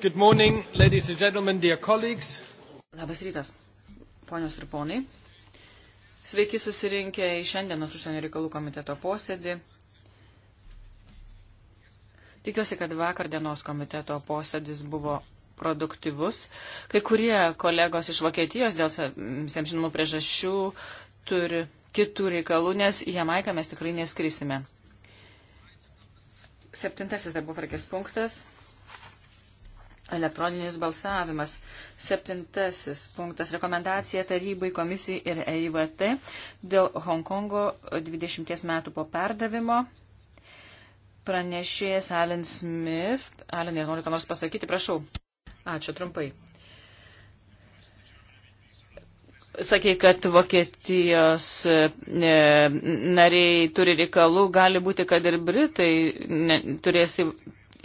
Good morning, ladies and gentlemen, dear colleagues. Labas rytas, ponios ir ponai. Sveiki susirinkę į šiandienos užsienio reikalų komiteto posėdį. Tikiuosi, kad vakar dienos komiteto posėdis buvo produktyvus. Kai kurie kolegos iš Vokietijos dėl visiems žinomų priežasčių turi kitų reikalų, nes į Jamaiką mes tikrai neskrisime. Septintasis darbo tvarkės punktas. Elektroninis balsavimas. Septintasis punktas. Rekomendacija tarybai, komisijai ir EIVT dėl Hongkongo 20 metų po perdavimo. Pranešėjas Alan Smith. Alan, jei nori ką nors pasakyti, prašau. Ačiū trumpai. Sakė, kad Vokietijos e, e, nariai turi reikalų, gali būti, kad ir Britai turės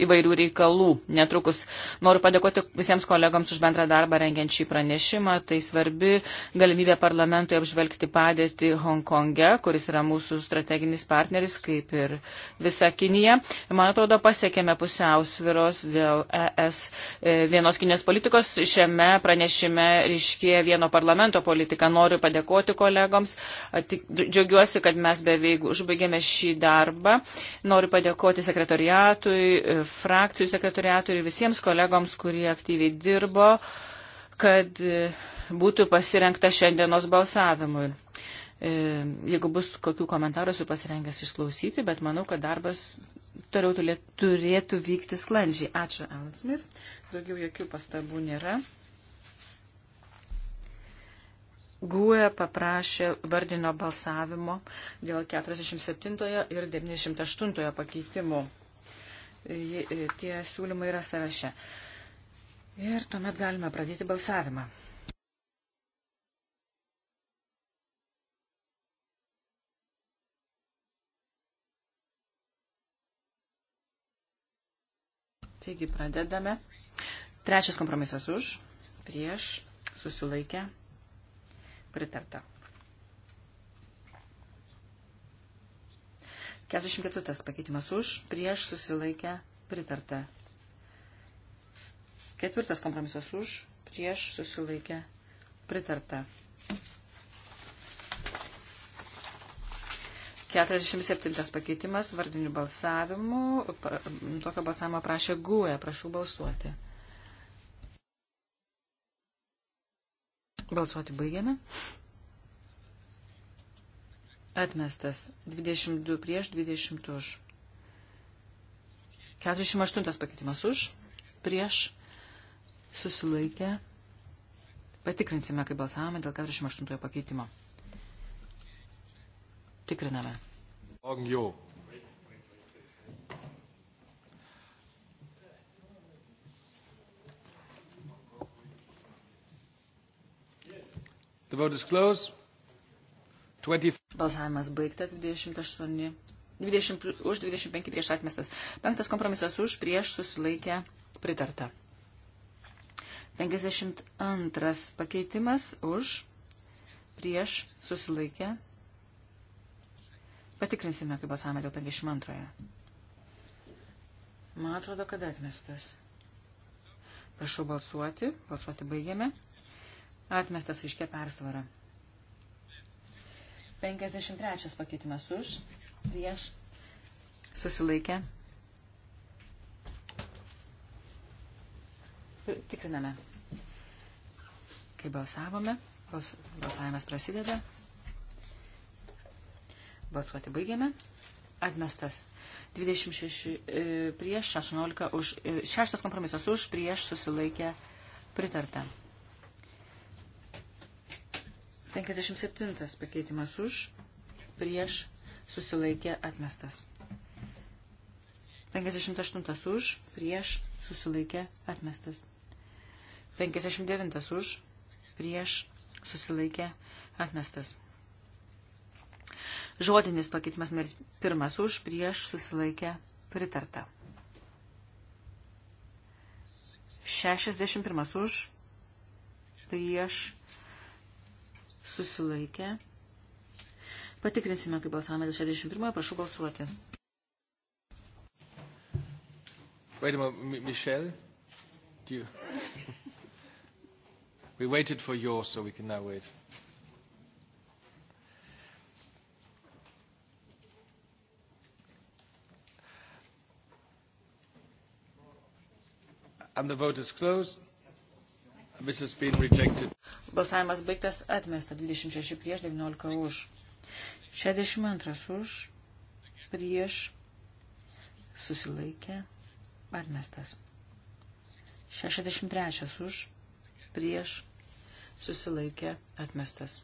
įvairių reikalų. Netrukus noriu padėkoti visiems kolegams už bendrą darbą rengiant šį pranešimą. Tai svarbi galimybė parlamentui apžvelgti padėtį Hongkonge, kuris yra mūsų strateginis partneris, kaip ir visa Kinija. Man atrodo, pasiekėme pusiausviros dėl ES e, vienos Kinijos politikos. Šiame pranešime ryškėja vieno parlamento politika. Noriu padėkoti kolegoms. Džiaugiuosi, kad mes beveik užbaigėme šį darbą. Noriu padėkoti sekretariatui, e, frakcijų sekretoriatų ir visiems kolegoms, kurie aktyviai dirbo, kad e, būtų pasirenkta šiandienos balsavimui. E, jeigu bus kokių komentarų, esu pasirengęs išklausyti, bet manau, kad darbas toliau turėtų vykti sklandžiai. Ačiū, Alan Smith. Daugiau jokių pastabų nėra. GUE paprašė vardinio balsavimo dėl 47 ir 98 pakeitimų. E, tie siūlymai yra sąraše. Ir tuomet galime pradėti balsavimą. Taigi pradedame. Trečias kompromisas už, prieš, susilaikę, pritarta. 44 pakeitimas už, prieš susilaikę pritarta. Ketvirtas kompromisas už, prieš susilaikę pritarta. 47 pakeitimas vardiniu balsavimu. Tokio balsavimo prašė GUE. Prašau balsuoti. Balsuoti baigiame. Atmestas. 22 prieš, 20 už. 48 pakeitimas už, prieš, susilaikę. Patikrinsime, kaip balsavome dėl 48 pakeitimo. Tikriname. Angio. The vote is closed. 20... Balsavimas baigtas 28. 20, už 25 prieš atmestas. Penktas kompromisas už prieš susilaikę pritarta. 52 pakeitimas už prieš susilaikę. Patikrinsime, kaip balsavome dėl 52. Man atrodo, kad atmestas. Prašau balsuoti. Balsuoti baigiame. Atmestas iškė persvarą. 53 pakeitimas už, prieš, susilaikė. Tikriname. Kai balsavome, bals, balsavimas prasideda. Balsuoti baigėme. Atmestas. 26 e, prieš, 16 už, 6 e, kompromisas už, prieš susilaikė pritarta. 57 pakeitimas už, prieš, susilaikė atmestas. 58 už, prieš, susilaikė atmestas. 59 už, prieš, susilaikė atmestas. Žodinis pakeitimas numeris pirmas už, prieš, susilaikė pritarta. 61 už, prieš, susilaikė. Patikrinsime, kaip balsavome dėl 61, prašau balsuoti. Wait a moment, Michelle, do you... We waited for yours, so we can now wait. And the vote is closed. Balsavimas baigtas, atmesta 26 prieš 19 už. 62 už, prieš, susilaikė, atmestas. 63 už, prieš, susilaikė, atmestas.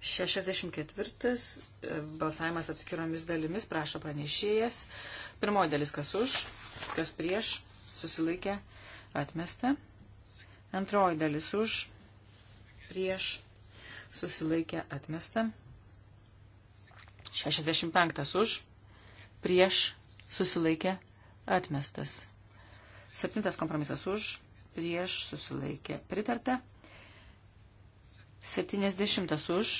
64 balsavimas atskiromis dalimis, prašo pranešėjas. Pirmoji dalis, kas už, kas prieš, susilaikė, atmestas atmesta. Antroji dalis už, prieš, susilaikė atmesta. 65 už, prieš, susilaikė atmestas. Septintas kompromisas už, prieš, susilaikė pritarta. 70 už,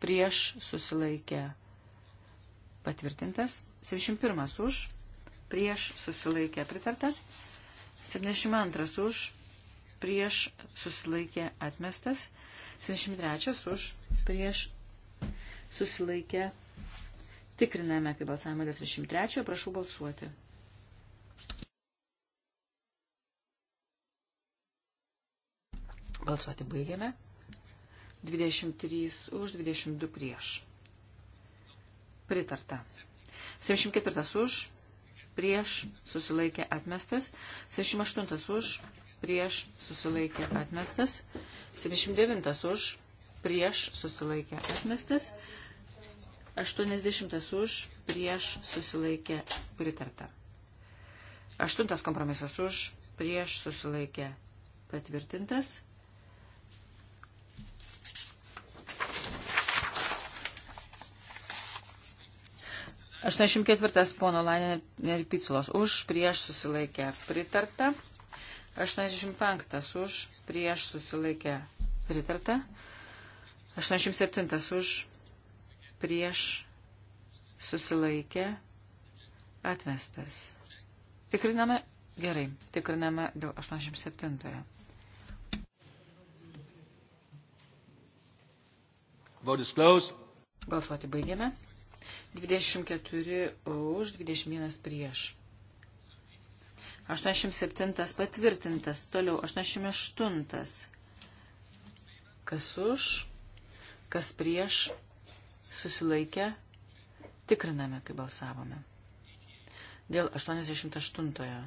prieš, susilaikė patvirtintas. 71 už, prieš, susilaikė pritarta. 72 už, prieš susilaikė atmestas. 73 už, prieš susilaikė. Tikriname, kaip balsavimą dėl 73, prašau balsuoti. Balsuoti baigėme. 23 už, 22 prieš. Pritarta. 74 už, prieš susilaikė atmestas, 78 už, prieš susilaikė atmestas, 79 už, prieš susilaikė atmestas, 80 už, prieš susilaikė pritarta. 8 kompromisas už, prieš susilaikė patvirtintas, 84 pono Lainė ir Piculos už, prieš susilaikę pritarta. 85 už, prieš susilaikę pritarta. 87 už, prieš susilaikę atmestas. Tikriname gerai, tikriname dėl 87. -ojo. Vote is closed. Balsuoti baigėme. 24 už, 21 prieš. 87 patvirtintas, toliau 88. Kas už, kas prieš, susilaikė, tikriname, kai balsavome. Dėl 88-ojo.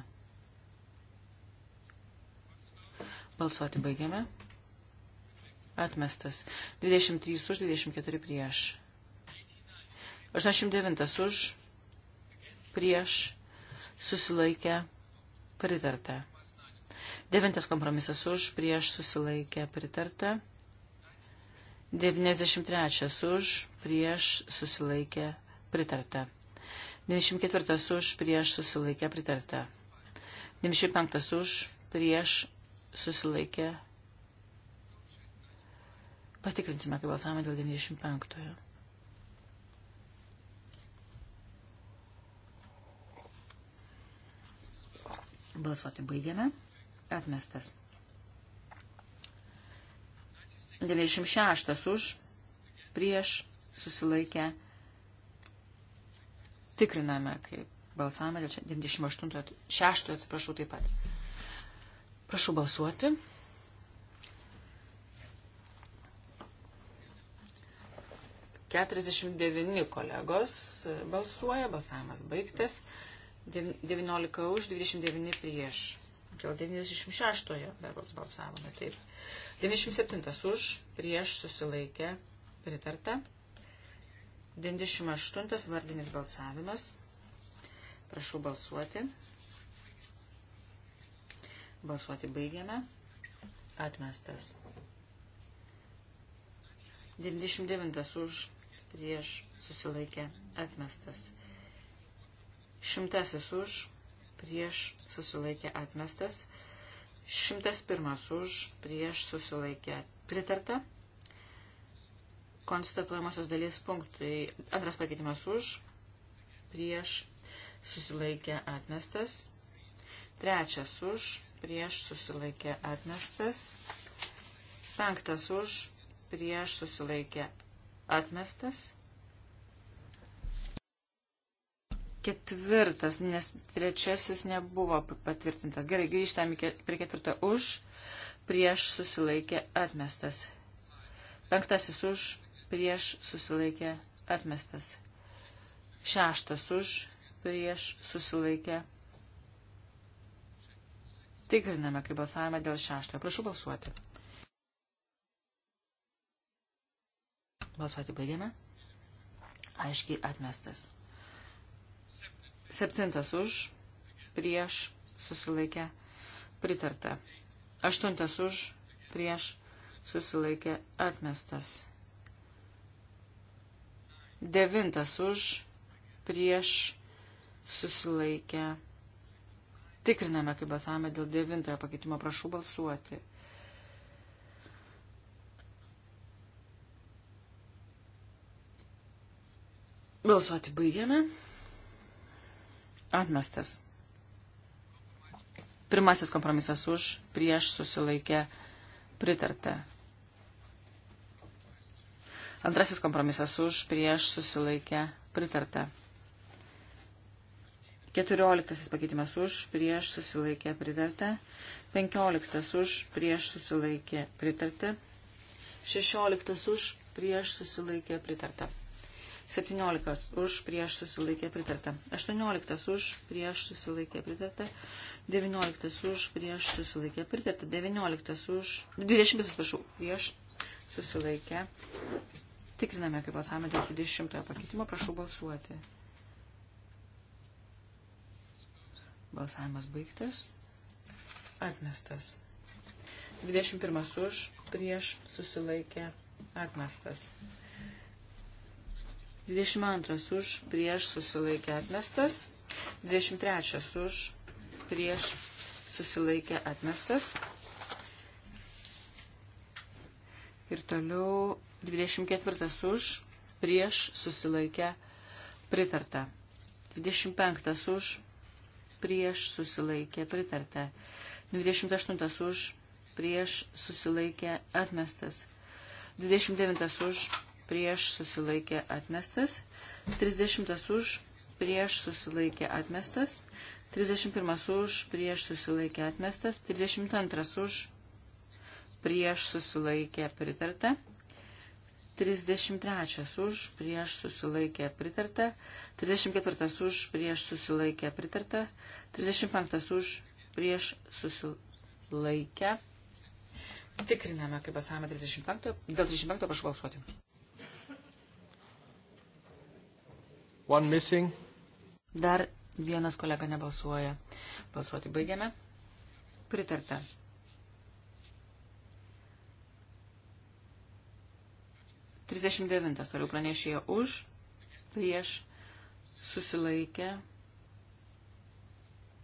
Balsuoti baigiame. Atmestas. 23 už, 24 prieš. 89 už, prieš, susilaikę, pritarta. 9 kompromisas už, prieš, susilaikę, pritarta. 93 už, prieš, susilaikę, pritarta. 94 už, prieš, susilaikę, pritarta. 95 už, prieš, susilaikę. Patikrinsime, kaip balsavome dėl 95. -ojo. Balsuoti baigiame. Atmestas. 96 už, prieš, susilaikę. Tikriname, kaip balsavome, 98, 6, atsiprašau taip pat. Prašau balsuoti. Keturiasdešimt devyni kolegos balsuoja, balsavimas baigtas. 19 už, 29 prieš. Dėl 96-ojo berods balsavome, taip. 97 už, prieš susilaikė, pritarta. 98 vardinis balsavimas. Prašau balsuoti. Balsuoti baigiame. Atmestas. 99 už, prieš susilaikė, atmestas. Šimtasis už, prieš susilaikė atmestas. Šimtas pirmas už, prieš susilaikė pritarta. Konstatuojamosios dalies punktai. Antras pakeitimas už, prieš susilaikė atmestas. Trečias už, prieš susilaikė atmestas. Penktas už, prieš susilaikė atmestas. ketvirtas, nes trečiasis nebuvo patvirtintas. Gerai, grįžtame prie ketvirto už, prieš susilaikė atmestas. Penktasis už, prieš susilaikė atmestas. Šeštas už, prieš susilaikė. Tikriname, kaip balsavome dėl šešto. Prašau balsuoti. Balsuoti baigėme. Aiškiai atmestas. Septintas už, prieš, susilaikė, pritarta. Aštuntas už, prieš, susilaikė, atmestas. Devintas už, prieš, susilaikė. Tikriname, kaip balsavome dėl devintojo pakeitimo, prašau balsuoti. Balsuoti baigiame. Atmestas. Pirmasis kompromisas už, prieš susilaikė pritarta. Antrasis kompromisas už, prieš susilaikė pritarta. Keturioliktasis pakeitimas už, prieš susilaikė pritarta. Penkioliktas už, prieš susilaikė pritarta. Šešioliktas už, prieš susilaikė pritarta. 17 už prieš susilaikė pritarta. 18 už prieš susilaikė pritarta. 19 už prieš susilaikė pritarta. 19 už 20 atsiprašau prieš susilaikė. Tikriname, kaip balsavome dėl 20 pakeitimo. Prašau balsuoti. Balsavimas baigtas. Atmestas. 21 už prieš susilaikė atmestas. 22 už, prieš susilaikė atmestas. 23 už, prieš susilaikė atmestas. Ir toliau 24 už, prieš susilaikė pritarta. 25 už, prieš susilaikė pritarta. 28 už, prieš susilaikė atmestas. 29 už, prieš susilaikė atmestas, 30 už, prieš susilaikė atmestas, 31 už, prieš susilaikė atmestas, 32 už, prieš susilaikė pritarta, 33 už, prieš susilaikė pritarta, 34 už, prieš susilaikė pritarta, 35 už, prieš susilaikę. Tikriname, kaip balsavome 35, dėl 35 prašau balsuoti. One missing. Dar vienas kolega nebalsuoja. Balsuoti baigiame. Pritarta. Trisdešimt devintas toliau pranešėjo už, prieš, susilaikė,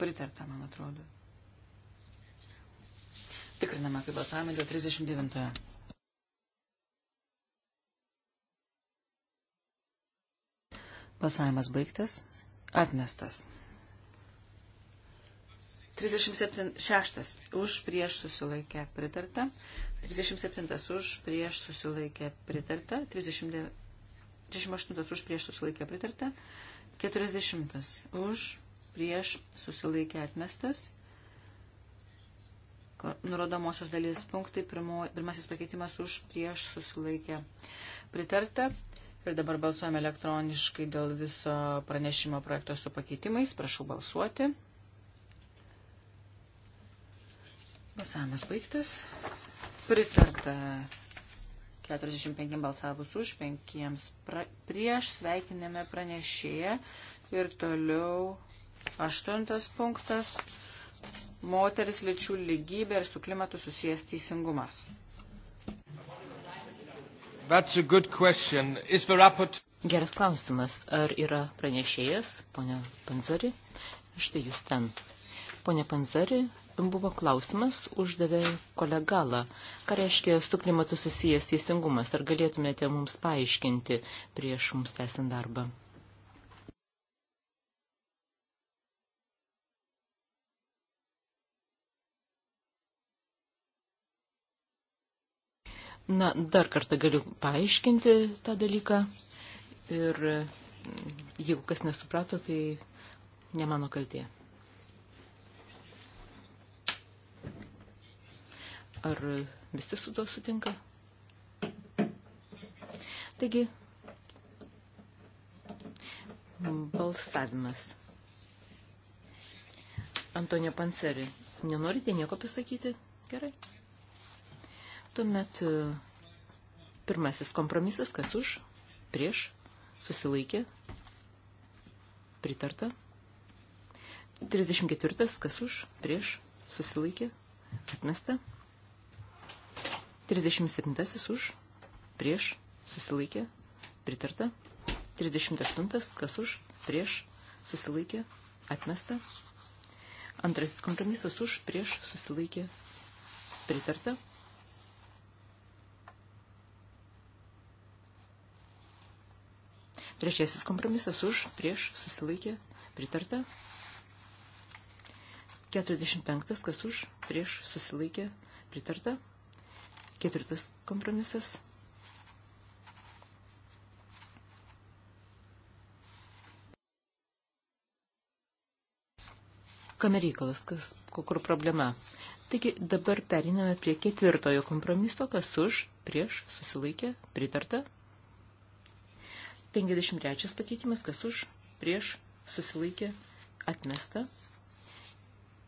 pritarta, man atrodo. Tikriname, kaip balsavome dėl 39. -ojo. Balsavimas baigtas. Atmestas. 36 už prieš susilaikę pritarta, 37 už prieš susilaikę pritarta, 38 už prieš susilaikę pritarta, 40 už prieš susilaikę atmestas, nurodomosios dalies punktai, pirmo, pirmasis pakeitimas už prieš susilaikę pritarta, Ir dabar balsuojame elektroniškai dėl viso pranešimo projekto su pakeitimais. Prašau balsuoti. Balsavimas baigtas. Pritarta 45 balsavus už, 5 pra, prieš, sveikiname pranešėją. Ir toliau aštuntas punktas. Moteris lyčių lygybė ir su klimatu susijęs teisingumas. Rapport... Geras klausimas. Ar yra pranešėjas, ponia Panzari? Štai jūs ten. Pone Panzari, buvo klausimas, uždavė kolegalą. Ką reiškia su klimatu susijęs teisingumas? Ar galėtumėte mums paaiškinti prieš mums tęsiant darbą? Na, dar kartą galiu paaiškinti tą dalyką ir jeigu kas nesuprato, tai ne mano kaltė. Ar visi su to sutinka? Taigi, balsavimas. Antonio Panseri, nenorite nieko pasakyti? Gerai. Tuomet e, pirmasis kompromisas, kas už, prieš, susilaikė, pritarta. 34, kas už, prieš, susilaikė, atmesta. 37 už, prieš, susilaikė, pritarta. 38, kas už, prieš, susilaikė, atmesta. Antrasis kompromisas už, prieš, susilaikė, pritarta. Trečiasis kompromisas už, prieš, susilaikė, pritarta. 45, kas už, prieš, susilaikė, pritarta. Ketvirtas kompromisas. Kame reikalas, kas, kur problema? Taigi dabar periname prie ketvirtojo kompromiso, kas už, prieš, susilaikė, pritarta. 53 pakeitimas, kas už, prieš, susilaikė, atmesta.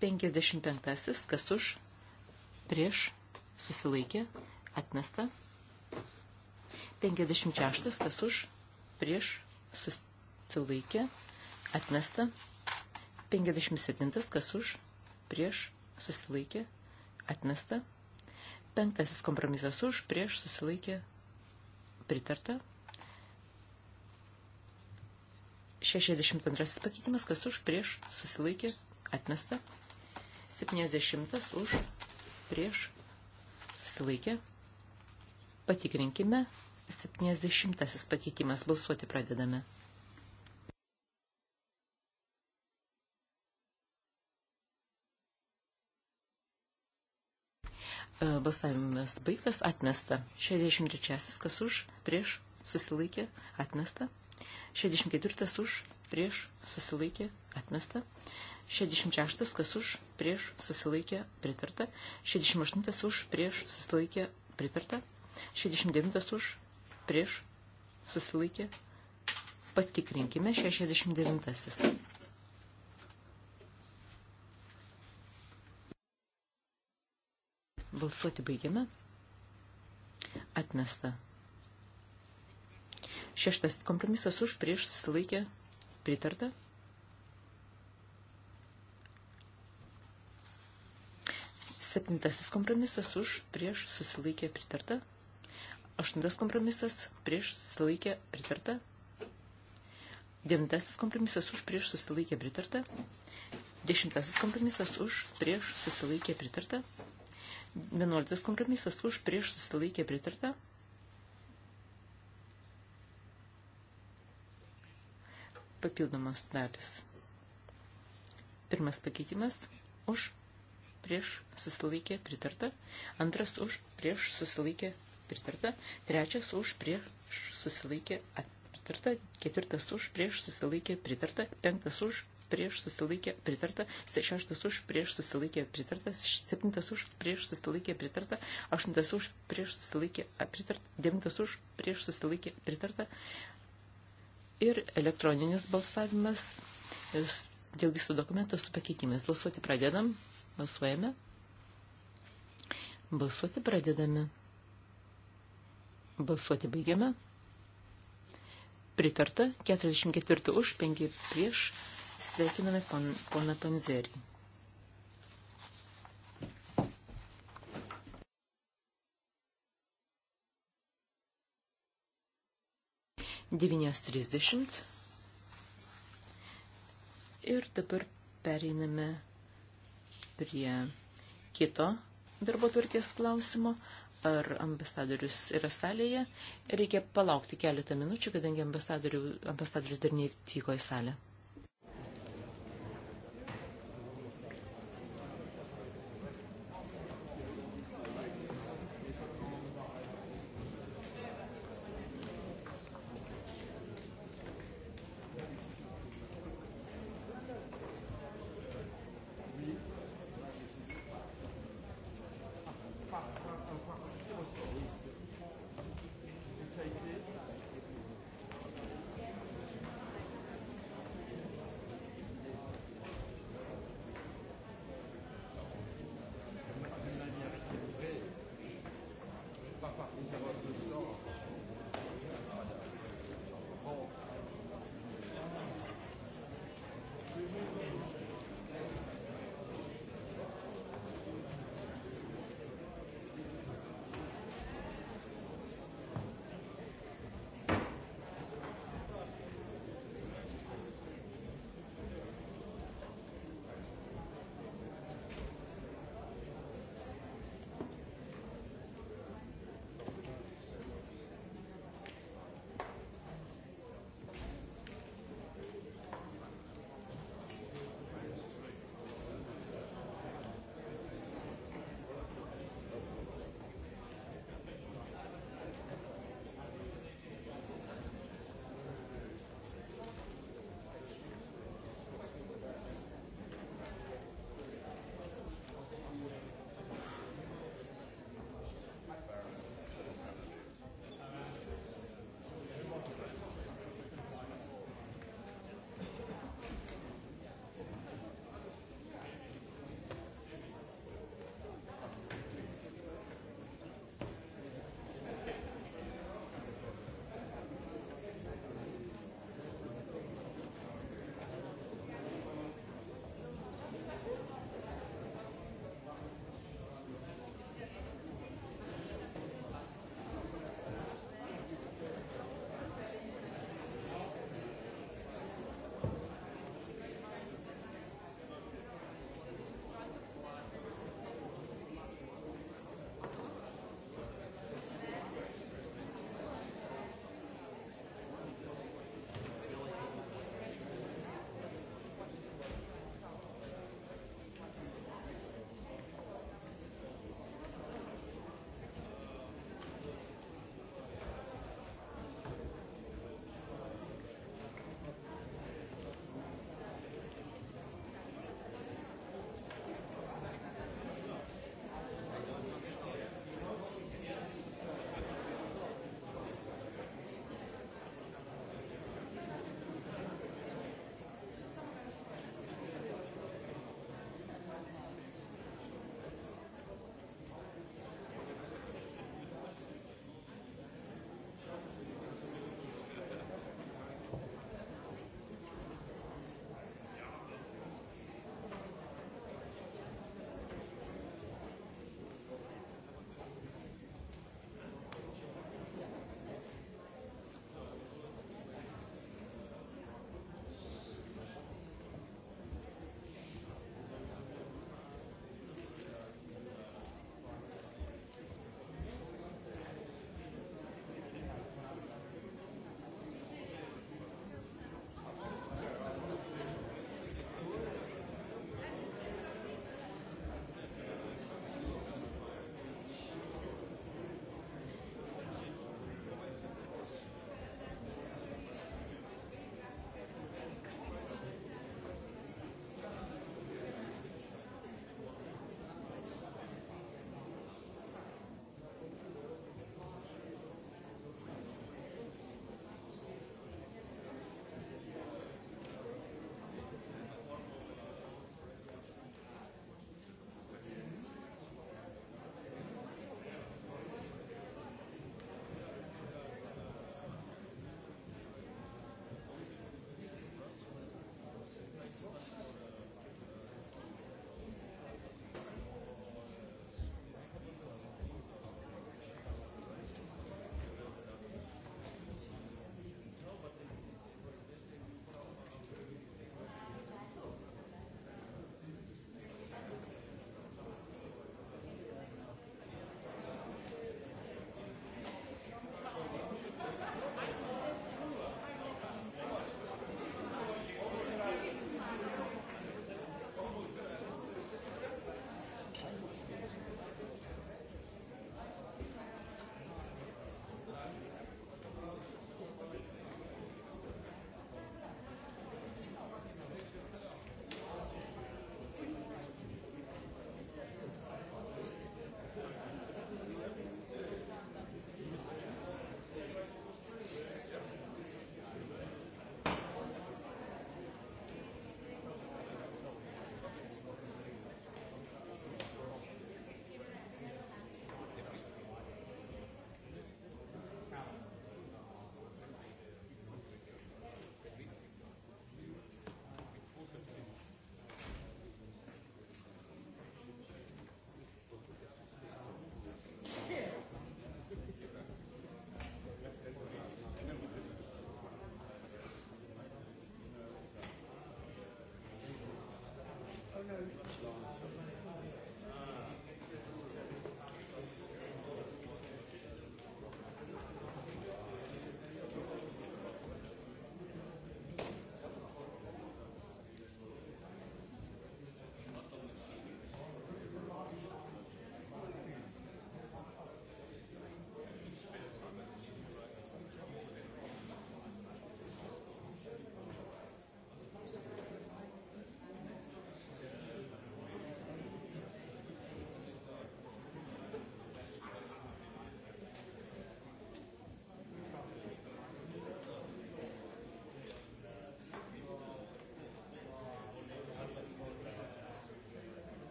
55, kas už, prieš, susilaikė, atmesta. 56, kas už, prieš, susilaikė, atmesta. 57, kas už, prieš, susilaikė, atmesta. Penktasis kompromisas už, prieš, susilaikė, pritarta. 62 pakeitimas, kas už prieš susilaikė atmesta. 70 už prieš susilaikė. Patikrinkime. 70 pakeitimas. Balsuoti pradedame. E, balsavimas baigtas, atmesta. 63 kas už prieš susilaikė, atmesta. 64 už, prieš, susilaikė, atmesta. 66 kas už, prieš, susilaikė, pritarta. 68 už, prieš, susilaikė, pritarta. 69 už, prieš, susilaikė. Patikrinkime 69. -asis. Balsuoti baigiame. Atmesta. Šeštas kompromisas už prieš susilaikė pritarta. Septintasis kompromisas už prieš susilaikė pritarta. Aštuntas kompromisas prieš susilaikė pritarta. Devintasis kompromisas už prieš susilaikė pritarta. Dešimtasis kompromisas už prieš susilaikė pritarta. Vienuoliktas kompromisas už prieš susilaikė pritarta. 11 papildomos dalis. Pirmas pakeitimas už prieš susilaikė pritarta, antras už prieš susilaikė pritarta, trečias už prieš susilaikė pritarta, ketvirtas už prieš susilaikė pritarta, penktas už prieš susilaikė pritarta, šeštas už prieš susilaikė pritarta, septintas už prieš susilaikė pritarta, aštuntas už prieš susilaikė pritarta, devintas už prieš susilaikė pritarta, ir elektroninis balsavimas dėl viso dokumento su pakeitimais. Balsuoti pradedam, balsuojame. Balsuoti pradedame. Balsuoti baigiame. Pritarta 44 už 5 prieš. Sveikiname poną Panzerį. 9.30. Ir dabar pereiname prie kito darbo tvarkės klausimo. Ar ambasadorius yra salėje? Reikia palaukti keletą minučių, kadangi ambasadorius dar neatvyko į salę.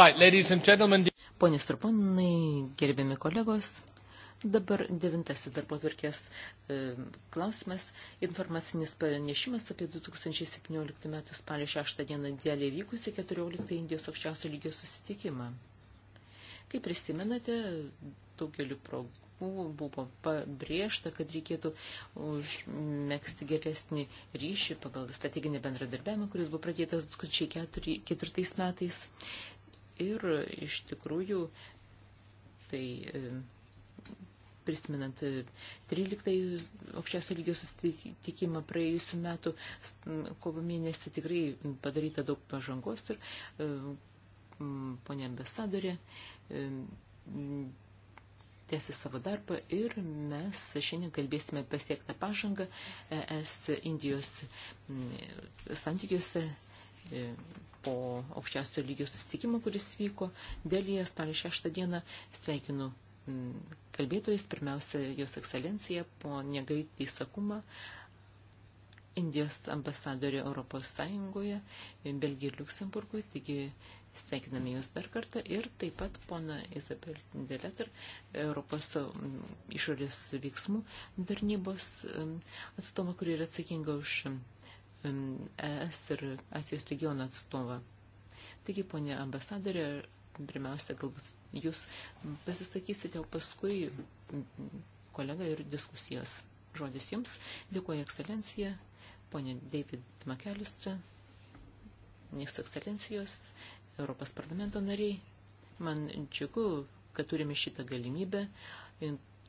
Right, ladies and gentlemen. Ponius ir ponai, gerbiami kolegos, dabar devintasis darbo tvarkės e, klausimas. Informacinis pranešimas apie 2017 m. spalio 6 d. dėlį vykusi 14 Indijos aukščiausio lygio susitikimą. Kaip prisimenate, daugeliu progų buvo pabrėžta, kad reikėtų užmėgsti geresnį ryšį pagal strateginį bendradarbiavimą, kuris buvo pradėtas 2004 metais ir iš tikrųjų tai e, prisimenant 13 e, aukščiausio lygio susitikimą praėjusiu metu, kovo mėnesį tikrai padaryta daug pažangos ir e, ponė ambasadorė tęsi savo darbą ir mes šiandien kalbėsime pasiektą pažangą ES Indijos santykiuose po aukščiausio lygio susitikimo, kuris vyko Delyje spalio 6 dieną. Sveikinu mm, kalbėtojus, pirmiausia, Jos ekscelencija, ponė Gaitį Sakumą, Indijos ambasadorė Europos Sąjungoje, Belgija ir Luksemburgui, taigi Sveikiname Jūs dar kartą ir taip pat pona Izabel Deletar, Europos mm, išorės veiksmų tarnybos mm, atstovą, kuri yra atsakinga už ES ir Asijos regiono atstovą. Taigi, ponė ambasadorė, pirmiausia, galbūt jūs pasisakysite, o paskui kolega ir diskusijos. Žodis jums. Dėkuoju, ekscelencija, ponė David Makelistra, miesto ekscelencijos, Europos parlamento nariai. Man džiugu, kad turime šitą galimybę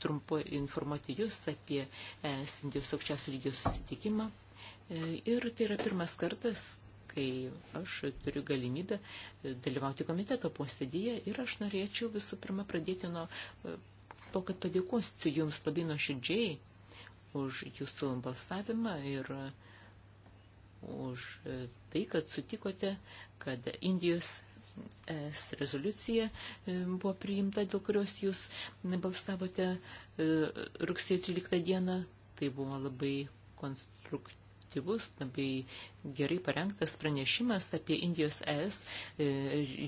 trumpo informuoti jūs apie e, Indijos aukščiausių lygių susitikimą E, ir tai yra pirmas kartas, kai aš turiu galimybę e, dalyvauti komiteto posėdyje ir aš norėčiau visų pirma pradėti nuo e, to, kad padėkosiu Jums labai nuoširdžiai už Jūsų balsavimą ir už tai, kad sutikote, kad Indijos S rezoliucija buvo priimta, dėl kurios jūs balsavote rugsėjo 13 dieną. Tai buvo labai konstruktyvi aktyvus, labai gerai parengtas pranešimas apie Indijos ES e,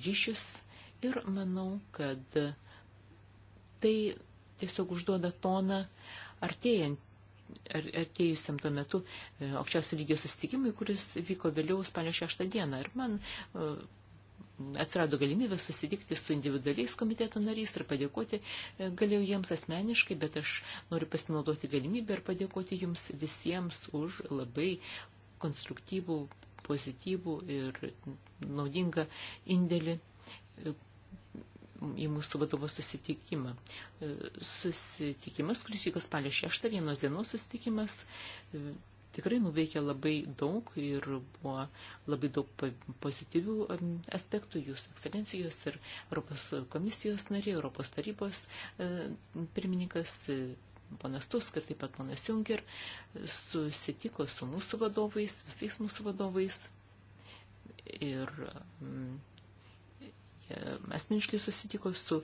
ryšius ir manau, kad tai tiesiog užduoda toną artėjant atėjusiam tuo metu e, aukščiausio lygio susitikimui, kuris vyko vėliau spalio 6 dieną. Ir man e, atsirado galimybė susitikti su individualiais komiteto nariais ir padėkoti e, galėjau jiems asmeniškai, bet aš noriu pasinaudoti galimybę ir padėkoti jums visiems už labai konstruktyvų, pozityvų ir naudingą indėlį e, į mūsų vadovo susitikimą. E, susitikimas, kuris vyko spalio 6 vienos dienos susitikimas, tikrai nuveikė labai daug ir buvo labai daug pozityvių aspektų jūsų ekscelencijos ir Europos komisijos nariai, Europos tarybos e, pirmininkas e, ponas Tusk ir taip pat ponas Junker e, susitiko su mūsų vadovais, visais mūsų vadovais ir asmeniškai susitiko su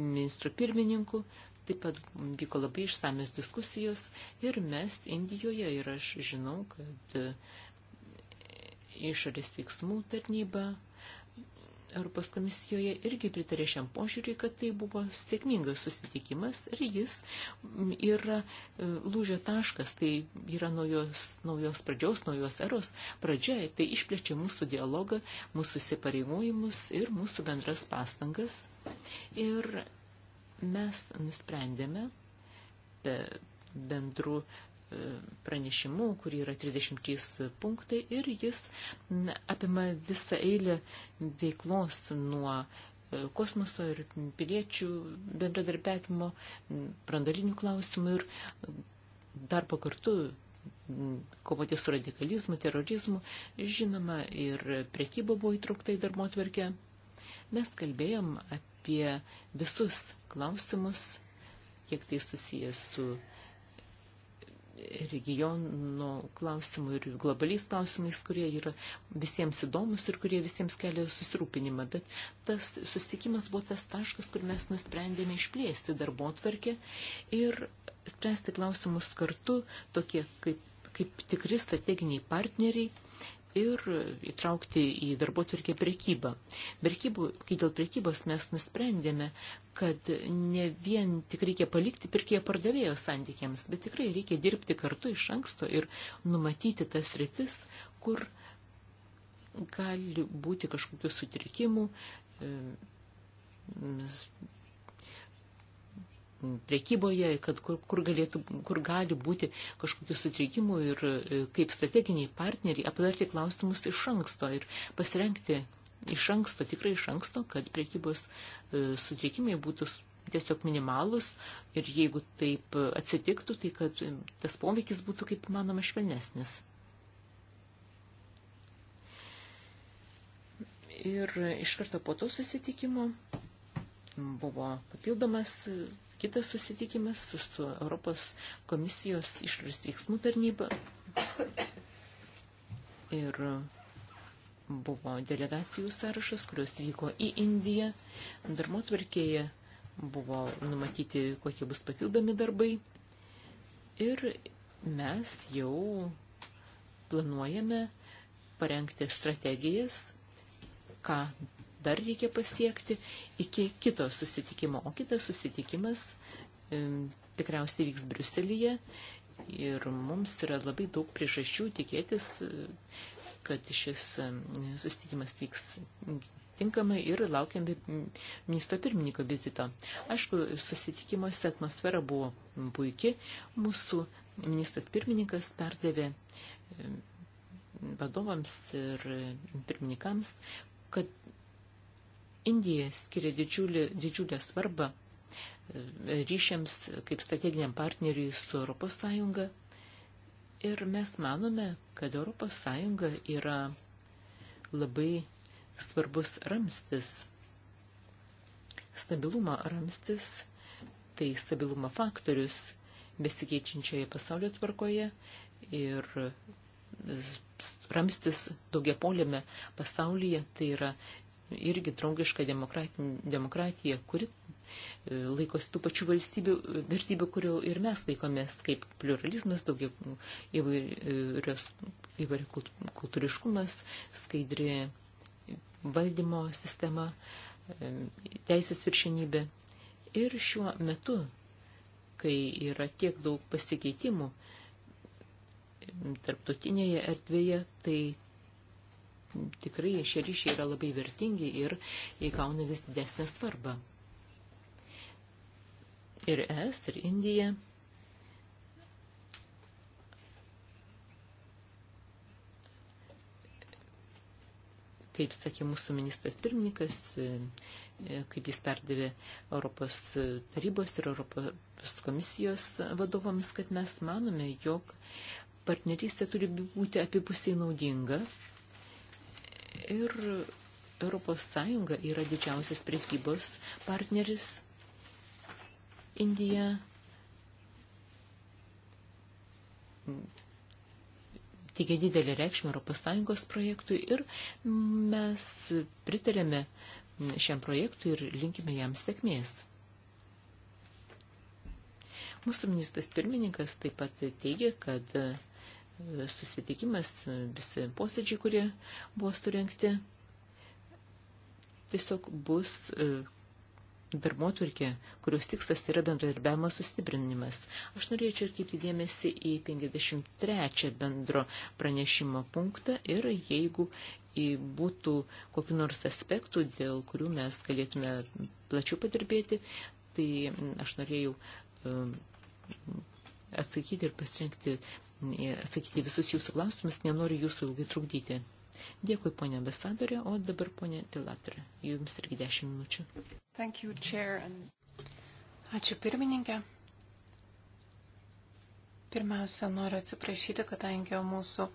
ministru pirmininku, Taip pat vyko labai išsamios diskusijos ir mes Indijoje, ir aš žinau, kad e, išorės veiksmų tarnyba Europos komisijoje irgi pritarė šiam požiūriui, kad tai buvo sėkmingas susitikimas ir jis yra e, lūžio taškas, tai yra naujos, naujos pradžios, naujos eros pradžia, tai išplečia mūsų dialogą, mūsų įsipareigojimus ir mūsų bendras pastangas. Ir Mes nusprendėme be bendrų e, pranešimu, kur yra 33 punktai ir jis apima visą eilę veiklos nuo e, kosmoso ir piliečių bendradarbiavimo, brandalinių klausimų ir darbo kartu kovoti su radikalizmu, terorizmu, žinoma, ir prekyba buvo įtraukta į darbo tvarkę. Mes kalbėjom apie visus klausimus, kiek tai susijęs su regiono klausimų ir globaliais klausimais, kurie yra visiems įdomus ir kurie visiems kelia susirūpinimą. Bet tas susitikimas buvo tas taškas, kur mes nusprendėme išplėsti darbo atvarkę ir spręsti klausimus kartu, tokie kaip, kaip tikri strateginiai partneriai ir įtraukti į darbo tvirkę prekybą. Berkybų, kai dėl prekybos mes nusprendėme, kad ne vien tik reikia palikti pirkėjo pardavėjo santykiams, bet tikrai reikia dirbti kartu iš anksto ir numatyti tas rytis, kur gali būti kažkokių sutrikimų, e, priekyboje, kad kur, kur, galėtų, kur gali būti kažkokių sutrikimų ir e, kaip strateginiai partneriai aptarti klausimus iš anksto ir pasirengti iš anksto, tikrai iš anksto, kad priekybos e, sutrikimai būtų tiesiog minimalus ir jeigu taip atsitiktų, tai kad e, tas poveikis būtų kaip manoma švelnesnis. Ir iš karto po to susitikimo buvo papildomas kitas susitikimas su, su Europos komisijos išorės veiksmų tarnyba. Ir buvo delegacijų sąrašas, kurios vyko į Indiją. Darmotvarkėje buvo numatyti, kokie bus papildomi darbai. Ir mes jau planuojame parengti strategijas, ką dar reikia pasiekti iki kito susitikimo. O kitas susitikimas e, tikriausiai vyks Briuselyje ir mums yra labai daug priežasčių tikėtis, e, kad šis e, susitikimas vyks tinkamai ir laukiam ministro pirmininko vizito. Aišku, susitikimuose atmosfera buvo puikia. Mūsų ministras pirmininkas perdavė e, vadovams ir pirmininkams, kad Indija skiria didžiulį, didžiulę svarbą e, ryšiams kaip strateginiam partneriui su Europos Sąjunga. Ir mes manome, kad Europos Sąjunga yra labai svarbus ramstis, stabilumo ramstis, tai stabilumo faktorius besikeičiančioje pasaulio tvarkoje ir ramstis daugiapolėme pasaulyje, tai yra irgi draugišką demokratiją, kuri e, laikosi tų pačių valstybių, e, vertybių, kurių ir mes laikomės, kaip pluralizmas, daugia įvairios, e, įvairių kultūriškumas, skaidri valdymo sistema, teisės viršinybė. Ir šiuo metu, kai yra tiek daug pasikeitimų tarptautinėje erdvėje, tai tikrai šie ryšiai yra labai vertingi ir įgauna vis didesnę svarbą. Ir Es, ir Indija. Kaip sakė mūsų ministras pirmininkas, kaip jis perdavė Europos tarybos ir Europos komisijos vadovams, kad mes manome, jog partnerystė turi būti apipusiai naudinga Ir Europos Sąjunga yra didžiausias prekybos partneris. Indija teikia didelį reikšmę Europos Sąjungos projektui ir mes pritarėme šiam projektui ir linkime jam sėkmės. Mūsų ministras pirmininkas taip pat teigia, kad susitikimas, visi posėdžiai, kurie buvo surinkti, tiesiog bus e, darbotvarkė, kurios tikslas yra bendradarbiavimo sustiprinimas. Aš norėčiau atkreipti dėmesį į 53 bendro pranešimo punktą ir jeigu būtų kokiu nors aspektų, dėl kurių mes galėtume plačiau padirbėti, tai aš norėjau e, atsakyti ir pasirinkti E, atsakyti visus jūsų klausimus, nenoriu jūsų ilgai trukdyti. Dėkui, ponė ambasadorė, o dabar ponė Tilatorė. Jums irgi dešimt minučių. Thank you, chair, and... Ačiū pirmininkė. Pirmiausia, noriu atsiprašyti, kadangi mūsų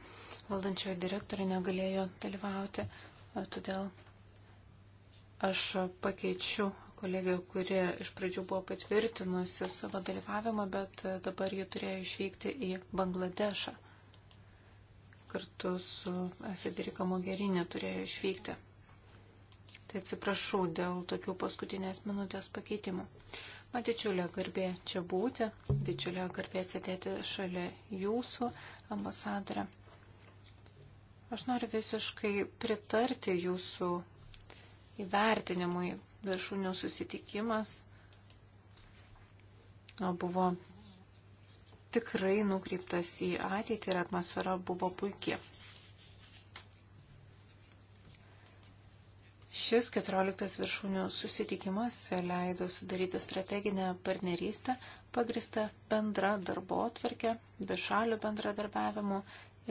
valdančiojo direktorė negalėjo dalyvauti, todėl aš pakeičiu kolegė, kuri iš pradžių buvo patvirtinusi savo dalyvavimą, bet dabar ji turėjo išvykti į Bangladešą. Kartu su Federika Mogerinė turėjo išvykti. Tai atsiprašau dėl tokių paskutinės minutės pakeitimų. Man didžiulė garbė čia būti, didžiulė garbė sėdėti šalia jūsų, ambasadorė. Aš noriu visiškai pritarti jūsų įvertinimui viršūnių susitikimas buvo tikrai nukreiptas į ateitį ir atmosfera buvo puikia. Šis 14 viršūnių susitikimas leido sudaryti strateginę partnerystę pagristą bendra darbo atvarkę, bešalių bendradarbiavimu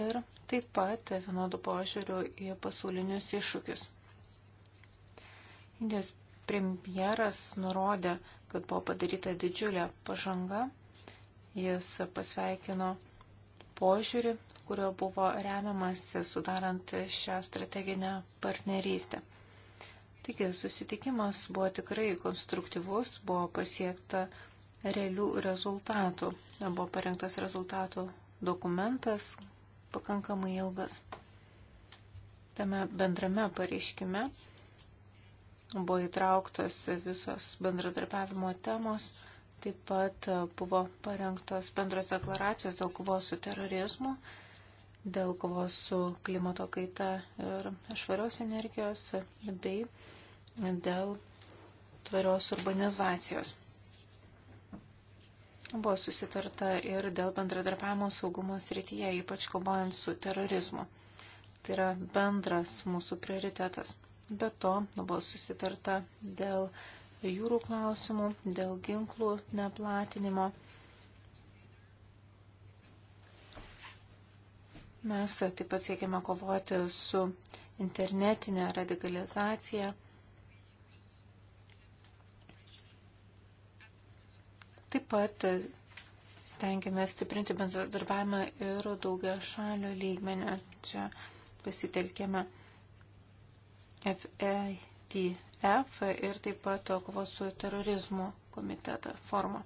ir taip pat vienodų požiūrių į pasaulinius iššūkius. Indijos premjeras nurodė, kad buvo padaryta didžiulė pažanga. Jis pasveikino požiūrį, kurio buvo remiamasi sudarant šią strateginę partnerystę. Taigi, susitikimas buvo tikrai konstruktyvus, buvo pasiekta realių rezultatų. Buvo parengtas rezultatų dokumentas, pakankamai ilgas. Tame bendrame pareiškime buvo įtrauktos visos bendradarbiavimo temos, taip pat e, buvo parengtos bendros deklaracijos dėl kovos su terorizmu, dėl kovos su klimato kaita ir švarios energijos bei dėl tvarios urbanizacijos. Buvo susitarta ir dėl bendradarbiavimo saugumo srityje, ypač kovojant su terorizmu. Tai yra bendras mūsų prioritetas. Be to buvo susitarta dėl jūrų klausimų, dėl ginklų neplatinimo. Mes taip pat siekiame kovoti su internetinė radikalizacija. Taip pat stengiame stiprinti bendradarbiavimą ir daugia šalių lygmenį. Čia pasitelkėme FETF e ir taip pat kovos su terorizmu komiteto formą.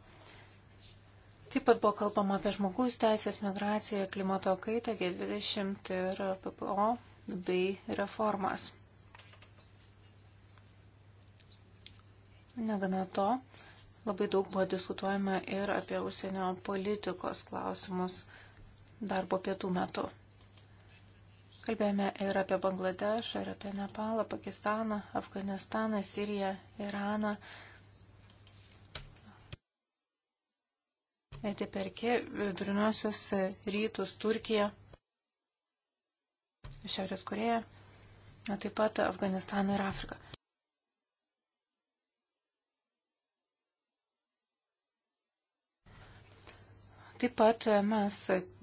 Taip pat buvo kalbama apie žmogus teisės, migraciją, klimato kaitą, G20 ir PPO bei reformas. Negana to, labai daug buvo diskutuojama ir apie užsienio politikos klausimus darbo pietų metu. Kalbėjome ir apie Bangladešą, ir apie Nepalą, Pakistaną, Afganistaną, Siriją, Iraną. Etiperkė, viduriniosius rytus, Turkiją, Šiaurės Koreją, taip pat Afganistaną ir Afriką. Taip pat mes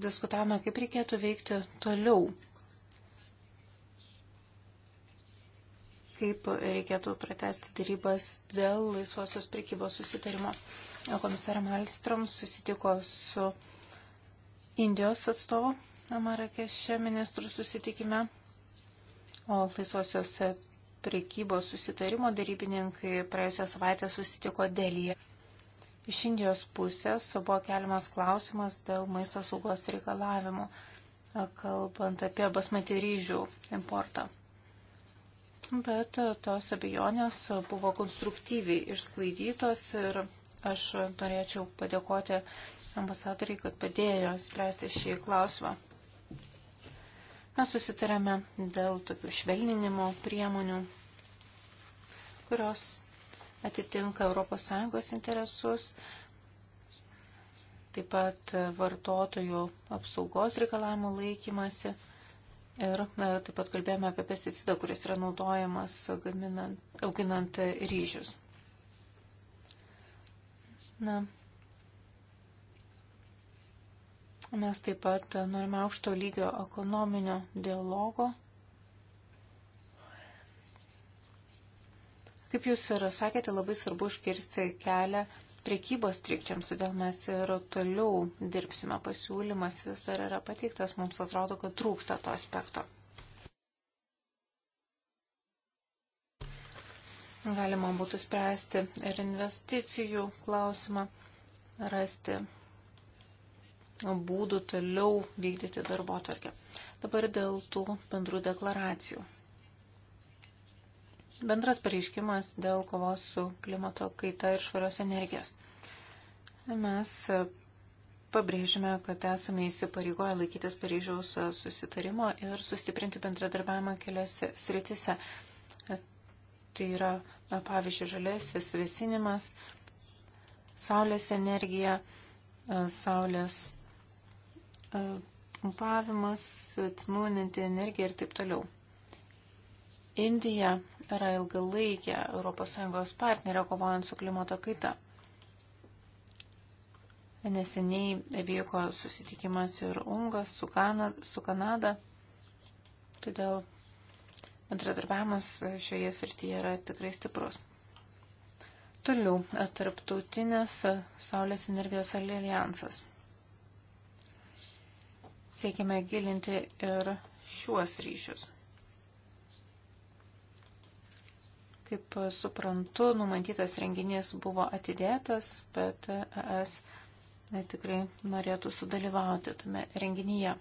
diskutavome, kaip reikėtų veikti toliau kaip reikėtų pratesti darybas dėl laisvosios prekybos susitarimo. Komisarė Malstrom susitiko su Indijos atstovu Marakeše ministrų susitikime, o laisvosios prekybos susitarimo darybininkai praėjusią savaitę susitiko dėlyje. Iš Indijos pusės buvo keliamas klausimas dėl maisto saugos reikalavimų, kalbant apie basmati ryžių importą bet e, tos abejonės buvo konstruktyviai išsklaidytos ir aš norėčiau padėkoti ambasadoriai, kad padėjo spręsti šį klausimą. Mes susitarėme dėl tokių švelninimo priemonių, kurios atitinka ES interesus, taip pat vartotojų apsaugos reikalavimų laikymasi. Ir na, taip pat kalbėjome apie pesticidą, kuris yra naudojamas gaminant, auginant ryžius. Na, mes taip pat norime aukšto lygio ekonominio dialogo Kaip jūs ir sakėte, labai svarbu iškirsti kelią prekybos trikčiams, todėl mes ir toliau dirbsime. Pasiūlymas vis dar yra pateiktas, mums atrodo, kad trūksta to aspekto. Galima būtų spręsti ir investicijų klausimą, rasti būdų toliau vykdyti darbo atvarkę. Dabar dėl tų bendrų deklaracijų bendras pareiškimas dėl kovos su klimato kaita ir švarios energijos. Mes pabrėžime, kad esame įsipareigoję laikytis Paryžiaus susitarimo ir sustiprinti bendradarbiavimą keliose sritise. Tai yra, na, pavyzdžiui, žalėsis vėsinimas, saulės energija, saulės pumpavimas, atsinaujinanti energija ir taip toliau. Indija yra ilgalaikė ES partnerė kovojant su klimato kaita. Neseniai vyko susitikimas ir Ungas su, Kana, su Kanada, todėl bendradarbiavimas šioje srityje yra tikrai stiprus. Toliau, tarptautinės Saulės energijos alijansas. Siekime gilinti ir šiuos ryšius. Kaip suprantu, numatytas renginys buvo atidėtas, bet ES tikrai norėtų sudalyvauti tame renginyje.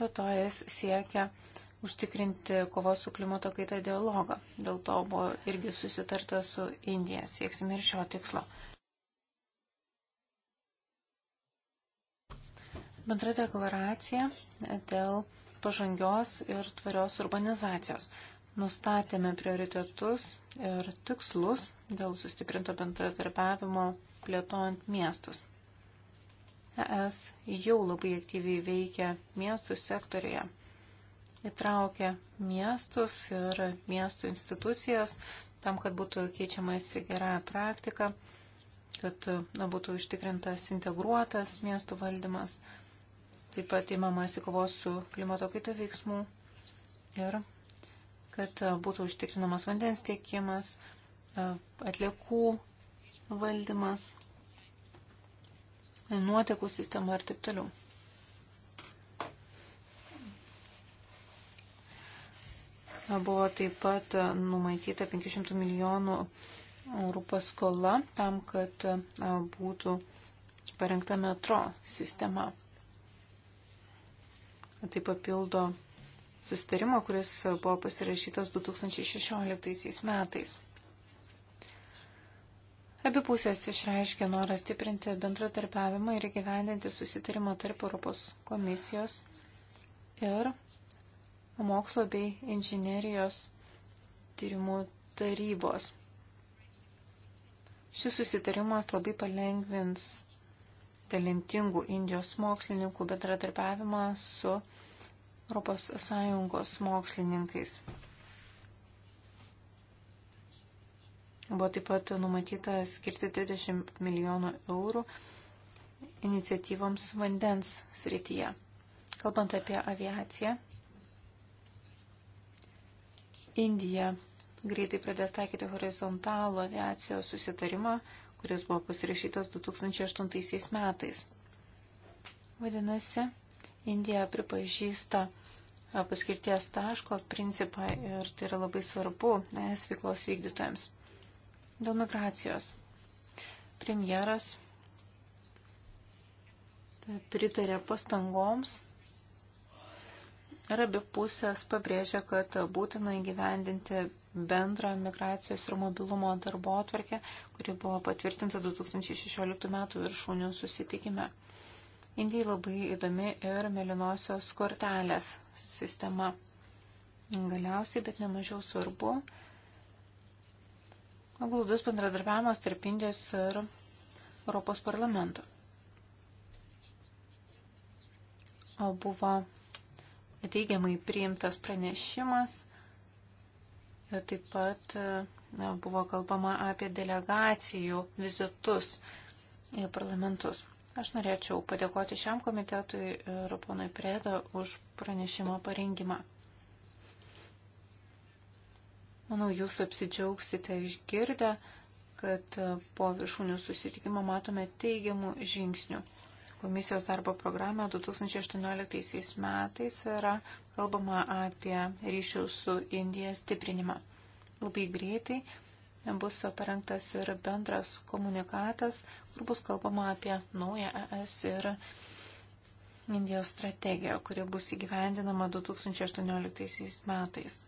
Be to jis e siekia užtikrinti kovos su klimato kaita dialogą. Dėl to buvo irgi susitarta su Indija. Sieksime ir šio tikslo. Bendra deklaracija dėl pažangios ir tvarios urbanizacijos. Nustatėme prioritetus ir tikslus dėl sustiprinto bendradarbiavimo plėtojant miestus. ES jau labai aktyviai veikia miestų sektorėje. Įtraukia miestus ir miestų institucijas tam, kad būtų keičiamasi gerą praktiką, kad na, būtų užtikrintas integruotas miestų valdymas, taip pat įmamasi kovos su klimato kaita veiksmų ir kad e, būtų užtikrinamas vandens tiekimas, e, atliekų valdymas, nuotekų sistema ir taip toliau. E, buvo taip pat numatyta 500 milijonų eurų paskola tam, kad būtų parengta metro sistema tai papildo sustarimo, kuris buvo pasirašytas 2016 metais. Abi pusės išreiškė norą stiprinti bendradarbiavimą ir įgyvendinti susitarimą tarp Europos komisijos ir mokslo bei inžinerijos tyrimų tarybos. Šis susitarimas labai palengvins talentingų Indijos mokslininkų bendradarbiavimą su ES mokslininkais. Buvo taip pat numatyta skirti 30 milijonų eurų iniciatyvoms vandens srityje. Kalbant apie aviaciją, Indija greitai pradės taikyti horizontalų aviacijos susitarimą kuris buvo pasirašytas 2008 metais. Vadinasi, Indija pripažįsta e, paskirties taško principą ir tai yra labai svarbu es veiklos vykdytojams. Dėl migracijos. Premjeras pritarė pastangoms ir abi pusės pabrėžia, kad būtina įgyvendinti bendrą migracijos ir mobilumo darbo atvarkę, kuri buvo patvirtinta 2016 m. viršūnių susitikime. Indijai labai įdomi ir mėlynosios kortelės sistema. Galiausiai, bet nemažiau svarbu, glūdus bendradarbiavimas tarp Indijos ir Europos parlamento. O buvo teigiamai priimtas pranešimas. Taip pat na, buvo kalbama apie delegacijų vizitus į parlamentus. Aš norėčiau padėkoti šiam komitetui ir ponui Prėdo už pranešimo parengimą. Manau, jūs apsidžiaugsite išgirdę, kad po viršūnių susitikimo matome teigiamų žingsnių komisijos darbo programą 2018 metais yra kalbama apie ryšių su Indija stiprinimą. Labai greitai bus parengtas ir bendras komunikatas, kur bus kalbama apie naują ES ir Indijos strategiją, kuri bus įgyvendinama 2018 metais.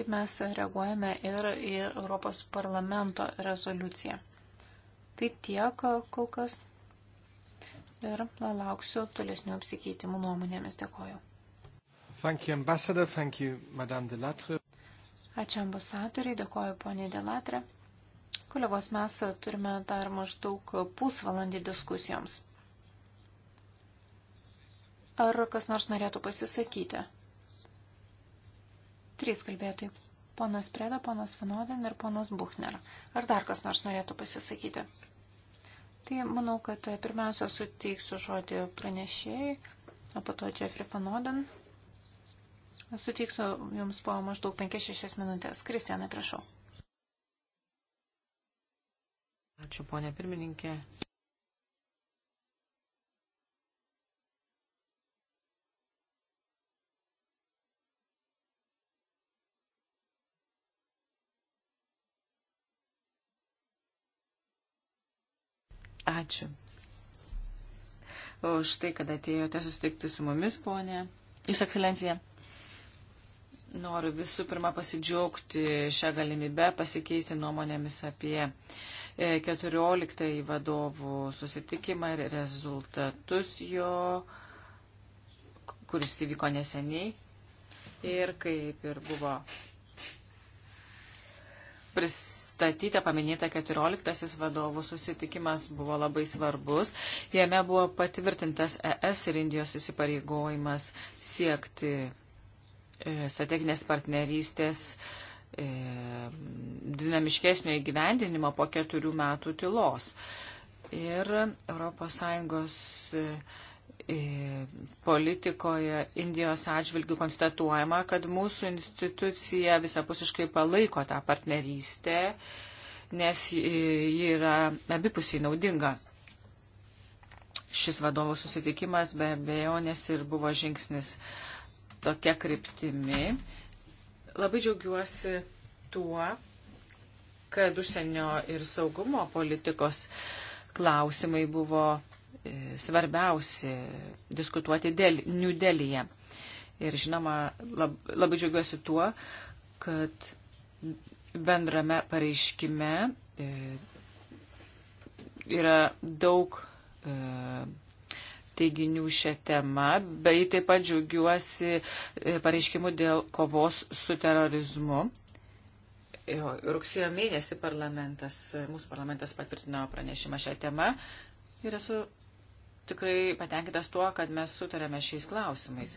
Taip mes reaguojame ir į Europos parlamento rezoliuciją. Tai tiek kol kas. Ir lauksiu tolesnių apsikeitimų nuomonėmis. Dėkoju. Thank you, Ambassador. Thank you, Madame Delatre. Ačiū ambasadoriai, dėkoju poniai Delatre. Kolegos, mes turime dar maždaug pusvalandį diskusijoms. Ar kas nors norėtų pasisakyti? Trys kalbėtojai ponas Preda, ponas Vanoden ir ponas Buchner. Ar dar kas nors norėtų pasisakyti? Tai manau, kad e, pirmiausia suteiksiu žodį pranešėjai, o po to Jeffrey Vanoden. Suteiksiu jums po maždaug 5-6 minutės. Kristianai, prašau. Ačiū, ponė pirmininkė. Ačiū. Už tai, kad atėjote susitikti su mumis, ponė. Jūs, ekscelencija. Noriu visų pirma pasidžiaugti šią galimybę pasikeisti nuomonėmis apie 14 e, vadovų susitikimą ir rezultatus jo, kuris įvyko neseniai. Ir kaip ir buvo pris, pristatyta paminėta 14 vadovų susitikimas buvo labai svarbus. Jame buvo patvirtintas ES ir Indijos įsipareigojimas siekti e, strateginės partnerystės e, dinamiškesnio įgyvendinimo po keturių metų tylos. Ir ES politikoje Indijos atžvilgių konstatuojama, kad mūsų institucija visapusiškai palaiko tą partnerystę, nes ji yra abipusiai naudinga. Šis vadovų susitikimas be abejonės ir buvo žingsnis tokia kryptimi. Labai džiaugiuosi tuo, kad užsienio ir saugumo politikos klausimai buvo E, svarbiausi diskutuoti dėl, Niudelyje. Ir žinoma, lab, labai džiaugiuosi tuo, kad bendrame pareiškime e, yra daug e, teiginių šią temą, bei taip pat džiaugiuosi pareiškimu dėl kovos su terorizmu. Rugsėjo mėnesį parlamentas, mūsų parlamentas patvirtino pranešimą šią temą ir esu tikrai patenkintas tuo, kad mes sutarėme šiais klausimais.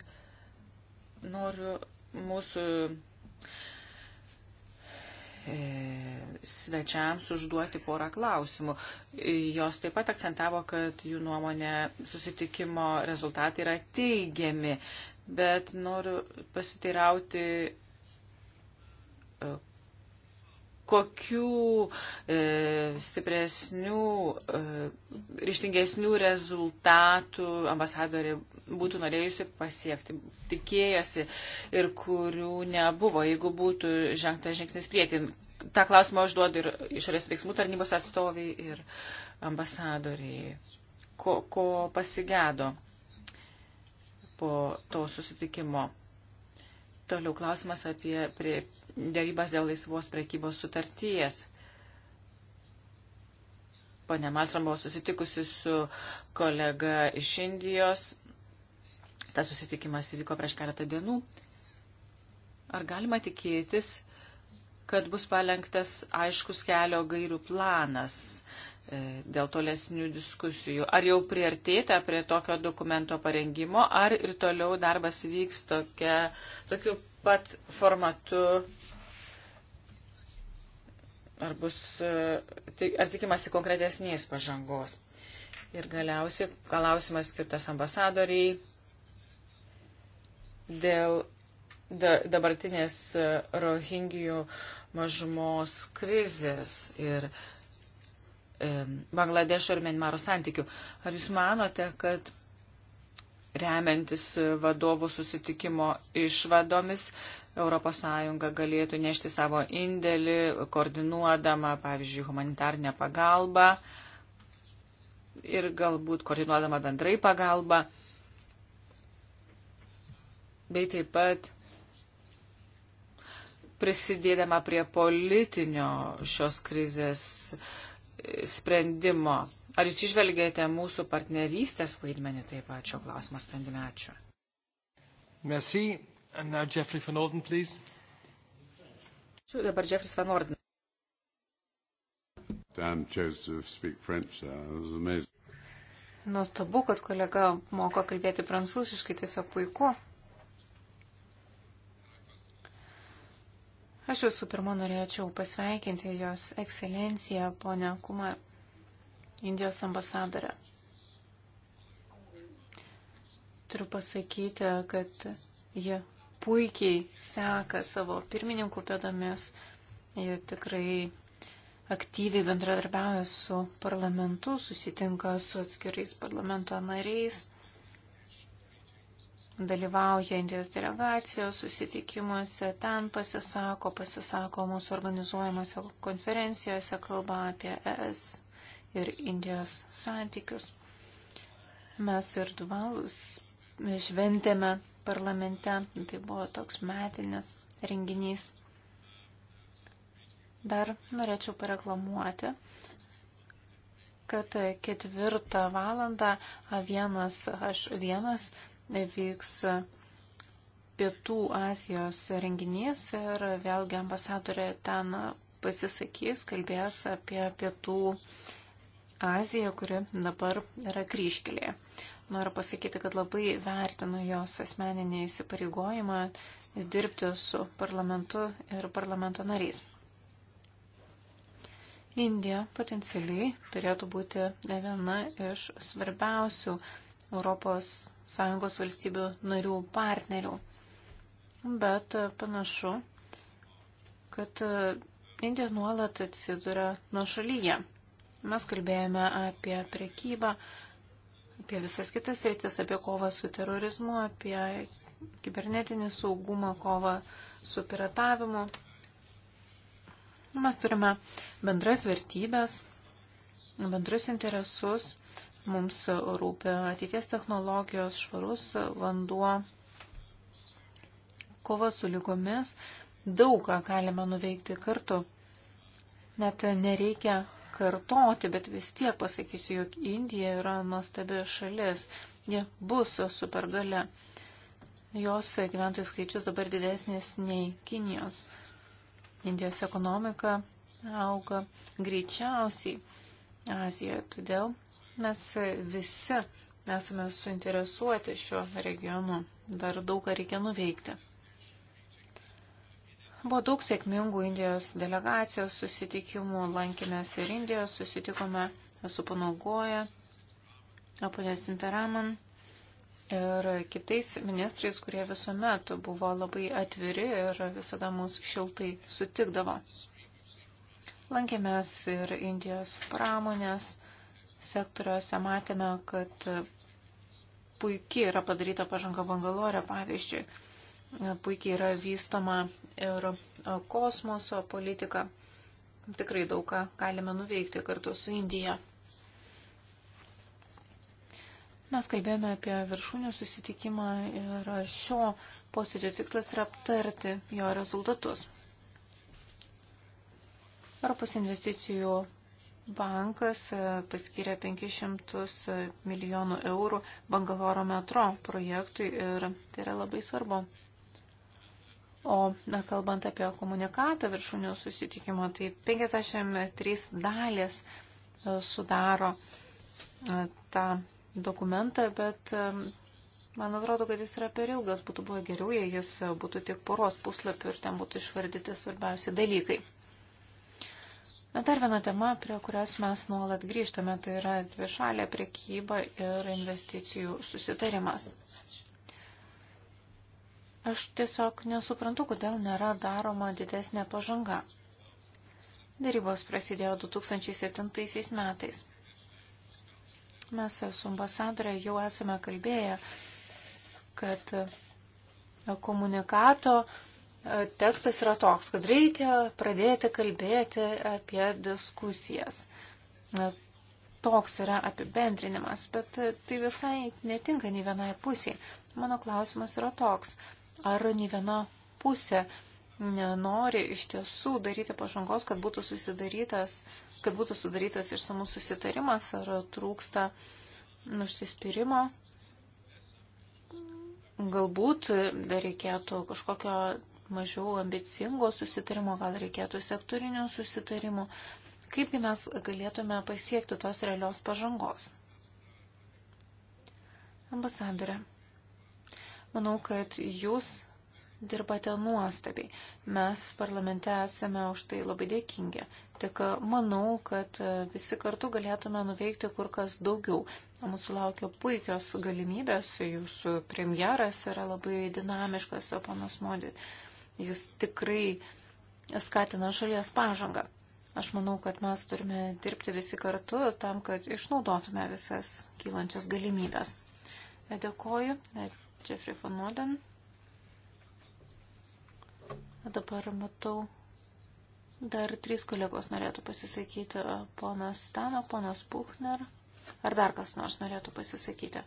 Noriu mūsų e, svečiams užduoti porą klausimų. Jos taip pat akcentavo, kad jų nuomonė susitikimo rezultatai yra teigiami, bet noriu pasiteirauti, e, kokių e, stipresnių, e, ryštingesnių rezultatų ambasadorė būtų norėjusi pasiekti, tikėjosi ir kurių nebuvo, jeigu būtų žengtas žingsnis priekin. Ta klausimą aš duodu ir išorės veiksmų tarnybos atstoviai ir ambasadoriai. Ko, ko pasigėdo po to susitikimo? Toliau klausimas apie prie, dėrybas dėl laisvos prekybos sutarties. Pone Malsom buvo susitikusi su kolega iš Indijos. Tas susitikimas įvyko prieš keletą dienų. Ar galima tikėtis, kad bus palengtas aiškus kelio gairių planas e, dėl tolesnių diskusijų? Ar jau priartėta prie tokio dokumento parengimo, ar ir toliau darbas vyks tokia, tokiu pat formatu ar bus, e, tai, ar tikimasi konkretesnės pažangos. Ir galiausiai klausimas skirtas ambasadoriai dėl dabartinės e, rohingijų mažumos krizės ir e, Bangladešo ir Menmaro santykių. Ar jūs manote, kad remiantis vadovų susitikimo išvadomis, ES galėtų nešti savo indėlį, koordinuodama, pavyzdžiui, humanitarnę pagalbą ir galbūt koordinuodama bendrai pagalbą, bei taip pat prisidėdama prie politinio šios krizės uh, sprendimo. Ar jūs išvelgėte mūsų partnerystės vaidmenį taip pat šio klausimo sprendime? Ačiū. Merci. And now Jeffrey Van Orden, please. Ačiū dabar Jeffrey Van Orden. Dan chose to speak French there. It was amazing. Nuostabu, kad kolega moka kalbėti prancūziškai, tiesiog puiku. Aš visų pirma norėčiau pasveikinti jos ekscelenciją, ponę Kumar, Indijos ambasadorę. Turiu pasakyti, kad ji puikiai seka savo pirmininkų pėdomis, ji tikrai aktyviai bendradarbiauja su parlamentu, susitinka su atskirais parlamento nariais dalyvauja Indijos delegacijos susitikimuose, ten pasisako, pasisako mūsų organizuojamose konferencijose, kalba apie ES ir Indijos santykius. Mes ir duvalus šventėme parlamente, tai buvo toks metinės renginys. Dar norėčiau pareklamuoti, kad ketvirtą valandą A1H1 vyks Pietų Azijos renginys ir vėlgi ambasadorė ten pasisakys, kalbės apie Pietų Aziją, kuri dabar yra kryškelėje. Noriu pasakyti, kad labai vertinu jos asmeninį įsipareigojimą dirbti su parlamentu ir parlamento nariais. Indija potencialiai turėtų būti viena iš svarbiausių ES valstybių narių partnerių. Bet e, panašu, kad e, Indija nuolat atsiduria nuo šalyje. Mes kalbėjome apie prekybą, apie visas kitas rytis, apie kovą su terorizmu, apie kibernetinį saugumą, kovą su piratavimu. Mes turime bendras vertybės, bendrus interesus Mums rūpi ateities technologijos, švarus vanduo, kova su lygomis. Daug ką galime nuveikti kartu. Net nereikia kartoti, bet vis tiek pasakysiu, jog Indija yra nuostabi šalis. Jie bus supergale. Jos gyventojų skaičius dabar didesnis nei Kinijos. Indijos ekonomika auga greičiausiai Azijoje. Todėl Mes visi esame suinteresuoti šiuo regionu. Dar daug ką reikia nuveikti. Buvo daug sėkmingų Indijos delegacijos susitikimų, lankėmės ir Indijos, susitikome su Panaugoja, Aponė Sinteraman ir kitais ministrais, kurie visuomet buvo labai atviri ir visada mūsų šiltai sutikdavo. Lankėmės ir Indijos pramonės sektoriuose matėme, kad puikiai yra padaryta pažanga Bangalore, pavyzdžiui, puikiai yra vystoma ir kosmoso politika. Tikrai daug ką galime nuveikti kartu su Indija. Mes kalbėjome apie viršūnių susitikimą ir šio posėdžio tikslas yra aptarti jo rezultatus. Europos investicijų bankas e, paskiria 500 e, milijonų eurų Bangaloro metro projektui ir tai yra labai svarbu. O na, kalbant apie komunikatą viršūnių susitikimo, tai 53 dalės e, sudaro tą dokumentą, bet man atrodo, kad jis yra per ilgas, būtų buvę geriau, jei jis būtų tik poros puslapių ir ten būtų išvardyti svarbiausi dalykai. Dar viena tema, prie kurios mes nuolat grįžtame, tai yra dvišalė priekyba ir investicijų susitarimas. Aš tiesiog nesuprantu, kodėl nėra daroma didesnė pažanga. Darybos prasidėjo 2007 metais. Mes su ambasadorė jau esame kalbėję, kad komunikato tekstas yra toks, kad reikia pradėti kalbėti apie diskusijas. Toks yra apibendrinimas, bet tai visai netinka nei vienoje pusėje. Mano klausimas yra toks, ar nei viena pusė nenori iš tiesų daryti pažangos, kad būtų susidarytas, kad būtų sudarytas išsamus susitarimas, ar trūksta nusispyrimo. Galbūt dar reikėtų kažkokio mažiau ambicingo susitarimo, gal reikėtų sektorinio susitarimo. Kaipgi mes galėtume pasiekti tos realios pažangos? Ambasadorė, manau, kad jūs dirbate nuostabiai. Mes parlamente esame už tai labai dėkingi. Tik manau, kad visi kartu galėtume nuveikti kur kas daugiau. Mūsų laukia puikios galimybės, jūsų premjeras yra labai dinamiškas, o panas Modi Jis tikrai skatina šalies pažangą. Aš manau, kad mes turime dirbti visi kartu tam, kad išnaudotume visas kylančias galimybės. Dėkoju, Jeffrey von Noden. Dabar matau, dar trys kolegos norėtų pasisakyti. Ponas Stano, ponas Puchner. Ar dar kas nors norėtų pasisakyti?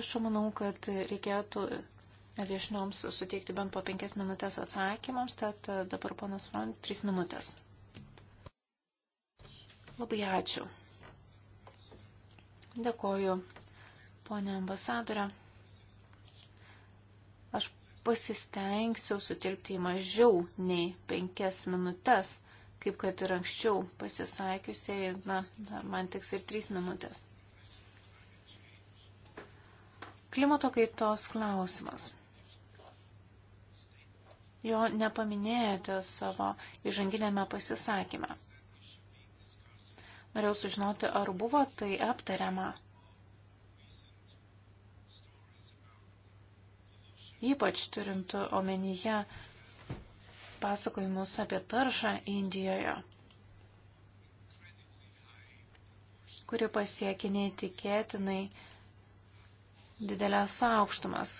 Aš manau, kad reikėtų viešnioms suteikti bent po penkias minutės atsakymams, tad e, dabar ponas Fron, trys minutės. Labai ačiū. Dėkoju, ponė ambasadorė. Aš pasistengsiu sutilpti į mažiau nei penkias minutės, kaip kad ir anksčiau pasisakiusiai, na, man tiks ir trys minutės. Klimato kaitos klausimas jo nepaminėjote savo įžanginėme pasisakyme. Norėjau sužinoti, ar buvo tai aptariama. Ypač turint omenyje pasakojimus apie taršą Indijoje, kuri pasiekia neįtikėtinai didelės aukštumas,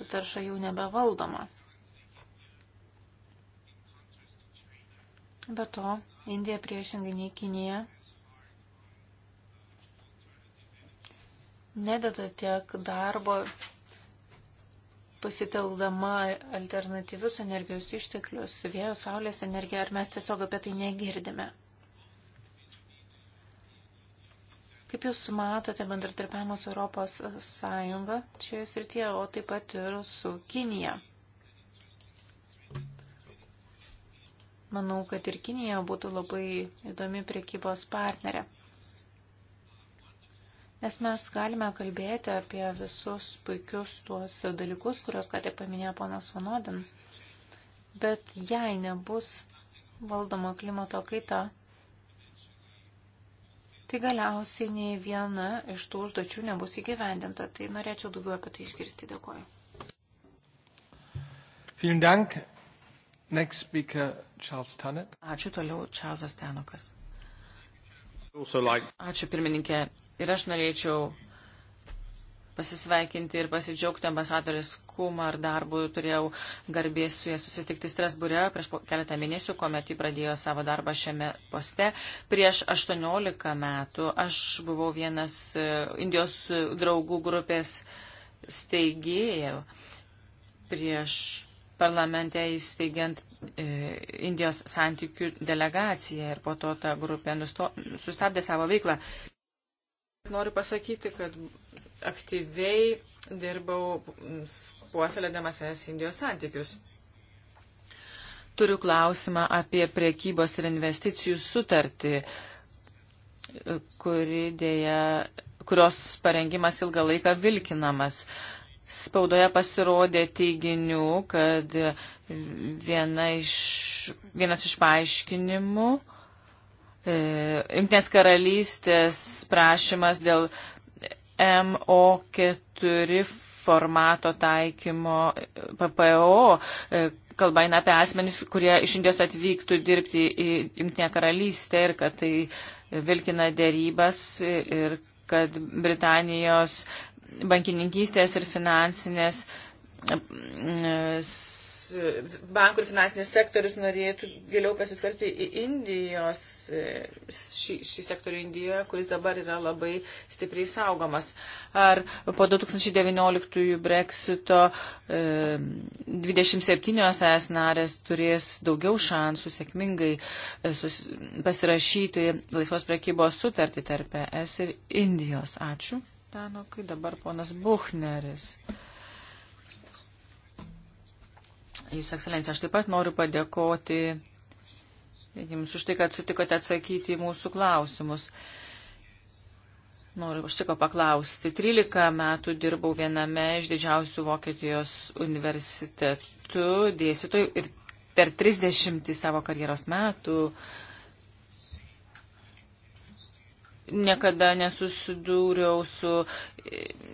ta tarša jau nebevaldoma. Be to, Indija priešingai nei Kinija nededa tiek darbo pasitelkdama alternatyvius energijos išteklius, vėjo, saulės energiją, ar mes tiesiog apie tai negirdime. Kaip Jūs matote bendradarbiavimą su Europos Sąjunga šioje srityje, o taip pat ir su Kinija? Manau, kad ir Kinija būtų labai įdomi priekybos partnerė. Nes mes galime kalbėti apie visus puikius tuos dalykus, kuriuos ką tik paminėjo ponas Vanodin. Bet jei nebus valdoma klimato kaita, tai galiausiai nei viena iš tų užduočių nebus įgyvendinta. Tai norėčiau daugiau apie tai išgirsti. Dėkuoju. Vielen Dank. Next speaker, Charles Tannock. Ačiū toliau, Čarlzas Tanokas. Like... Ačiū pirmininkė. Ir aš norėčiau pasisveikinti ir pasidžiaugti ambasadoris Kumar darbu. Turėjau garbės su jie susitikti Strasbūre prieš keletą mėnesių, kuomet jį pradėjo savo darbą šiame poste. Prieš 18 metų aš buvau vienas e, Indijos draugų grupės steigėjų. Prieš parlamente įsteigiant e, Indijos santykių delegaciją ir po to ta grupė nusto, sustabdė savo veiklą. Noriu pasakyti, kad aktyviai dirbau puoselėdamas es Indijos santykius. Turiu klausimą apie priekybos ir investicijų sutartį, kuri dėja, kurios parengimas ilgą laiką vilkinamas. E, spaudoje pasirodė teiginių, kad viena iš, vienas iš paaiškinimų, e, Junktinės karalystės prašymas dėl MO4 formato taikymo PPO, e, kalba eina apie asmenys, kurie iš Indijos atvyktų dirbti į Junktinę karalystę ir kad tai vilkina dėrybas ir kad Britanijos bankininkystės ir finansinės bankų ir finansinis sektorius norėtų giliau pasiskarti į Indijos, šį, šį sektorių Indijoje, kuris dabar yra labai stipriai saugomas. Ar po 2019 breksito 27 e, es narės turės daugiau šansų sėkmingai e, pasirašyti laisvos prekybos sutartį tarp es ir Indijos? Ačiū. Tanokui, dabar ponas Buchneris. Jūs, ekscelencija, aš taip pat noriu padėkoti Jums už tai, kad sutikote atsakyti į mūsų klausimus. Noriu už tiko paklausti. 13 metų dirbau viename iš didžiausių Vokietijos universitetų dėstytojų ir per 30 savo karjeros metų uh, niekada nesusidūriau su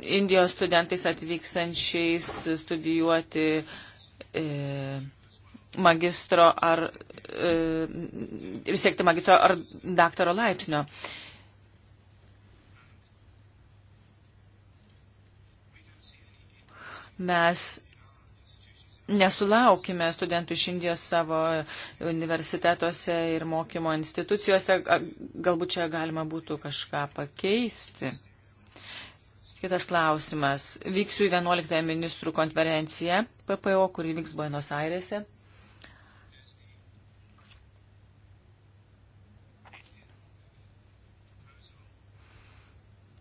Indijos studentais atvykstančiais studijuoti e, magistro ar e, ir siekti magistro ar daktaro laipsnio. Mes nesulaukime studentų iš Indijos savo universitetuose ir mokymo institucijose. Galbūt čia galima būtų kažką pakeisti. Kitas klausimas. Vyksiu į 11 ministrų konferenciją PPO, kuri vyks Buenos Airėse.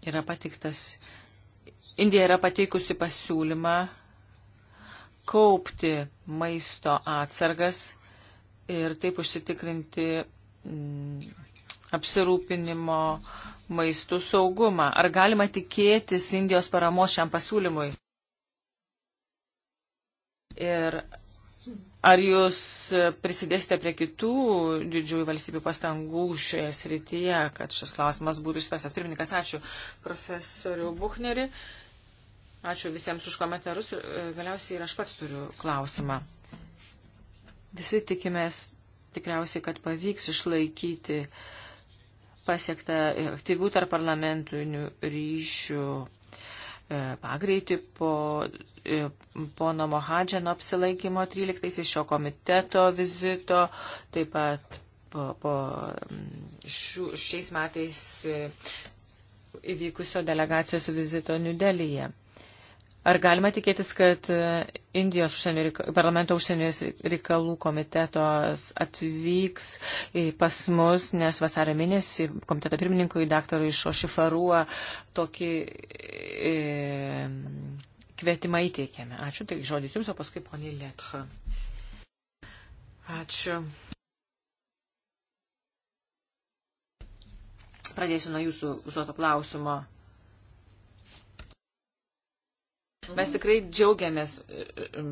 Yra patiktas. Indija yra pateikusi pasiūlymą kaupti maisto atsargas ir taip užsitikrinti mm, apsirūpinimo maistų saugumą. Ar galima tikėtis Indijos paramos šiam pasiūlymui? Ir ar jūs prisidėsite prie kitų didžiųjų valstybių pastangų šioje srityje, kad šis klausimas būtų išspręstas? Pirmininkas, ačiū profesoriu Buchneri. Ačiū visiems už komentarus. E, galiausiai ir aš pats turiu klausimą. Visi tikimės tikriausiai, kad pavyks išlaikyti pasiektą aktyvių tarp parlamentinių ryšių e, pagreitį po e, pono Mohadženo apsilaikymo 13 šio komiteto vizito, taip pat po, po mm, šių, šiais metais įvykusio delegacijos vizito Nudelyje. Ar galima tikėtis, kad e, Indijos užsienio, parlamento užsienio reikalų komitetos atvyks pas mus, nes vasario mėnesį komiteto pirmininkui daktarui Šošifarua tokį e, kvietimą įteikėme. Ačiū, tai žodis jums, o paskui poniai Lietra. Ačiū. Pradėsiu nuo jūsų užduoto klausimo Mes tikrai džiaugiamės e, e,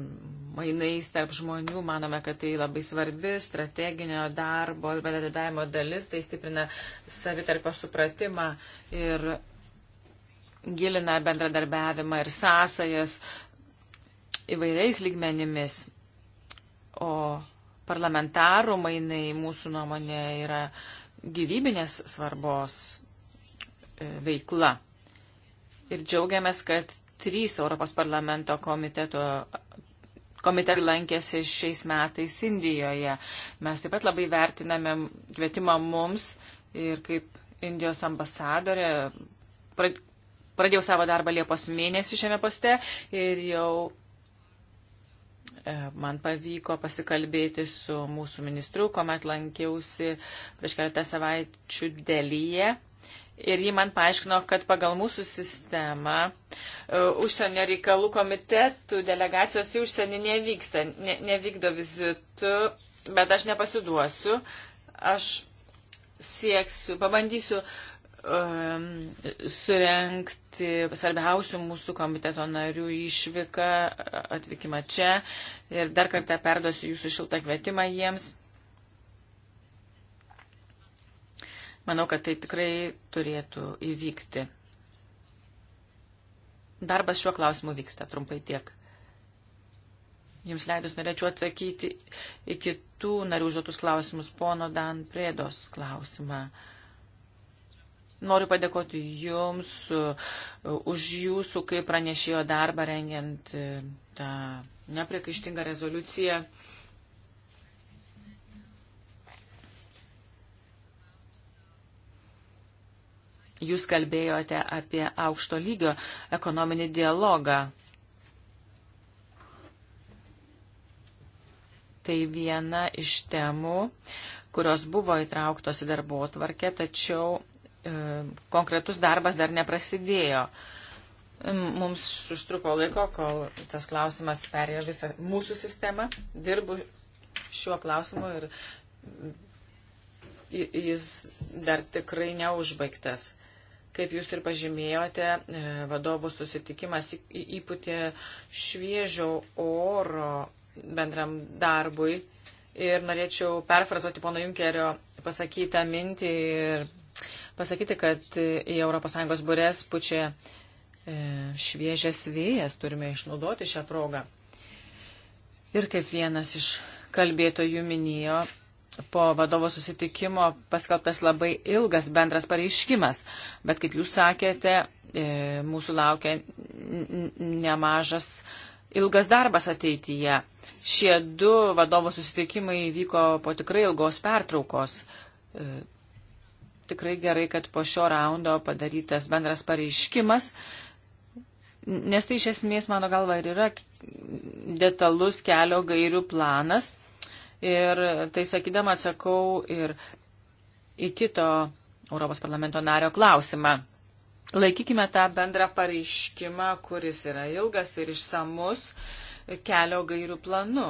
mainais tarp žmonių, manome, kad tai labai svarbi strateginio darbo ir bendradarbiavimo dalis, tai stiprina savitarpio supratimą ir gilina bendradarbiavimą ir sąsajas įvairiais lygmenimis. O parlamentarų mainai mūsų nuomonė yra gyvybinės svarbos e, veikla. Ir džiaugiamės, kad Trys Europos parlamento komiteto komitetai lankėsi šiais metais Indijoje. Mes taip pat labai vertiname kvietimą mums ir kaip Indijos ambasadorė. Pradėjau savo darbą Liepos mėnesį šiame poste ir jau e, man pavyko pasikalbėti su mūsų ministru, kuomet lankiausi prieš keletą savaičių dėlyje. Ir ji man paaiškino, kad pagal mūsų sistemą e, užsienio reikalų komitetų delegacijos į užsienį nevyksta, ne, nevykdo vizitų, bet aš nepasiduosiu. Aš sieksiu, pabandysiu um, surenkti svarbiausių mūsų komiteto narių išvyką, atvykimą čia ir dar kartą perduosiu jūsų šiltą kvietimą jiems Manau, kad tai tikrai turėtų įvykti. Darbas šiuo klausimu vyksta trumpai tiek. Jums leidus norėčiau atsakyti į kitų narių žotus klausimus, pono Dan Prėdos klausimą. Noriu padėkoti Jums uh, už Jūsų, kaip pranešėjo darbą rengiant uh, tą neprikaištingą rezoliuciją. Jūs kalbėjote apie aukšto lygio ekonominį dialogą. Tai viena iš temų, kurios buvo įtrauktos į darbo tvarkę, tačiau e, konkretus darbas dar neprasidėjo. Mums užtruko laiko, kol tas klausimas perėjo visą mūsų sistemą. Dirbu šiuo klausimu ir jis dar tikrai neužbaigtas. Kaip jūs ir pažymėjote, e, vadovų susitikimas įputė šviežio oro bendram darbui ir norėčiau perfrazuoti pono Junkerio pasakytą mintį ir pasakyti, kad į ES burės pučia e, šviežias vėjas, turime išnaudoti šią progą. Ir kaip vienas iš kalbėtojų minėjo, po vadovo susitikimo paskelbtas labai ilgas bendras pareiškimas, bet kaip jūs sakėte, e, mūsų laukia nemažas ilgas darbas ateityje. Šie du vadovo susitikimai vyko po tikrai ilgos pertraukos. E, tikrai gerai, kad po šio raundo padarytas bendras pareiškimas, nes tai iš esmės, mano galva, ir yra detalus kelio gairių planas Ir tai sakydama atsakau ir į kito Europos parlamento nario klausimą. Laikykime tą bendrą pareiškimą, kuris yra ilgas ir išsamus kelio gairių planu,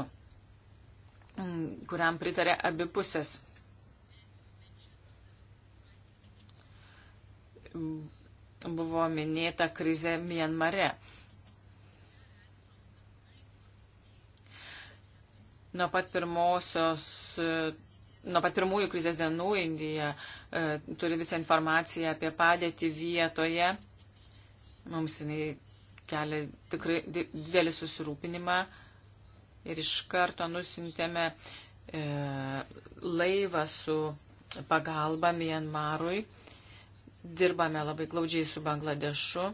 mm, kuriam pritarė abipusės. Buvo minėta krize Mienmare. Nuo pat pirmosios, nuo pat pirmųjų krizės dienų Indija e, turi visą informaciją apie padėtį vietoje. Mums jinai kelia tikrai didelį susirūpinimą ir iš karto nusintėme e, laivą su pagalba Mienmarui. Dirbame labai glaudžiai su Bangladešu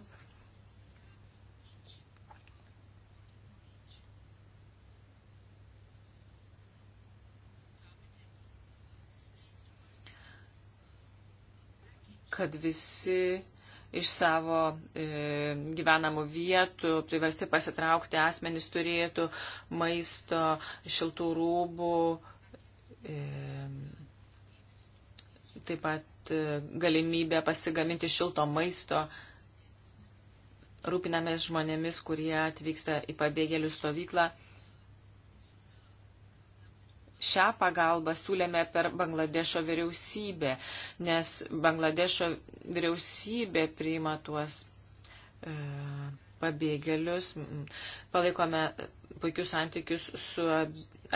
kad visi iš savo e, gyvenamų vietų priversti tai pasitraukti asmenys turėtų maisto, šiltų rūbų, e, taip pat e, galimybę pasigaminti šilto maisto. Rūpinamės žmonėmis, kurie atvyksta į pabėgėlių stovyklą šią pagalbą siūlėme per Bangladešo vyriausybę, nes Bangladešo vyriausybė priima tuos e, pabėgėlius, palaikome puikius santykius su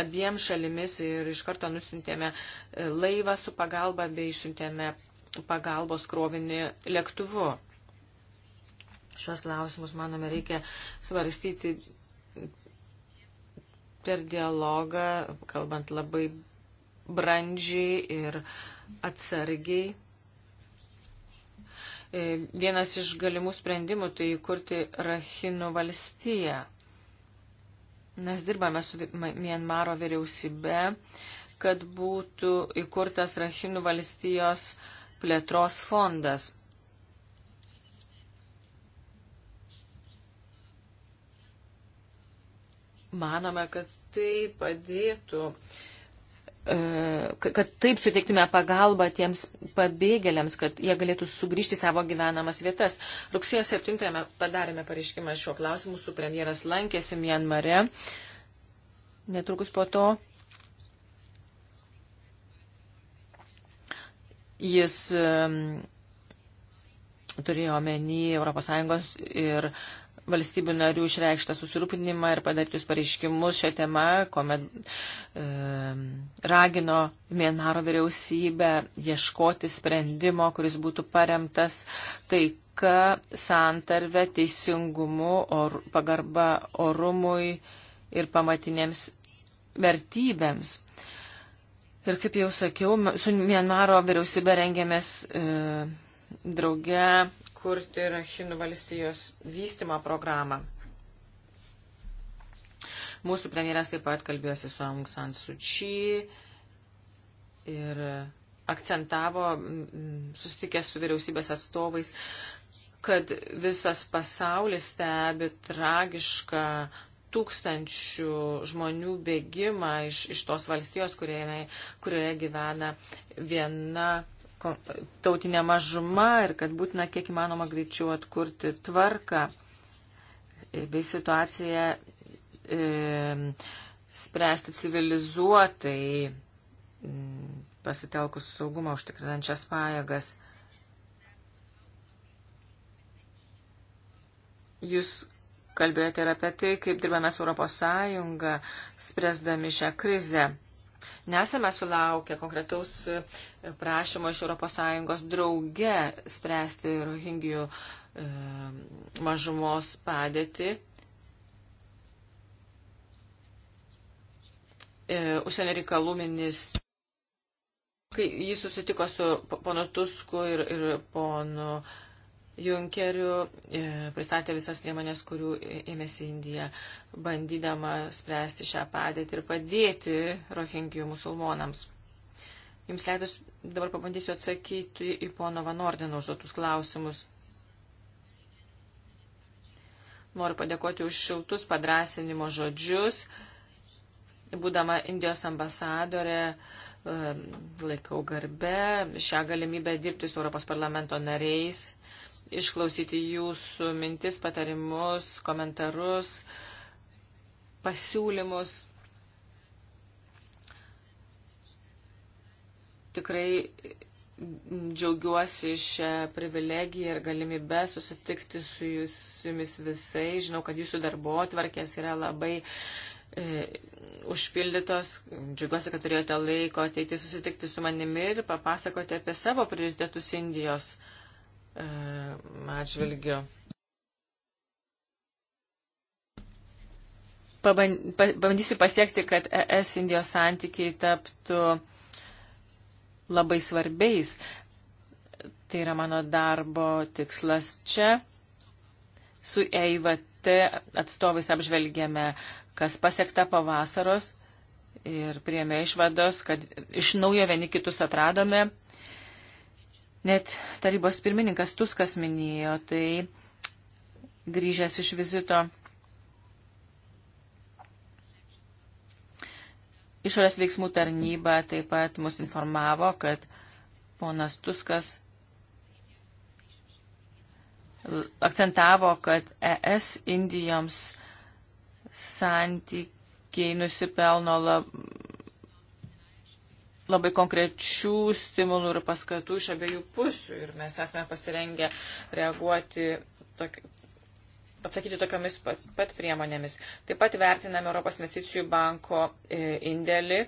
abiem šalimis ir iš karto nusintėme e, laivą su pagalba bei išsintėme pagalbos krovinį lėktuvu. Šios klausimus, manome, reikia svarstyti per dialogą, kalbant labai brandžiai ir atsargiai. E, vienas iš galimų sprendimų tai įkurti Rahinų valstiją. Mes dirbame su Mienmaro vyriausybe, kad būtų įkurtas Rahinų valstijos plėtros fondas. Manome, kad tai padėtų e, kad taip suteiktume pagalbą tiems pabėgėliams, kad jie galėtų sugrįžti į savo gyvenamas vietas. Rugsėjo 7 padarėme pareiškimą šiuo klausimu, su premjeras lankėsi Mianmare. Netrukus po to jis e, turėjo omeny ES ir valstybių narių išreikštą susirūpinimą ir padarytus pareiškimus šią temą, kuomet e, ragino Mienmaro vyriausybę ieškoti sprendimo, kuris būtų paremtas taika, santarve, teisingumu, or, pagarba orumui ir pamatinėms vertybėms. Ir kaip jau sakiau, su Mienmaro vyriausybė rengėmės e, drauge sukurti Rahinų valstijos vystimo programą. Mūsų premjeras taip pat kalbėjosi su Aung San Suu Kyi ir akcentavo, mm, mm, susitikęs su vyriausybės atstovais, kad visas pasaulis stebi tragišką tūkstančių žmonių bėgimą iš, iš tos valstijos, kurioje, kurioje gyvena viena tautinė mažuma ir kad būtina kiek įmanoma greičiau atkurti tvarką e, bei situaciją e, spręsti civilizuotai, pasitelkus saugumą užtikrinančias pajėgas. Jūs kalbėjote ir apie tai, kaip dirbame su Europos Sąjunga, spręsdami šią krizę. Nesame sulaukę konkretaus e, prašymo iš ES drauge spręsti rohingijų e, mažumos padėtį. E, Užsienio reikalų ministras, kai jis susitiko su ponu Tusku ir, ir ponu e, Junkeriu e, pristatė visas priemonės, kurių ėmėsi Indija, bandydama spręsti šią padėtį ir padėti rohingijų musulmonams. Jums leidus dabar pabandysiu atsakyti į pono Vanordino užduotus klausimus. Noriu padėkoti už šiltus padrasinimo žodžius. Būdama Indijos ambasadorė, e, laikau garbę šią galimybę dirbti su Europos parlamento nariais išklausyti jūsų mintis, patarimus, komentarus, pasiūlymus. Tikrai džiaugiuosi šią privilegiją ir galimybę susitikti su jūs, jumis visai. Žinau, kad jūsų darbo atvarkės yra labai e, užpildytos. Džiaugiuosi, kad turėjote laiko ateiti susitikti su manimi ir papasakoti apie savo prioritetus Indijos. E, E, atžvilgiu. Pabandysiu pasiekti, kad ES Indijos santykiai taptų labai svarbiais. Tai yra mano darbo tikslas čia. Su EIVT atstovais apžvelgėme, kas pasiekta pavasaros ir priėmė išvados, kad iš naujo vieni kitus atradome net tarybos pirmininkas Tuskas minėjo, tai grįžęs iš vizito išorės veiksmų tarnyba taip pat mus informavo, kad ponas Tuskas akcentavo, kad ES Indijoms santykiai nusipelno lab, labai konkrečių stimulų ir paskatų iš abiejų pusių ir mes esame pasirengę reaguoti tok, atsakyti tokiamis pat, pat priemonėmis. Taip pat vertiname Europos investicijų banko e, indėlį.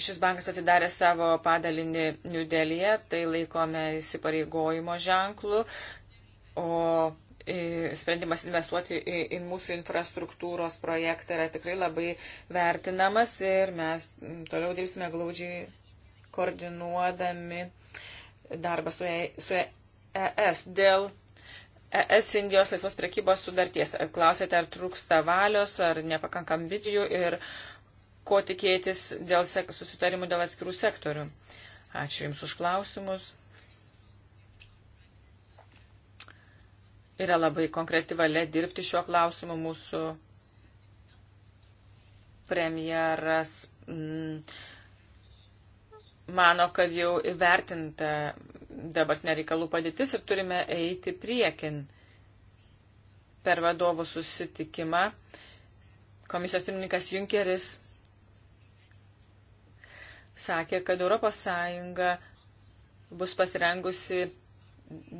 Šis bankas atidarė savo padalinį Niudelyje, tai laikome įsipareigojimo ženklų, o sprendimas investuoti į, į mūsų infrastruktūros projektą yra tikrai labai vertinamas ir mes toliau dirbsime glaudžiai koordinuodami darbą su, e, su ES dėl ES Indijos laisvos prekybos sudarties. Klausėte, ar trūksta valios, ar nepakanka ambicijų ir ko tikėtis dėl susitarimų dėl atskirų sektorių. Ačiū Jums už klausimus. yra labai konkreti valia dirbti šiuo klausimu. Mūsų premjeras m, mm, mano, kad jau įvertinta dabartinė reikalų padėtis ir turime eiti priekin per vadovų susitikimą. Komisijos pirmininkas Junkeris sakė, kad ES bus pasirengusi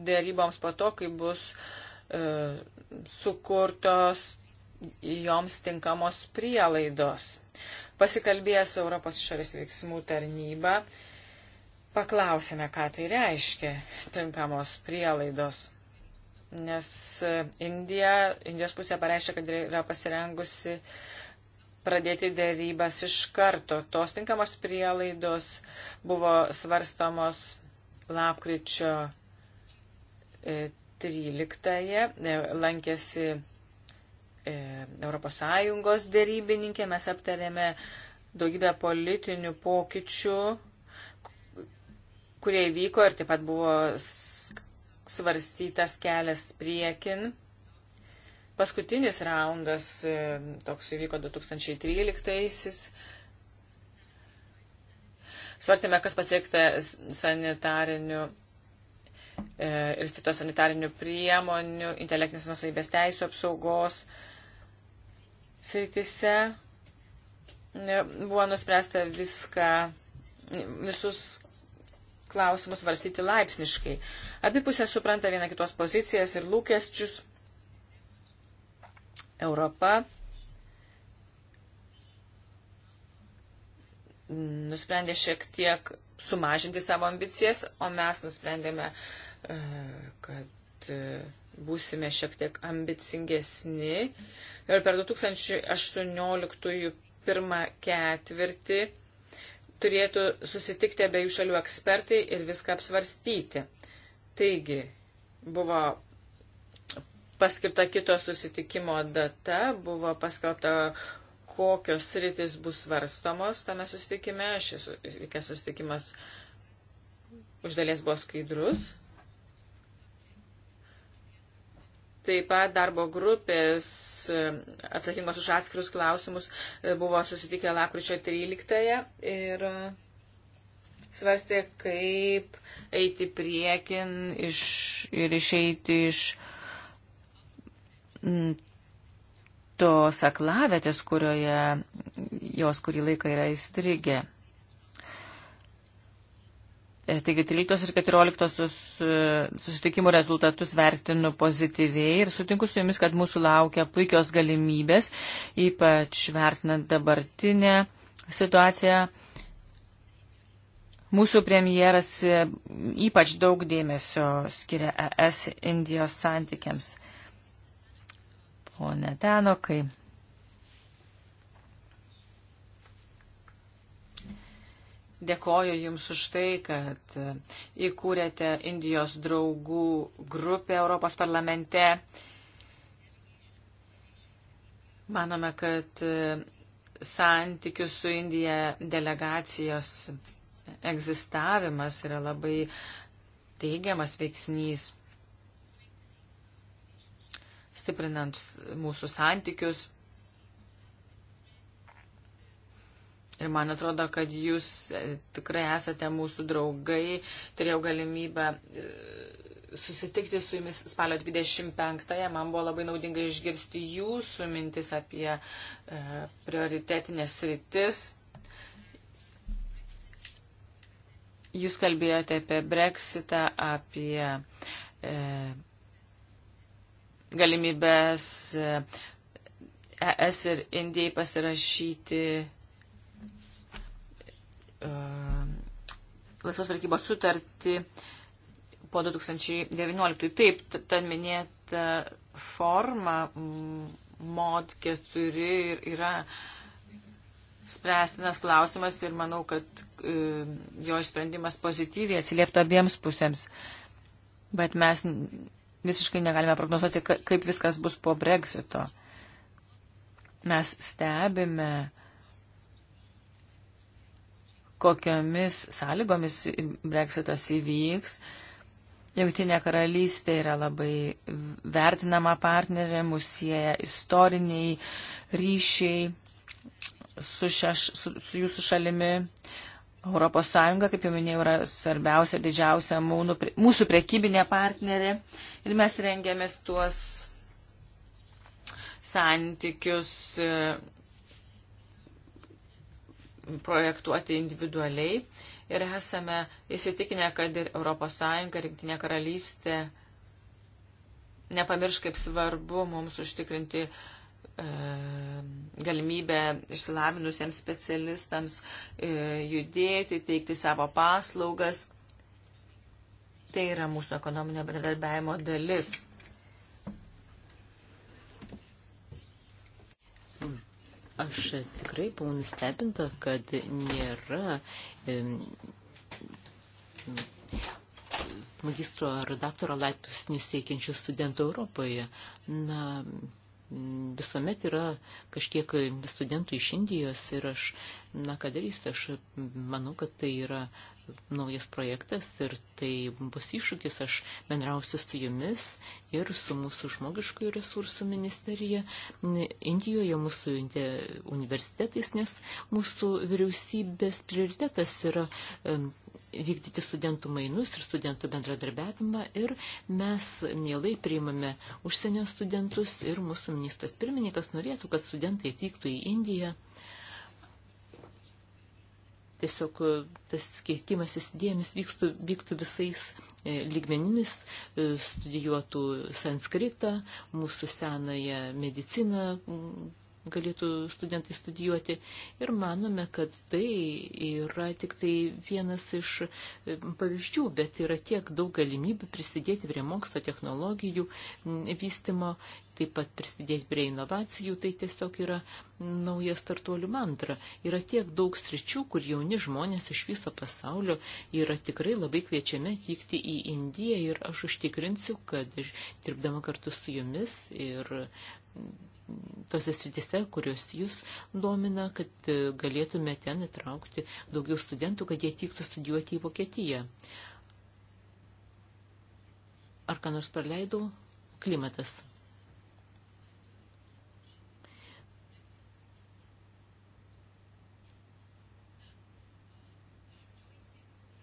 dėryboms po to, kai bus uh, E, sukurtos joms tinkamos prielaidos. Pasikalbėjęs su Europos išorės veiksmų tarnyba, paklausėme, ką tai reiškia tinkamos prielaidos. Nes e, Indija, Indijos pusė pareiškia, kad yra pasirengusi pradėti dėrybas iš karto. Tos tinkamos prielaidos buvo svarstamos lapkričio e, 13-ąją e, lankėsi e, Europos Sąjungos dėrybininkė, mes aptarėme daugybę politinių pokyčių, kurie įvyko ir taip pat buvo svarstytas kelias priekin. Paskutinis raundas e, toks įvyko 2013-aisis. Svarstėme, kas pasiekta sanitariniu E, ir fitosanitarinių priemonių, intelektinės nusaibės teisų apsaugos sritise. Buvo nuspręsta viską, visus klausimus varstyti laipsniškai. Abipusės supranta viena kitos pozicijas ir lūkesčius. Europa nusprendė šiek tiek sumažinti savo ambicijas, o mes nusprendėme uh, kad e, būsime šiek tiek ambicingesni. Ir per 2018 pirmą ketvirtį turėtų susitikti abiejų šalių ekspertai ir viską apsvarstyti. Taigi, buvo paskirta kito susitikimo data, buvo paskelbta kokios sritis bus svarstomos tame susitikime. Šis susitikimas iš dalies buvo skaidrus. Taip pat darbo grupės e, atsakingos už atskirius klausimus e, buvo susitikę lapkričio 13 ir e, svarstė, kaip eiti priekin iš, ir išeiti iš tos aklavėtės, kurioje jos kurį laiką yra įstrigę. E, taigi 13 ir 14 e, susitikimų rezultatus vertinu pozityviai ir sutinku su jumis, kad mūsų laukia puikios galimybės, ypač vertinant dabartinę situaciją. Mūsų premjeras e, ypač daug dėmesio skiria ES Indijos santykiams. Pone Tenokai. Dėkoju Jums už tai, kad e, įkūrėte Indijos draugų grupę Europos parlamente. Manome, kad e, santykių su Indija delegacijos egzistavimas yra labai teigiamas veiksnys, stiprinant mūsų santykius Ir man atrodo, kad jūs e, tikrai esate mūsų draugai. Turėjau galimybę e, susitikti su jumis spalio 25-ąją. Man buvo labai naudinga išgirsti jūsų mintis apie e, prioritetinės rytis. Jūs kalbėjote apie breksitą, apie e, galimybės ES e ir Indijai pasirašyti E, laisvos prekybos sutartį po 2019. Taip, ten minėta forma mod 4 yra spręstinas klausimas ir manau, kad e, jo išsprendimas pozityviai atsiliepta abiems pusėms. Bet mes visiškai negalime prognozuoti, kaip viskas bus po Brexito. Mes stebime kokiamis sąlygomis Brexitas įvyks. Jungtinė karalystė yra labai vertinama partnerė, mus sieja istoriniai ryšiai su, šeš, su, su jūsų šalimi. Europos Sąjunga, kaip jau minėjau, yra svarbiausia, didžiausia mūnų, mūsų prekybinė partnerė ir mes rengiamės tuos santykius e, projektuoti individualiai ir esame įsitikinę, kad ir ES, Rinktinė karalystė nepamirš, kaip svarbu mums užtikrinti e, galimybę išsilavinusiems specialistams e, judėti, teikti savo paslaugas. Tai yra mūsų ekonominio bendradarbiajimo dalis. Aš tikrai buvau nustebinta, kad nėra magistro ar daktaro laipsnių siekiančių studentų Europoje. Na, visuomet yra kažkiek studentų iš Indijos ir aš, na ką darysiu, aš manau, kad tai yra naujas projektas ir tai bus iššūkis. Aš bendrausiu su jumis ir su mūsų žmogiškųjų resursų ministerija Indijoje, mūsų universitetais, nes mūsų vyriausybės prioritetas yra vykdyti studentų mainus ir studentų bendradarbiavimą ir mes mielai priimame užsienio studentus ir mūsų ministras pirmininkas norėtų, kad studentai atvyktų į Indiją tiesiog e, tas keitimasis idėjomis vyktų, vyktų visais e, lygmenimis, e, studijuotų sanskritą, mūsų senąją mediciną, galėtų studentai studijuoti. Ir manome, kad tai yra tik tai vienas iš e, pavyzdžių, bet yra tiek daug galimybių prisidėti prie mokslo technologijų vystimo, taip pat prisidėti prie inovacijų. Tai tiesiog yra nauja startuolių mantra. Yra tiek daug sričių, kur jauni žmonės iš viso pasaulio yra tikrai labai kviečiami atvykti į Indiją ir aš užtikrinsiu, kad aš dirbdama kartu su jumis ir tose sritise, kurios jūs domina, kad e, galėtume ten įtraukti daugiau studentų, kad jie tiktų studijuoti į Vokietiją. Ar ką nors praleidau? Klimatas.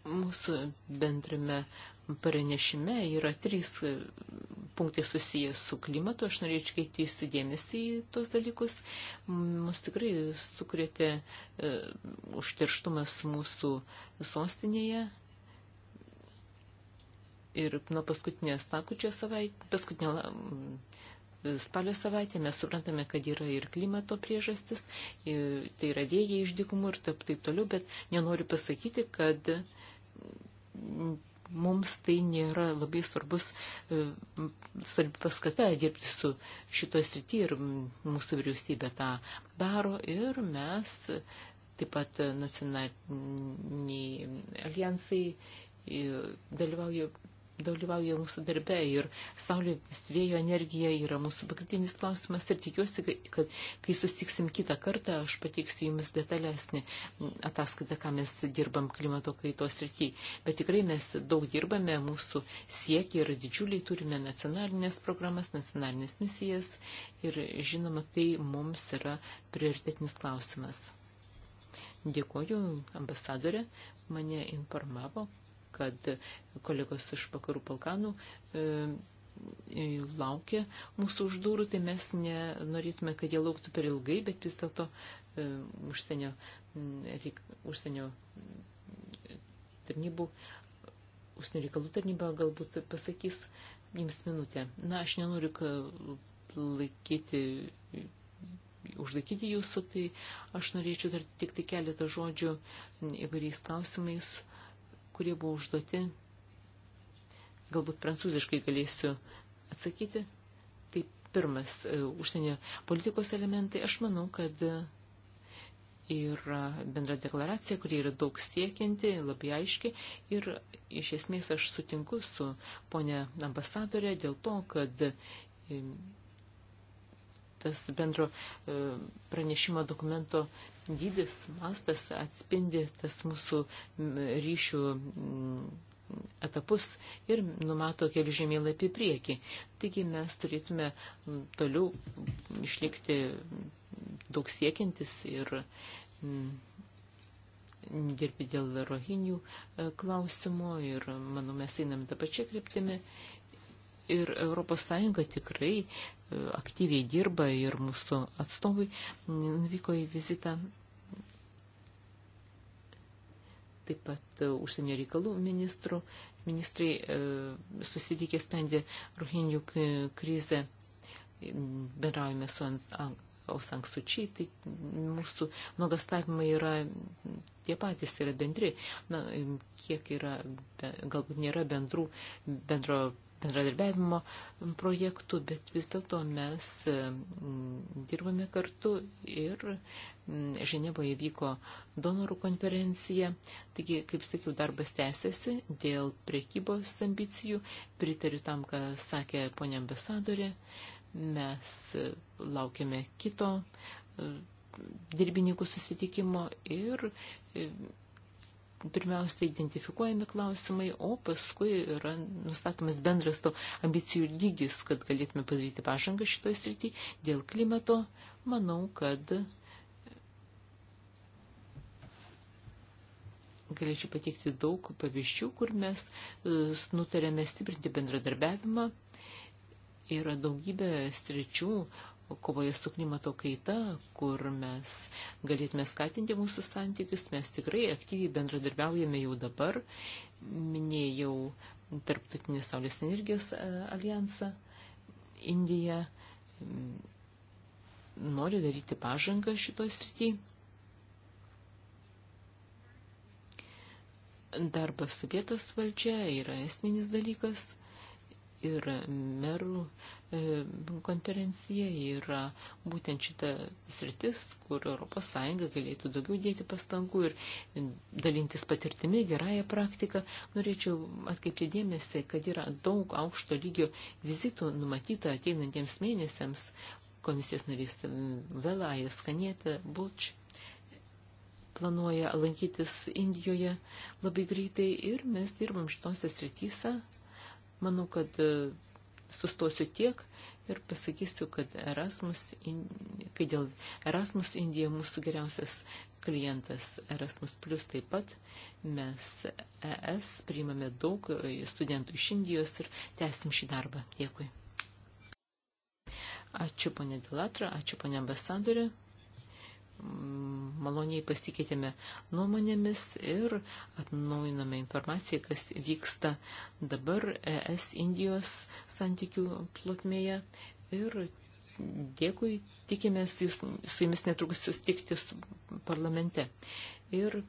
Mūsų bendrame pranešime yra trys e, punktai susijęs su klimatu. Aš norėčiau keiti įsidėmėsi į tos dalykus. Mus tikrai sukrėtė e, užterštumas mūsų sostinėje. Ir nuo paskutinės nakučio savaitės, paskutinė la spalio savaitę mes suprantame, kad yra ir klimato priežastis, tai yra vėjai iš dykumų ir taip, taip toliau, bet nenoriu pasakyti, kad mums tai nėra labai svarbus, e, svarbi paskata dirbti su šito srity ir mūsų vyriausybė tą daro ir mes taip pat nacionaliniai alijansai e, dalyvauja dalyvauja mūsų darbe ir saulės vėjo energija yra mūsų pagrindinis klausimas ir tikiuosi, kad kai sustiksim kitą kartą, aš pateiksiu jumis detalesnį ataskaitą, ką mes dirbam klimato kaitos rytyje. Bet tikrai mes daug dirbame, mūsų siekiai yra didžiuliai, turime nacionalinės programas, nacionalinės misijas ir žinoma, tai mums yra prioritetinis klausimas. Dėkoju ambasadorė, mane informavo, kad kolegos iš vakarų Balkanų e, e, laukia mūsų už durų, tai mes nenorėtume, kad jie lauktų per ilgai, bet vis dėlto e, užsienio, reik, užsienio tarnybų, užsienio reikalų tarnyba galbūt pasakys jums minutę. Na, aš nenoriu laikyti užlaikyti jūsų, tai aš norėčiau dar tik tai keletą žodžių įvairiais klausimais, kurie buvo užduoti. Galbūt prancūziškai galėsiu atsakyti. Tai pirmas e, užsienio politikos elementai. Aš manau, kad yra bendra deklaracija, kuri yra daug siekianti, labai aiški. Ir iš esmės aš sutinku su ponė ambasadorė dėl to, kad e, tas bendro e, pranešimo dokumento dydis, mastas atspindi tas mūsų ryšių etapus ir numato kelių žemėlapį priekį. Taigi mes turėtume toliau išlikti daug siekintis ir dirbti dėl rohinių e, klausimo ir, manau, mes einame tą pačią kryptimį ir ES tikrai e, aktyviai dirba ir mūsų atstovai nuvyko į vizitą taip pat e, užsienio reikalų ministrų. Ministrai e, susitikė sprendė ruhinių krizę, bendraujame su Ausang Sučiai, tai mūsų nuogastavimai yra tie patys, yra bendri. Na, kiek yra, galbūt nėra bendrų, bendro bendradarbiavimo projektų, bet vis dėlto mes dirbame kartu ir Ženevoje vyko donorų konferencija, taigi, kaip sakiau, darbas tęsiasi dėl priekybos ambicijų, pritariu tam, ką sakė ponė ambasadorė, mes laukiame kito e, dirbininkų susitikimo ir e, pirmiausia identifikuojami klausimai, o paskui yra nustatomas bendras to ambicijų lygis, kad galėtume padaryti pažangą šitoje srityje dėl klimato. Manau, kad galėčiau pateikti daug pavyzdžių, kur mes e, nutarėme stiprinti bendradarbiavimą. Yra daugybė sričių kovoje su klimato kaita, kur mes galėtume skatinti mūsų santykius, mes tikrai aktyviai bendradarbiaujame jau dabar. Minėjau Tarptautinį Saulės energijos e, alijansą, Indija nori daryti pažangą šitoje srityje darbas su vietos valdžia yra esminis dalykas ir merų e, konferencija yra būtent šita sritis, kur ES galėtų daugiau dėti pastangų ir dalintis patirtimi, gerąją praktiką. Norėčiau atkaipti dėmesį, kad yra daug aukšto lygio vizitų numatyta ateinantiems mėnesiams. Komisijos narys Vela, Jaskanėta, Bulč planuoja lankytis Indijoje labai greitai ir mes dirbam šitose srityse. Manau, kad e, sustosiu tiek ir pasakysiu, kad Erasmus, kai dėl Erasmus Indija mūsų geriausias klientas Erasmus Plus taip pat mes ES priimame daug e, studentų iš Indijos ir tęsim šį darbą. Dėkui. Ačiū ponė Dilatra, ačiū ponė ambasadorė maloniai pasikeitėme nuomonėmis ir atnaujiname informaciją, kas vyksta dabar ES Indijos santykių plotmėje. Ir dėkui, tikimės jūs, su jumis netrukus susitikti su parlamente. Ir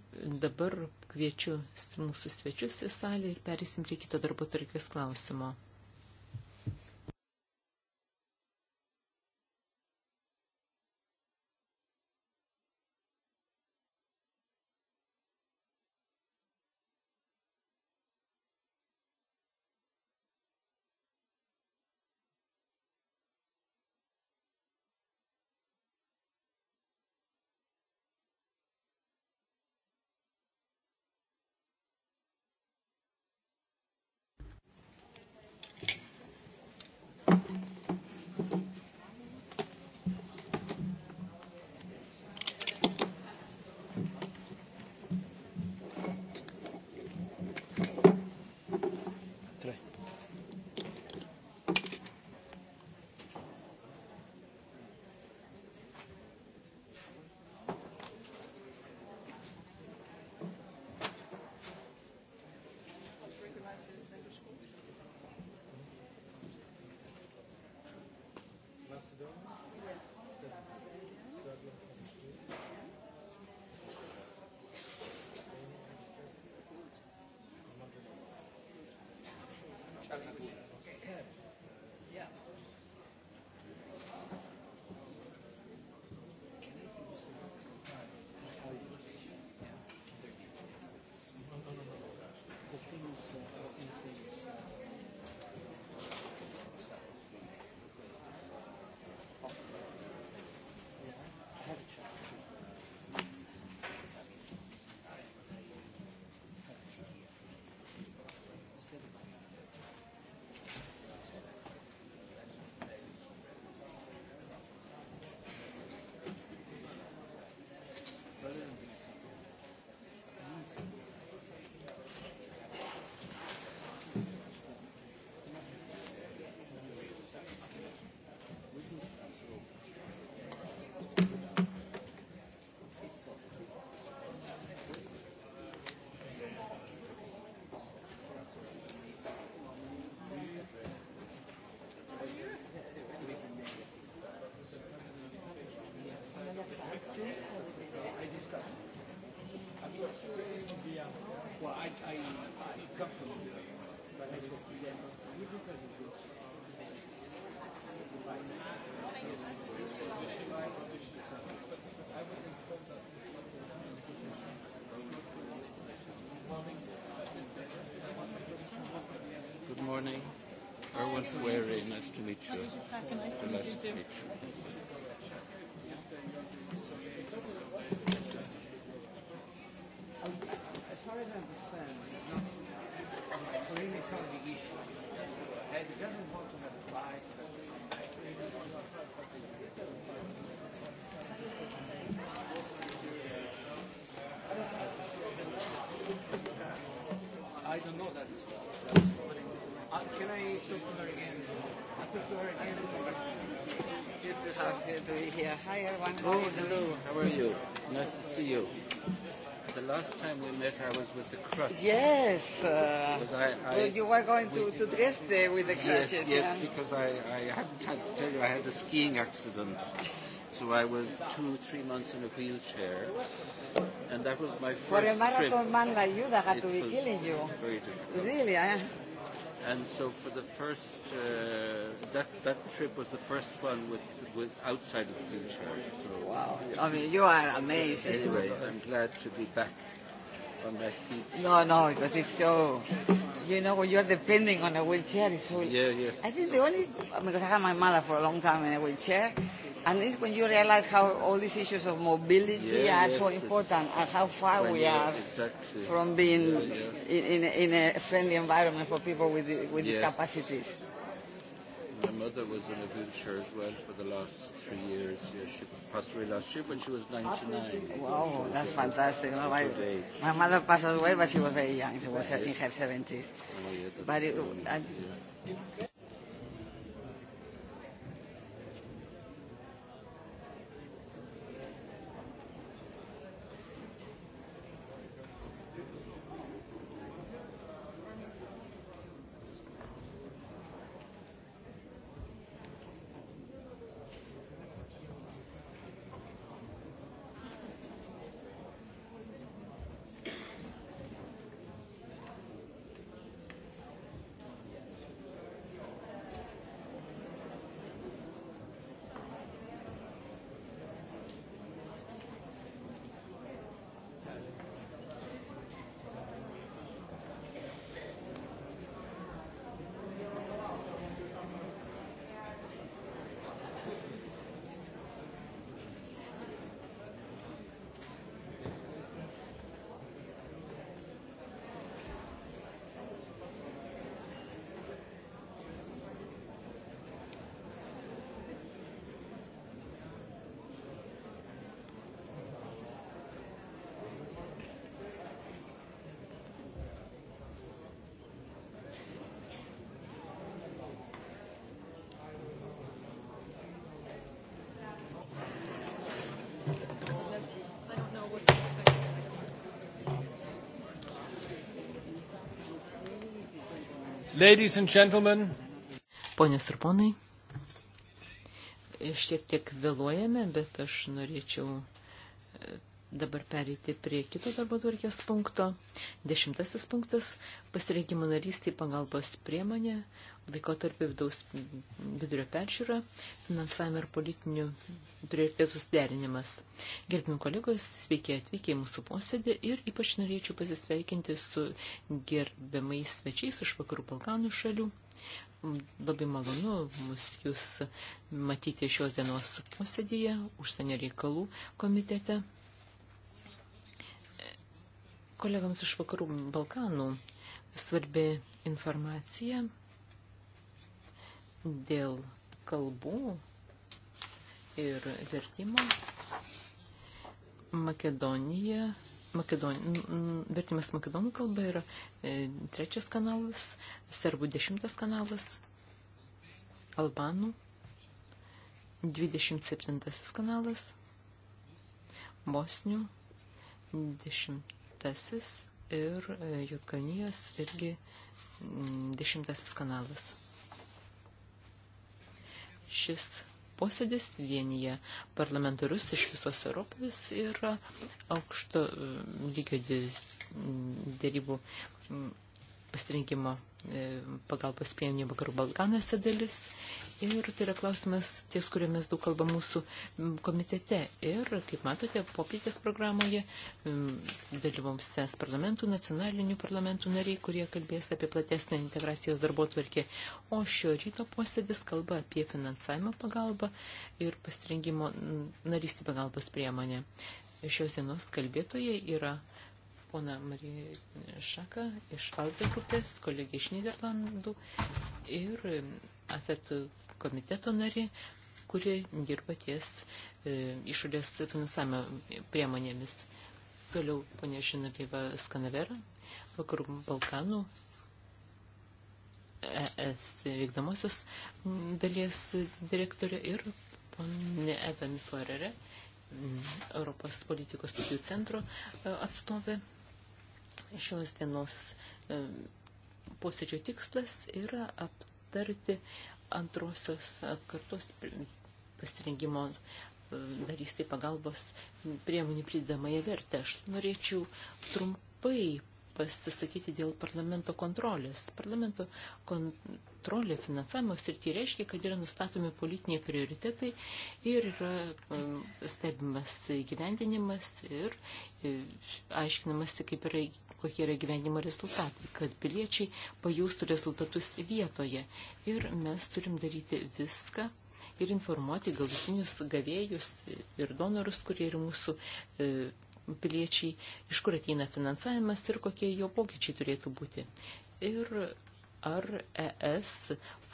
dabar kviečiu mūsų svečius į salę ir perėsim prie kito darbo tarkės klausimo. Well, I, I, I come from Europe, but I said to them, is it as it is? I was informed that this was the Good morning. Erwin Swery, nice to meet you. Nice to meet you too. understand is not really some of the issue. And he doesn't want to have a fight. I don't know that. Uh, can I talk to her again? I talk to her again. Good to have you here. Hi, everyone. Oh, hello. How are you? Nice to see you the last time we met, I was with the crutches. Yes. Uh, because I, I, well, you were going to, we, to Dresde with the crutches. Yes, yes yeah. because I, I haven't had to tell you, I had a skiing accident. So I was two, three months in a wheelchair. And that was my first For a marathon trip. man like you, that had it to be killing you. Very difficult. Really, eh? and so for the first uh, that that trip was the first one with with outside of the blue chair. So wow! I mean, you are amazing. Anyway, I'm glad to be back on my feet. No, no, because it's so. You know, when you're depending on a wheelchair, it's so. Yeah, yes. I think the only because I had my mother for a long time in a wheelchair, and it's when you realize how all these issues of mobility yeah, are yes, so important and how far we are exactly. from being yeah, yeah. In, in, a, in a friendly environment for people with with yes. discapacities. My mother was in a wheelchair as well for the last three years. Yeah, she passed away last year when she was 99. Wow, so that's fantastic. No, my, my mother passed away, but she was very young. She was yeah. in her 70s. Oh, yeah, but it, so I, yeah. Ladies and gentlemen. Ponios ir ponai, šiek tiek vėluojame, bet aš norėčiau e, dabar pereiti prie kito darbo tvarkės punkto. Dešimtasis punktas - pasirinkimo narystė pagalbos priemonė, laikotarpio vidaus vidurio peržiūra, finansavimo ir politinių prioritetų suderinimas. Gerbim kolegos, sveiki atvykę į mūsų posėdį ir ypač norėčiau pasisveikinti su gerbiamais svečiais iš vakarų Balkanų šalių. Labai malonu mus jūs matyti šios dienos posėdėje, užsienio reikalų komitete. Kolegams iš vakarų Balkanų svarbi informacija dėl kalbų ir vertimo. Makedonija, Makedon, vertimas makedonų kalba yra e, trečias kanalas, serbų dešimtas kanalas, albanų 27 kanalas, bosnių 10 ir e, Jotkalnijos irgi 10 kanalas. Šis posėdis vienyje parlamentarus iš visos Europos ir aukšto e, lygio dėrybų pasirinkimo e, pagalbos priemonė vakarų Balkanuose dalis. Ir tai yra klausimas ties, kuriuo mes daug kalba mūsų komitete. Ir, kaip matote, popietės programoje dalyvoms es parlamentų, nacionalinių parlamentų nariai, kurie kalbės apie platesnę integracijos darbo tvarkį. O šio ryto posėdis kalba apie finansavimo pagalbą ir pasirinkimo narystį pagalbos priemonę. Šios dienos kalbėtojai yra pona Marija Šaka iš Alde grupės, kolegė iš Niderlandų ir AFET komiteto nari, kurie dirba ties e, išorės finansavimo priemonėmis. Toliau ponė Žinavieva Skanavera, vakarų Balkanų ES vykdomosios dalies direktorė ir ponė Evan Forere, Europos politikos studijų centro e, atstovė šios dienos e, posėdžio tikslas yra aptarti antrosios kartos pasirengimo darystai e, pagalbos priemonių pridedamąją vertę. Aš norėčiau trumpai pasisakyti dėl parlamento kontrolės. Parlamento kon kontrolė finansavimo srityje reiškia, kad yra nustatomi politiniai prioritetai ir yra um, stebimas gyvendinimas ir e, aiškinamasi, kaip yra, kokie yra gyvenimo rezultatai, kad piliečiai pajaustų rezultatus vietoje. Ir mes turim daryti viską ir informuoti galutinius gavėjus ir donorus, kurie yra mūsų e, piliečiai, iš kur ateina finansavimas ir kokie jo pokyčiai turėtų būti. Ir ar ES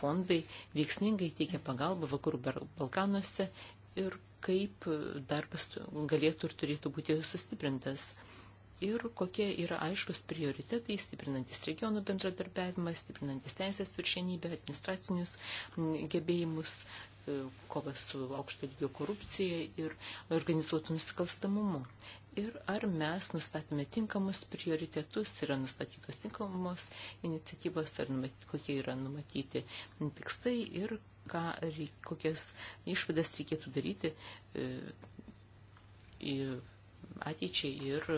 fondai veiksmingai teikia pagalbą vakarų Balkanuose ir kaip darbas galėtų ir turėtų būti sustiprintas. Ir kokie yra aiškus prioritetai, stiprinantis regionų bendradarbiavimą, stiprinantis teisės viršenybę, administracinius gebėjimus, e, kovas su aukšto lygio korupcija ir organizuotų nusikalstamumu ir ar mes nustatėme tinkamus prioritetus, yra nustatytos tinkamos iniciatyvos, ar numatyti, kokie yra numatyti tikslai ir ką, reik, kokias išvadas reikėtų daryti e, į ateičiai ir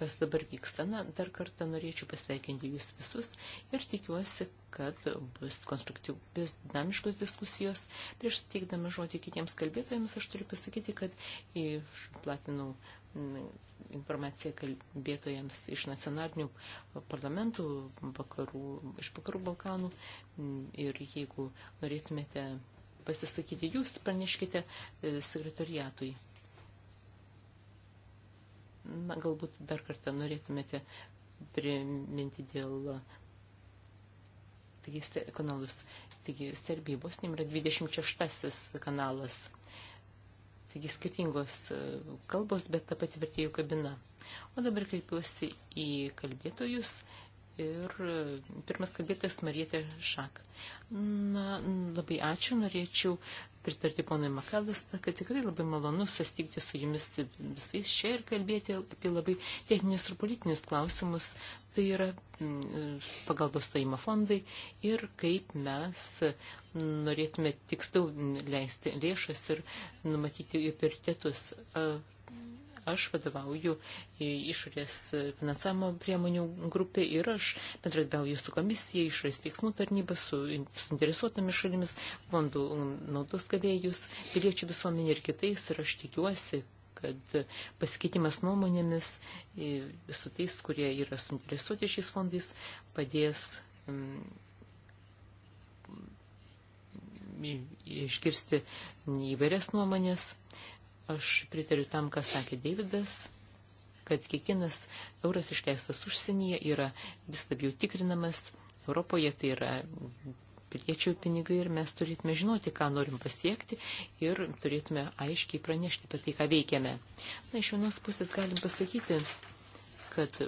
kas dabar vyksta. Na, dar kartą norėčiau pasveikinti jūs visus ir tikiuosi, kad bus konstruktyvus dinamiškos diskusijos. Prieš teikdami žodį kitiems kalbėtojams aš turiu pasakyti, kad išplatinau informaciją kalbėtojams iš nacionalinių parlamentų vakarų, iš vakarų Balkanų. Ir jeigu norėtumėte pasisakyti, jūs praneškite e, sekretariatui. Na, galbūt dar kartą norėtumėte priminti dėl taigi, kanalus. Taigi, Serbija Bosnija yra 26 kanalas Taigi skirtingos e, kalbos, bet ta pati vertėjų kabina. O dabar kreipiuosi į kalbėtojus ir e, pirmas kalbėtojas Marietė Šak. Na, labai ačiū, norėčiau pritarti ponui Makalvistą, kad tikrai labai malonu susitikti su jumis visais čia ir kalbėti apie labai techninius ir politinius klausimus. Tai yra pagalbos stojimo fondai ir kaip mes norėtume tiksliau leisti lėšas ir numatyti jų prioritetus. Aš vadovauju išorės finansavimo priemonių grupė ir aš bendradarbiauju su komisija, išorės veiksmų tarnyba, su suinteresuotomis šalimis, fondų naudos gavėjus, piliečių visuomenė ir kitais. Ir aš tikiuosi, kad pasikeitimas nuomonėmis su tais, kurie yra suinteresuoti šiais fondais, padės išgirsti įvairias nuomonės Aš pritariu tam, ką sakė Davidas, kad kiekvienas euras išleistas užsienyje yra vis labiau tikrinamas. Europoje tai yra piliečių pinigai ir mes turėtume žinoti, ką norim pasiekti ir turėtume aiškiai pranešti apie tai, ką veikiame. Na, iš vienos pusės galim pasakyti, kad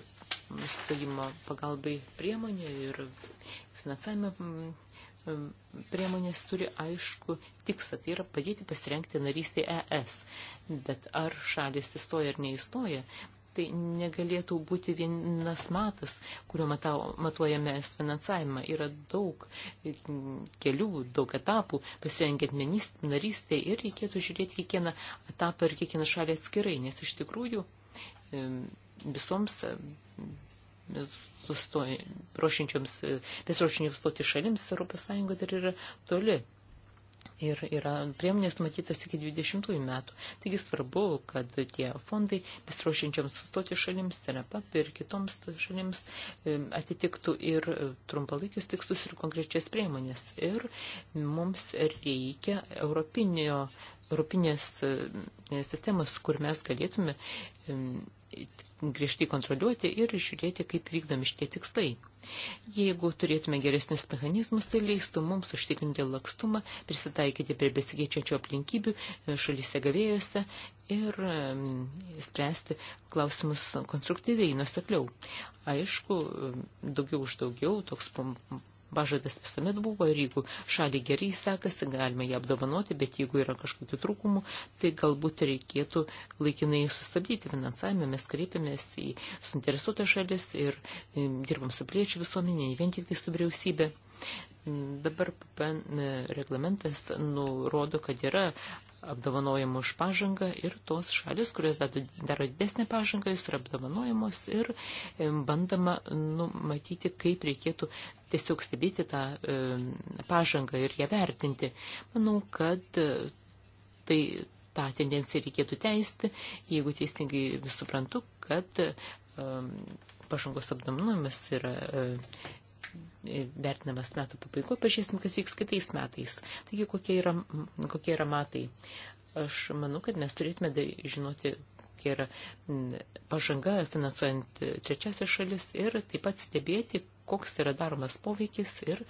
stojimo pagalbai priemonė ir finansavimo priemonės turi aišku tikslą, tai yra padėti pasirengti narystį ES. Bet ar šalis įstoja ar neįstoja, tai negalėtų būti vienas matas, kurio matau, matuojame es finansavimą. Yra daug kelių, daug etapų, pasirengiant narystę ir reikėtų žiūrėti kiekvieną etapą ir kiekvieną šalį atskirai, nes iš tikrųjų visoms stoj, ruošinčioms, e, besiruošinčioms stoti šalims Europos Sąjunga dar yra toli. Ir yra priemonės numatytas iki 20 metų. Taigi svarbu, kad tie fondai besiruošinčiams sustoti šalims, TNPAP ir kitoms šalims e, atitiktų ir trumpalaikius tikslus ir konkrečias priemonės. Ir mums reikia europinio europinės e, e, sistemas, kur mes galėtume e, griežtai kontroliuoti ir žiūrėti, kaip vykdomi šitie tikslai. Jeigu turėtume geresnius mechanizmus, tai leistų mums užtikrinti lakstumą, prisitaikyti prie besikeičiančių aplinkybių šalyse gavėjose ir spręsti klausimus konstruktyviai, nusekliau. Aišku, daugiau už daugiau toks pažadas visuomet buvo ir jeigu šaliai gerai sekasi, galime ją apdovanoti, bet jeigu yra kažkokių trūkumų, tai galbūt reikėtų laikinai sustabdyti finansavimą. Mes kreipiamės į suinteresuotas šalis ir e, dirbam su pliečių visuomenė, ne vien tik tai su vyriausybė. Dabar PPN reglamentas nurodo, kad yra apdovanojama už pažangą ir tos šalis, kurios daro didesnę pažangą, jis yra apdovanojamos ir e, bandama numatyti, kaip reikėtų tiesiog stebėti tą e, pažangą ir ją vertinti. Manau, kad e, tai tą tendenciją reikėtų teisti, jeigu teisingai suprantu, kad pažangos apdamnuojimas yra vertinamas metų pabaigoje, pažiūrėsim, kas vyks kitais metais. Taigi, kokie yra, kokie yra matai. Aš manau, kad mes turėtume žinoti, kokia yra pažanga finansuojant trečiasias šalis ir taip pat stebėti, koks yra daromas poveikis ir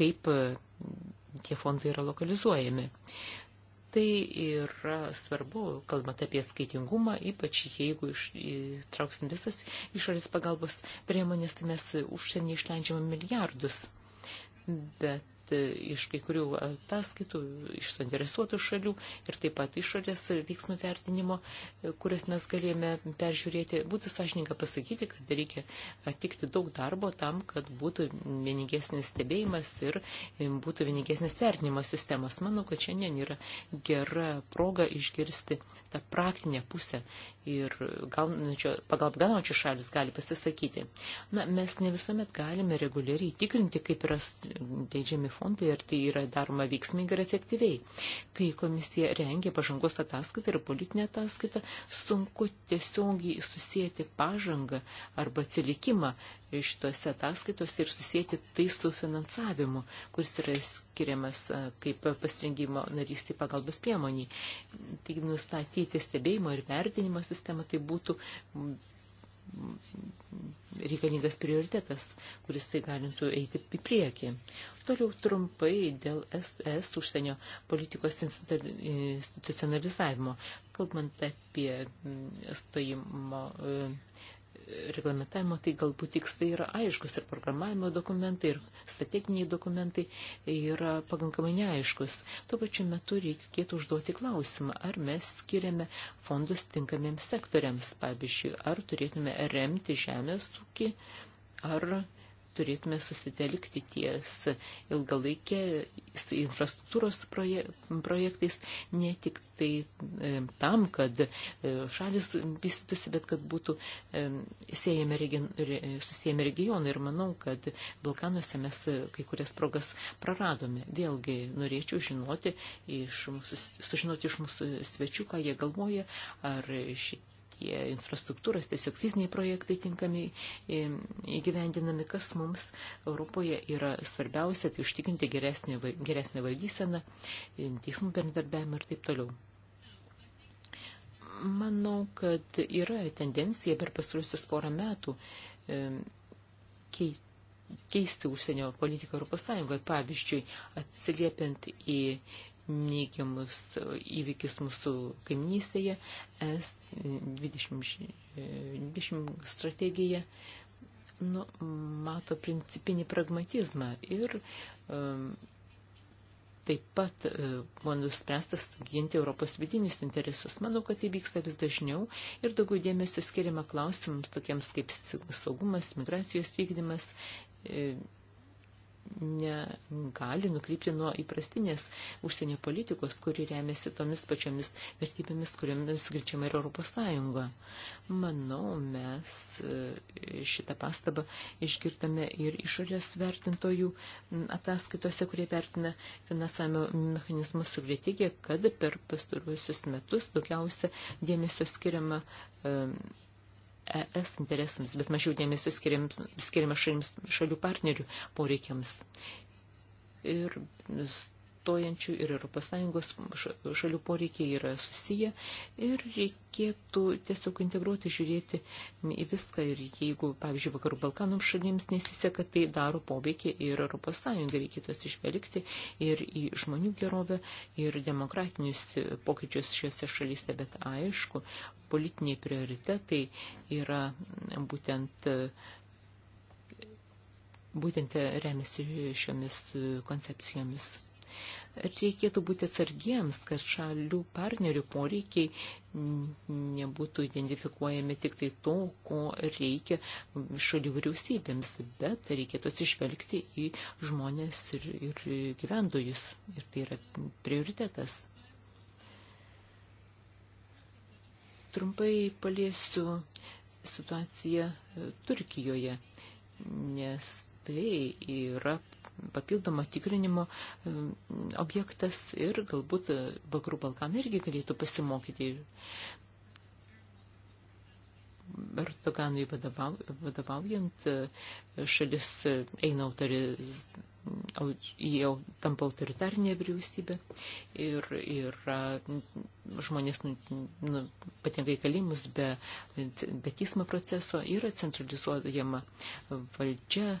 kaip tie fondai yra lokalizuojami. Tai yra svarbu, kalbant apie skaitingumą, ypač jeigu įtrauksim visas išorės pagalbos priemonės, tai mes užsienį išleidžiame milijardus. Bet E, iš kai kurių ataskaitų, iš suinteresuotų šalių ir taip pat išorės veiksmų vertinimo, e, kurias mes galėjome peržiūrėti, būtų sąžininka pasakyti, kad reikia atlikti daug darbo tam, kad būtų vieningesnis stebėjimas ir e, būtų vieningesnis vertinimo sistemas. Manau, kad šiandien yra gera proga išgirsti tą praktinę pusę ir gaunančio, nu, pagal apgaunančių šalis gali pasisakyti. Na, mes ne visuomet galime reguliariai tikrinti, kaip yra leidžiami fondai ir tai yra daroma veiksmingai ir efektyviai. Kai komisija rengia pažangos ataskaitą ir politinę ataskaitą, sunku tiesiogiai susijęti pažangą arba atsilikimą šitose ataskaitos ir susijęti tai su finansavimu, kuris yra skiriamas kaip pasirengimo narystį pagalbos priemonį. Taigi nustatyti stebėjimo ir vertinimo sistemą tai būtų reikalingas prioritetas, kuris tai galintų eiti į priekį. Toliau trumpai dėl SS užsienio politikos institucionalizavimo. Kalbant apie stojimo e, reglamentavimo, tai galbūt tikslai yra aiškus ir programavimo dokumentai, ir strateginiai dokumentai yra pakankamai neaiškus. Tuo pačiu metu reikėtų užduoti klausimą, ar mes skiriame fondus tinkamiems sektoriams, pavyzdžiui, ar turėtume remti žemės ūkį, ar turėtume susitelkti ties ilgalaikės infrastruktūros proje, projektais, ne tik tai e, tam, kad e, šalis vystytųsi, bet kad būtų e, siejami region, re, susijami regionai. Ir manau, kad Balkanuose mes e, kai kurias progas praradome. Vėlgi norėčiau žinoti iš mūsų, sužinoti iš mūsų svečių, ką jie galvoja, ar šitie tie infrastruktūros, tiesiog fiziniai projektai tinkami e, įgyvendinami, kas mums Europoje yra svarbiausia, tai užtikrinti geresnį, geresnį valdyseną, e, teismų bendarbiavimą ir taip toliau. Manau, kad yra tendencija per pastarusius porą metų e, keisti keisti užsienio politiką Europos Sąjungoje, pavyzdžiui, atsiliepiant į neigiamus įvykis mūsų kaimynystėje, S20 strategija nu, mato principinį pragmatizmą ir um, taip pat e, buvo nuspręstas ginti Europos vidinius interesus. Manau, kad tai vyksta vis dažniau ir daugiau dėmesio skiriama klausimams tokiems kaip saugumas, migracijos vykdymas, e, negali nukrypti nuo įprastinės užsienio politikos, kuri remiasi tomis pačiomis vertybėmis, kuriomis grįčiama ir Europos Sąjunga. Manau, mes e, šitą pastabą išgirtame ir išorės vertintojų ataskaitose, kurie vertina finansavimo mechanizmus ir jie teigia, kad per pastaruosius metus daugiausia dėmesio skiriama e, ES interesams, bet mažiau dėmesio skiriame šalims, šalių partnerių poreikiams. Ir vartojančių ir ES šalių poreikiai yra susiję ir reikėtų tiesiog integruoti, žiūrėti į viską ir jeigu, pavyzdžiui, vakarų Balkanų šalims nesiseka, tai daro poveikį ir ES reikėtų atsižvelgti ir į žmonių gerovę ir demokratinius pokyčius šiuose šalyse, bet aišku, politiniai prioritetai yra būtent būtent remiasi šiomis koncepcijomis reikėtų būti atsargiems, kad šalių partnerių poreikiai nebūtų identifikuojami tik tai to, ko reikia šalių vyriausybėms, bet reikėtų atsižvelgti į žmonės ir, ir gyventojus. Ir tai yra prioritetas. Trumpai paliesiu situaciją Turkijoje, nes tai yra papildomo tikrinimo objektas ir galbūt e, Vakarų Balkanai irgi galėtų pasimokyti. Erdoganui vadovaujant e, šalis e, eina autoriz, jau tampa autoritarinė vyriausybė ir, ir žmonės nu, patenka į kalėjimus be, be teismo proceso yra centralizuojama valdžia,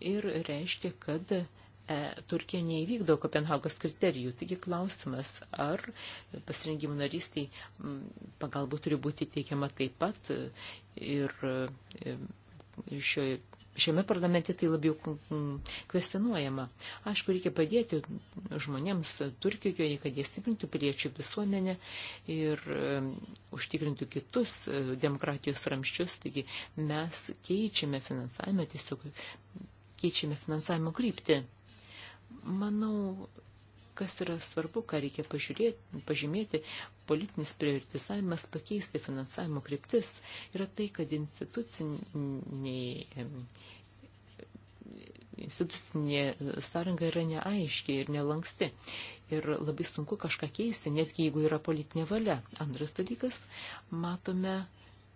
ir reiškia, kad e, Turkija neįvykdo Kopenhagos kriterijų. Taigi klausimas, ar pasirengimų narystiai pagalba turi būti teikiama taip pat ir e, šioje šiame parlamente tai labiau kvestionuojama. Aišku, reikia padėti žmonėms Turkijoje, kad jie stiprintų piliečių visuomenę ir e, užtikrintų kitus e, demokratijos ramščius. Taigi mes keičiame finansavimą tiesiog keičiame finansavimo kryptį. Manau, kas yra svarbu, ką reikia pažiūrėti, pažymėti, politinis prioritizavimas pakeisti finansavimo kryptis yra tai, kad instituciniai institucinė sąranga yra neaiški ir nelanksti. Ir labai sunku kažką keisti, netgi jeigu yra politinė valia. Antras dalykas, matome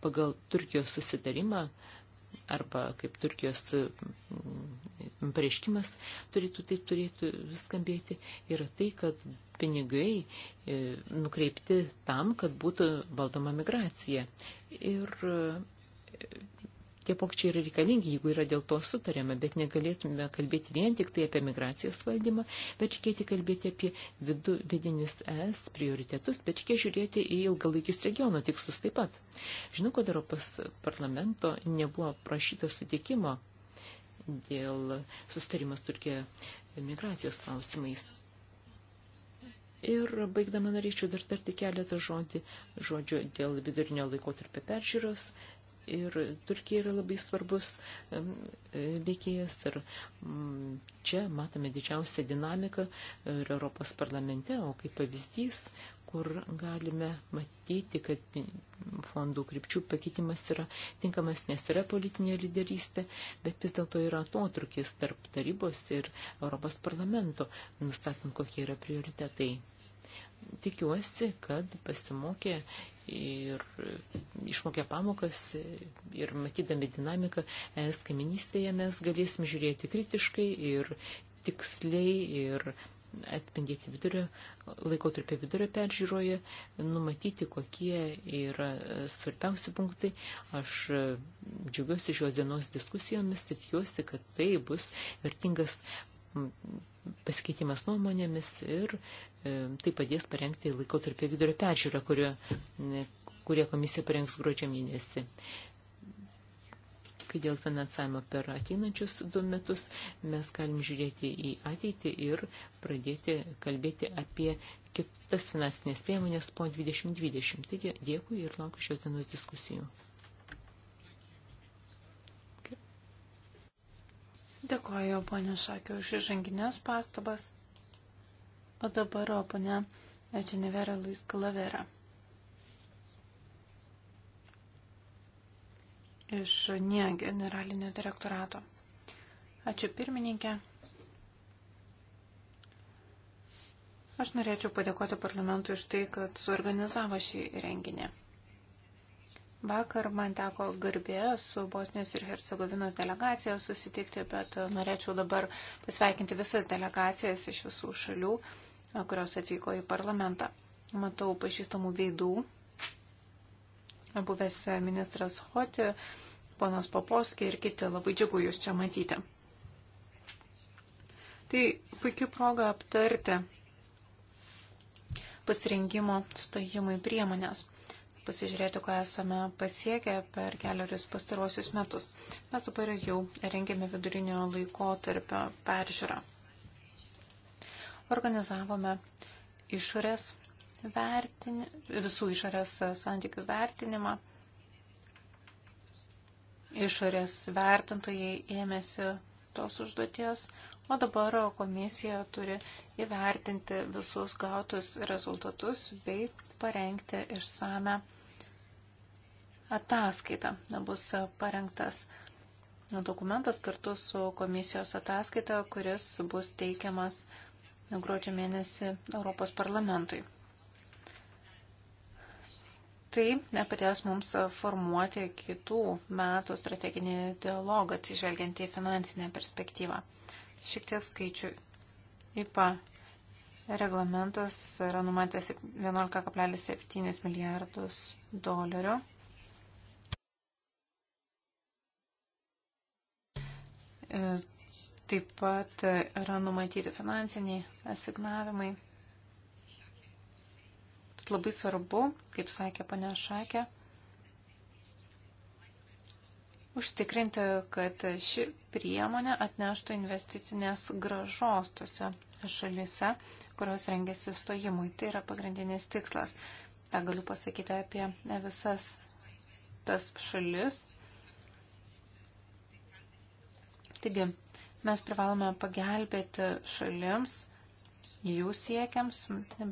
pagal Turkijos susitarimą, uh, arba kaip Turkijos mm, pareiškimas turėtų taip turėtų skambėti, yra tai, kad pinigai e, nukreipti tam, kad būtų valdoma migracija. Ir e, tie pokčiai yra reikalingi, jeigu yra dėl to sutariama, bet negalėtume kalbėti vien tik tai apie migracijos valdymą, bet reikėti kalbėti apie vidu, vidinius es prioritetus, bet reikia žiūrėti į ilgalaikius regiono tikslus taip pat. Žinau, kad Europos parlamento nebuvo prašyta sutikimo dėl sustarimas Turkija migracijos klausimais. Ir baigdama norėčiau dar tarti keletą žodį, žodžių dėl vidurinio laikotarpio peržiūros, ir Turkija yra labai svarbus e, veikėjas ir čia matome didžiausią dinamiką ir Europos parlamente, o kaip pavyzdys, kur galime matyti, kad fondų krypčių pakeitimas yra tinkamas, nes yra politinė lyderystė, bet vis dėlto yra atotrukis tarp tarybos ir Europos parlamento, nustatant, kokie yra prioritetai tikiuosi, kad pasimokė ir išmokę pamokas ir matydami dinamiką es kaiminystėje mes galėsim žiūrėti kritiškai ir tiksliai ir atspindėti vidurio, laikotarpio vidurio peržiūroje, numatyti, kokie yra svarbiausi punktai. Aš džiaugiuosi šios dienos diskusijomis ir tikiuosi, kad tai bus vertingas pasikeitimas nuomonėmis ir E, tai padės parengti laikotarpio vidurio peržiūrą, kurio, e, kurie komisija parengs gruodžio mėnesį. Kai dėl finansavimo per ateinančius du metus mes galim žiūrėti į ateitį ir pradėti kalbėti apie kitas finansinės priemonės po 2020. Taigi dėkui ir laukiu šios dienos diskusijų. Dėkoju, ponė Šakė, už įžanginės pastabas. O dabar o ponia Čenevera Luis Kalavera. Iš NIE generalinio direktorato. Ačiū pirmininkė. Aš norėčiau padėkoti parlamentui iš tai, kad suorganizavo šį renginį. Vakar man teko garbė su Bosnijos ir Hercegovinos delegacija susitikti, bet norėčiau dabar pasveikinti visas delegacijas iš visų šalių. Uh, kurios atvyko į parlamentą. Matau pažįstamų veidų. Buvęs ministras Hoti, ponas Paposkiai ir kiti. Labai džiugu jūs čia matyti. Tai puikia proga aptarti pasirengimo stojimui priemonės pasižiūrėti, ko esame pasiekę per keliarius pastarosius metus. Mes dabar jau rengėme vidurinio laiko tarp peržiūrą organizavome išorės vertini, visų išorės santykių vertinimą. Išorės vertintojai ėmėsi tos užduoties, o dabar komisija turi įvertinti visus gautus rezultatus bei parengti išsame ataskaitą. Bus parengtas dokumentas kartu su komisijos ataskaita, kuris bus teikiamas gruodžio mėnesį Europos parlamentui. Tai nepadės mums formuoti kitų metų strateginį dialogą, atsižvelgiant į finansinę perspektyvą. Šiek tiek skaičių. IPA reglamentas yra numatęs 11,7 milijardus dolerių. Taip pat yra numatyti finansiniai asignavimai. Bet labai svarbu, kaip sakė ponia Šakė, užtikrinti, kad ši priemonė atneštų investicinės gražos tose šalise, kurios rengiasi stojimui. Tai yra pagrindinis tikslas. Ta galiu pasakyti apie visas tas šalis. Taigi, Mes privalome pagelbėti šalims, jų siekiams,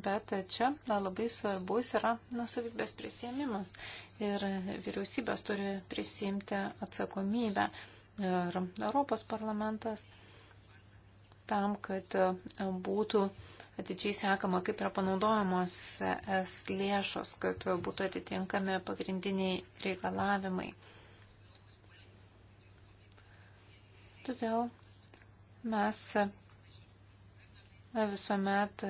bet čia na, labai svarbus yra nusavybės prisėmimas ir vyriausybės turi prisimti atsakomybę ir Europos parlamentas tam, kad būtų atidžiai sekama, kaip yra panaudojamos es lėšos, kad būtų atitinkami pagrindiniai reikalavimai. Todėl Mes visuomet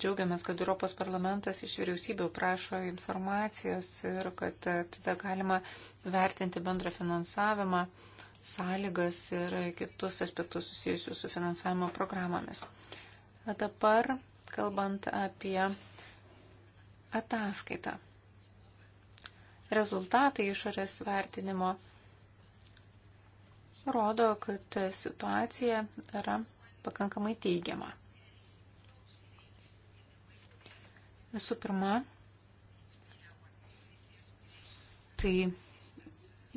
džiaugiamės, kad Europos parlamentas iš vyriausybių prašo informacijos ir kad tada galima vertinti bendrą finansavimą, sąlygas ir kitus aspektus susijusius su finansavimo programomis. Dabar, kalbant apie ataskaitą. Rezultatai išorės vertinimo rodo, kad situacija yra pakankamai teigiama. Visų pirma, tai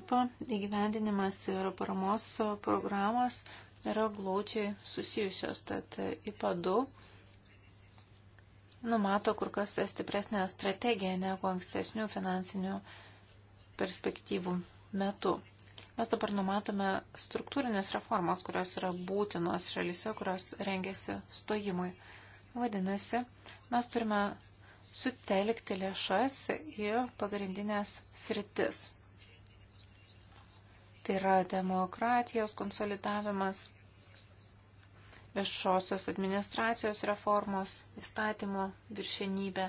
IPA įgyvendinimas ir paramos programos yra glaučiai susijusios, tad IPA 2 numato kur kas stipresnę strategiją negu ankstesnių finansinių perspektyvų metu. Mes dabar numatome struktūrinės reformas, kurios yra būtinos šalyse, kurios rengiasi stojimui. Vadinasi, mes turime sutelkti lėšas į pagrindinės sritis. Tai yra demokratijos konsolidavimas, viešosios administracijos reformos, įstatymo viršenybė,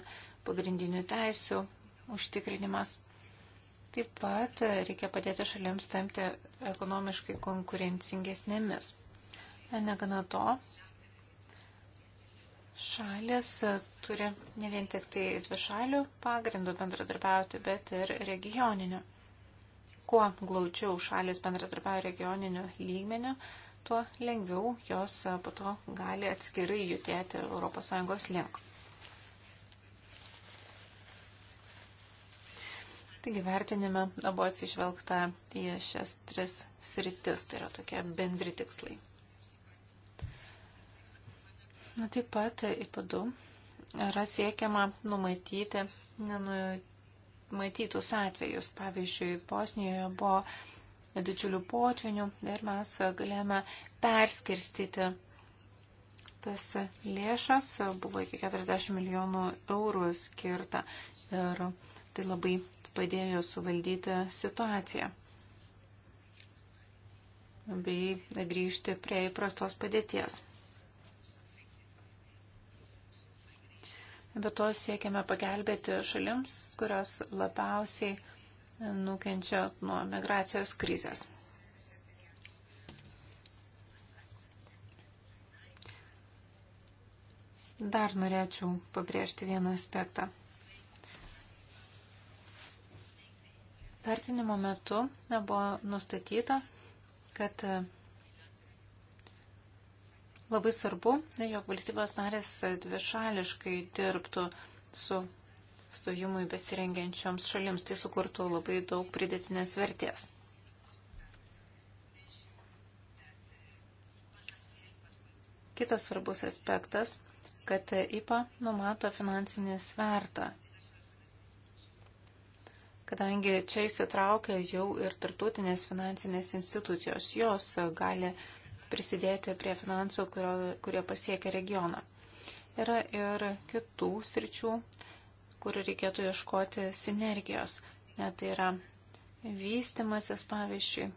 pagrindinių teisių užtikrinimas. Taip pat reikia padėti šalims tamti ekonomiškai konkurencingesnėmis. Negana to, šalis turi ne vien tik tai dvišalių pagrindų bendradarbiauti, bet ir regioninių. Kuo glaučiau šalis bendradarbiauja regioniniu lygmeniu, tuo lengviau jos po to gali atskirai judėti ES link. Taigi vertinime buvo atsižvelgta į šias tris sritis, tai yra tokie bendri tikslai. Na, taip pat įpadu yra siekiama numatyti nenumatytus atvejus. Pavyzdžiui, Bosnijoje buvo didžiulių potvinių ir mes galėjome perskirstyti tas lėšas, buvo iki 40 milijonų eurų skirta ir tai labai padėjo suvaldyti situaciją bei grįžti prie įprastos padėties. Be to siekiame pagelbėti šalims, kurios labiausiai nukenčia nuo migracijos krizės. Dar norėčiau pabrėžti vieną aspektą. Vertinimo metu buvo nustatyta, kad e, labai svarbu, jog valstybės narės dvišališkai dirbtų su stojimui besirengiančioms šalims. Tai sukurtų labai daug pridėtinės vertės. Kitas svarbus aspektas, kad e, IPA numato finansinį svertą kadangi čia įsitraukia jau ir tartutinės finansinės institucijos. Jos gali prisidėti prie finansų, kurio, kurie pasiekia regioną. Yra ir kitų sričių, kur reikėtų ieškoti sinergijos. Net tai yra vystimasis, pavyzdžiui.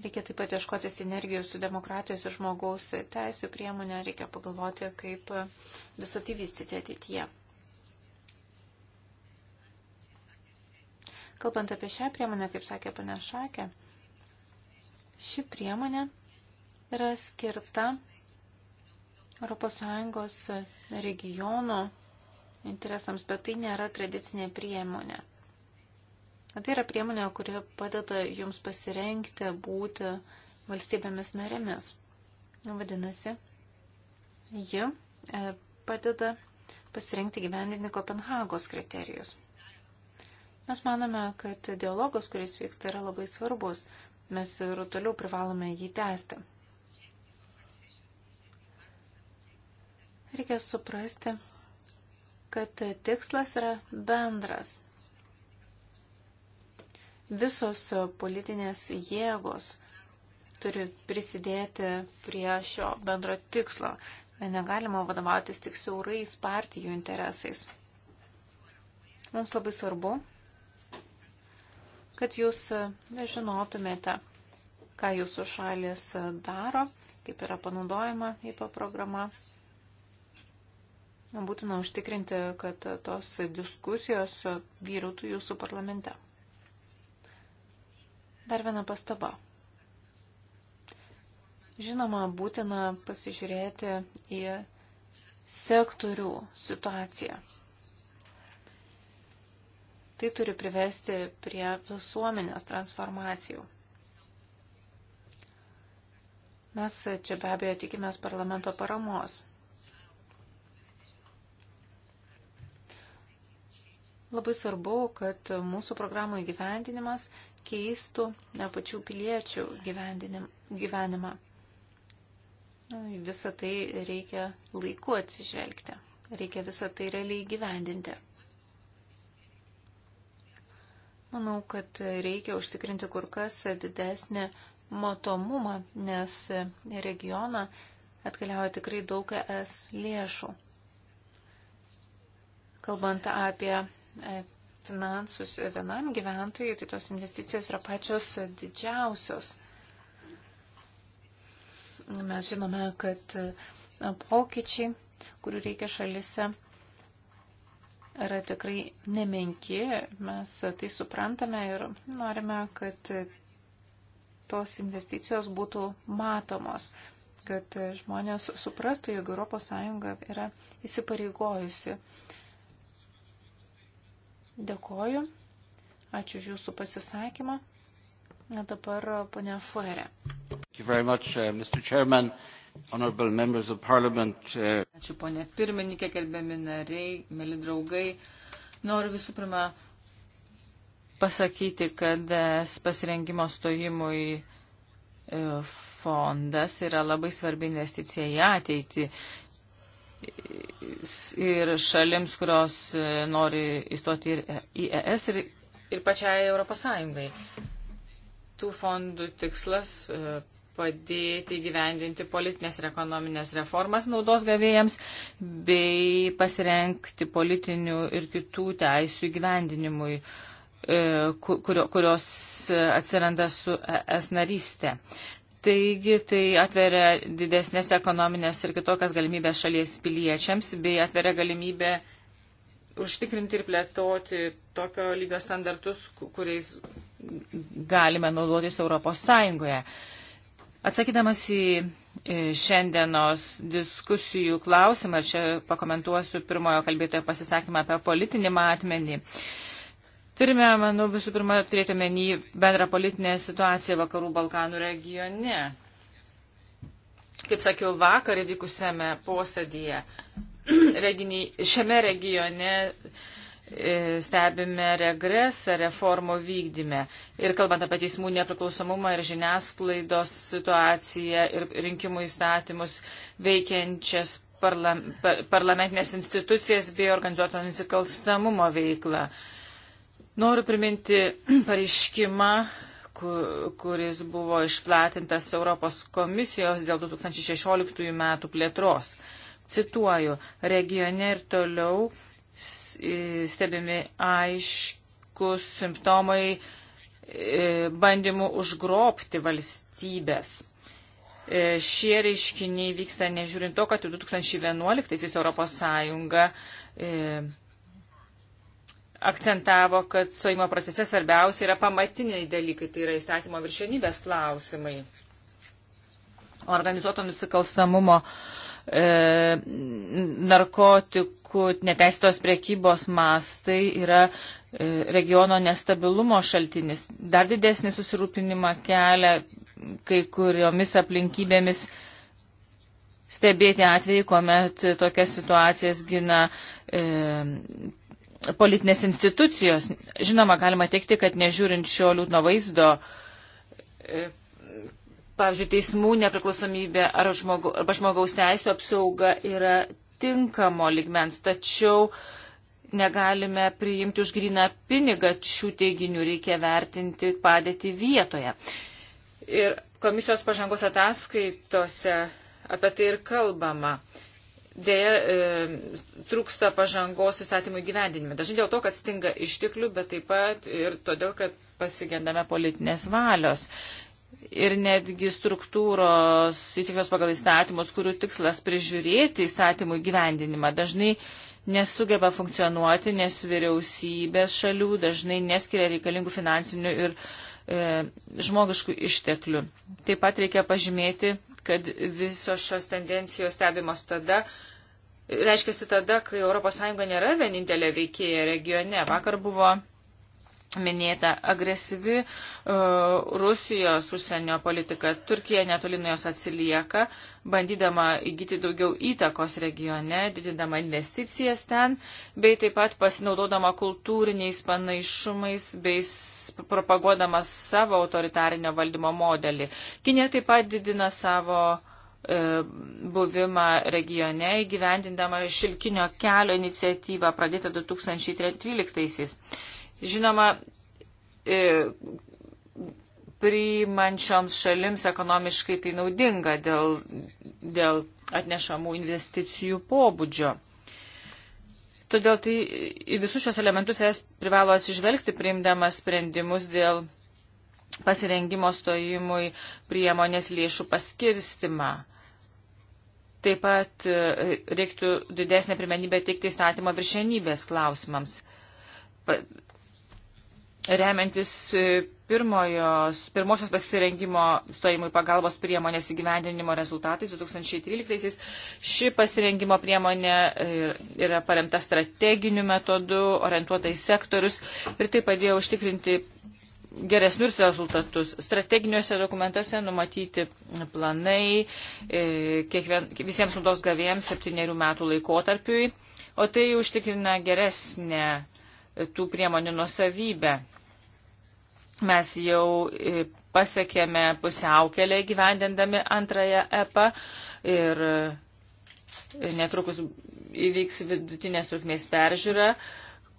Reikia taip pat ieškoti sinergijos su demokratijos ir žmogaus teisų priemonė, reikia pagalvoti, kaip visą tai vystyti ateityje. Kalbant apie šią priemonę, kaip sakė pane Šakė, ši priemonė yra skirta ES regiono interesams, bet tai nėra tradicinė priemonė. Tai yra priemonė, kuri padeda jums pasirenkti būti valstybėmis narėmis. Vadinasi, ji e, padeda pasirinkti gyvendinti Kopenhagos kriterijus. Mes manome, kad dialogas, kuris vyksta, yra labai svarbus. Mes ir toliau privalome jį tęsti. Reikia suprasti, kad tikslas yra bendras. Visos politinės jėgos turi prisidėti prie šio bendro tikslo. Negalima vadovautis tik siaurais partijų interesais. Mums labai svarbu, kad jūs e, žinotumėte, ką jūsų šalis e, daro, kaip yra panaudojama IPA e programa. Būtina užtikrinti, kad tos diskusijos vyrautų jūsų parlamente. Dar viena pastaba. Žinoma, būtina pasižiūrėti į sektorių situaciją. Tai turi privesti prie visuomenės transformacijų. Mes čia be abejo tikimės parlamento paramos. Labai svarbu, kad mūsų programų įgyvendinimas keistų ne pačių piliečių gyvenimą. Visą tai reikia laiku atsižvelgti. Reikia visą tai realiai gyvendinti. Manau, kad reikia užtikrinti kur kas didesnį matomumą, nes į regioną atkeliauja tikrai daug ES lėšų. Kalbant apie e, finansus vienam gyventojui, tai tos investicijos yra pačios didžiausios. Mes žinome, kad e, pokyčiai, kurių reikia šalise, yra tikrai nemenki, mes tai suprantame ir norime, kad tos investicijos būtų matomos, kad žmonės suprastų, jog ES yra įsipareigojusi. Dėkoju. Ačiū už Jūsų pasisakymą. Na dabar ponia Fuere. Much, uh, Uh, Ačiū ponė pirmininkė, gerbiami nariai, mėly draugai. Noriu visų pirma pasakyti, kad pasirengimo stojimui e, fondas yra labai svarbi investicija į ateitį. Ir šalims, kurios e, nori įstoti ir į ES, ir, ir pačiai Europos Sąjungai. Tų fondų tikslas e, padėti gyvendinti politinės ir ekonominės reformas naudos gavėjams bei pasirenkti politinių ir kitų teisų gyvendinimui, e, kurios e, atsiranda su es narystė. Taigi tai atveria didesnės ekonominės ir kitokias galimybės šalies piliečiams bei atveria galimybę užtikrinti ir plėtoti tokio lygio standartus, kuriais galime naudotis Europos Sąjungoje. Atsakydamas į šiandienos diskusijų klausimą, čia pakomentuosiu pirmojo kalbėtojo pasisakymą apie politinį matmenį. Turime, manau, visų pirma turėti menį bendrą politinę situaciją Vakarų Balkanų regione. Kaip sakiau, vakar įvykusiame posėdėje šiame regione E, stebime regresą reformų vykdyme. Ir kalbant apie teismų nepriklausomumą ir žiniasklaidos situaciją ir rinkimų įstatymus veikiančias parla parlamentinės institucijas bei organizuoto nusikalstamumo veiklą. Noriu priminti pareiškimą, kuris buvo išplatintas Europos komisijos dėl 2016 metų plėtros. Cituoju, regione ir toliau stebimi aiškus simptomai e, bandymų užgrobti valstybės. E, šie reiškiniai vyksta nežiūrint to, kad 2011-aisiais Europos Sąjunga e, akcentavo, kad stojimo procese svarbiausia yra pamatiniai dalykai, tai yra įstatymo viršenybės klausimai. Organizuoto nusikalstamumo, e, narkotikų aišku, neteistos priekybos mastai yra e, regiono nestabilumo šaltinis. Dar didesnį susirūpinimą kelia kai kuriomis aplinkybėmis stebėti atvejai, kuomet tokias situacijas gina e, politinės institucijos. Žinoma, galima teikti, kad nežiūrint šio liūdno vaizdo, e, pavyzdžiui, teismų nepriklausomybė ar žmogu, arba žmogaus teisų apsauga yra tinkamo ligmens, tačiau negalime priimti už gryną pinigą šių teiginių, reikia vertinti padėti vietoje. Ir komisijos pažangos ataskaitose apie tai ir kalbama. Deja, e, trūksta pažangos įstatymų įgyvendinime. Dažnai dėl to, kad stinga išteklių, bet taip pat ir todėl, kad pasigendame politinės valios ir netgi struktūros įsikvės pagal įstatymus, kurių tikslas prižiūrėti įstatymų įgyvendinimą, dažnai nesugeba funkcionuoti, nes vyriausybės šalių dažnai neskiria reikalingų finansinių ir e, žmogiškų išteklių. Taip pat reikia pažymėti, kad visos šios tendencijos stebimos tada, reiškia tada, kai ES nėra vienintelė veikėja regione. Vakar buvo minėta agresyvi uh, Rusijos užsienio politika. Turkija netoli nuo jos atsilieka, bandydama įgyti daugiau įtakos regione, didindama investicijas ten, bei taip pat pasinaudodama kultūriniais panaišumais, bei propaguodama savo autoritarinio valdymo modelį. Kinė taip pat didina savo e, buvimą regione įgyvendindama Šilkinio kelio iniciatyvą pradėtą 2013. -aisiais. Žinoma, e, priimančioms šalims ekonomiškai tai naudinga dėl, dėl atnešamų investicijų pobūdžio. Todėl tai į visus šios elementus es privalo atsižvelgti priimdamas sprendimus dėl pasirengimo stojimui priemonės lėšų paskirstimą. Taip pat e, reiktų didesnė pirmenybė teikti įstatymo viršenybės klausimams remiantis e, pirmojos, pirmosios pasirengimo stojimui pagalbos priemonės įgyvendinimo rezultatais 2013-aisiais. Ši pasirengimo priemonė e, yra paremta strateginiu metodu, orientuota į sektorius ir tai padėjo užtikrinti geresnius rezultatus. Strateginiuose dokumentuose numatyti planai e, kiekvien, visiems naudos gavėjams septyniarių metų laikotarpiui, o tai užtikrina geresnę tų priemonių nusavybę. Mes jau e, pasiekėme pusiaukelę gyvendindami antrąją EPA ir e, netrukus įvyks vidutinės trukmės peržiūra,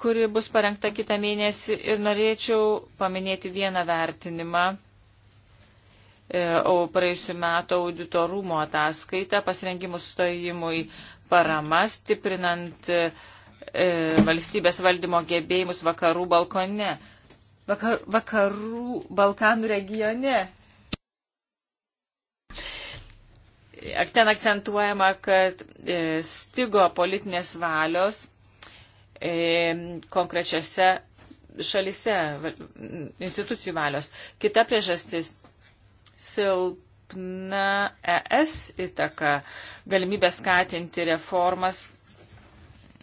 kuri bus parengta kitą mėnesį ir norėčiau paminėti vieną vertinimą. E, o praėjusiu metu auditorumo ataskaita pasirengimus stojimui parama, stiprinant uh, e, valstybės valdymo gebėjimus vakarų balkone, vakar, vakarų Balkanų regione. Ten akcentuojama, kad e, stigo politinės valios e, konkrečiose šalise institucijų valios. Kita priežastis - silpna ES įtaka, galimybė skatinti reformas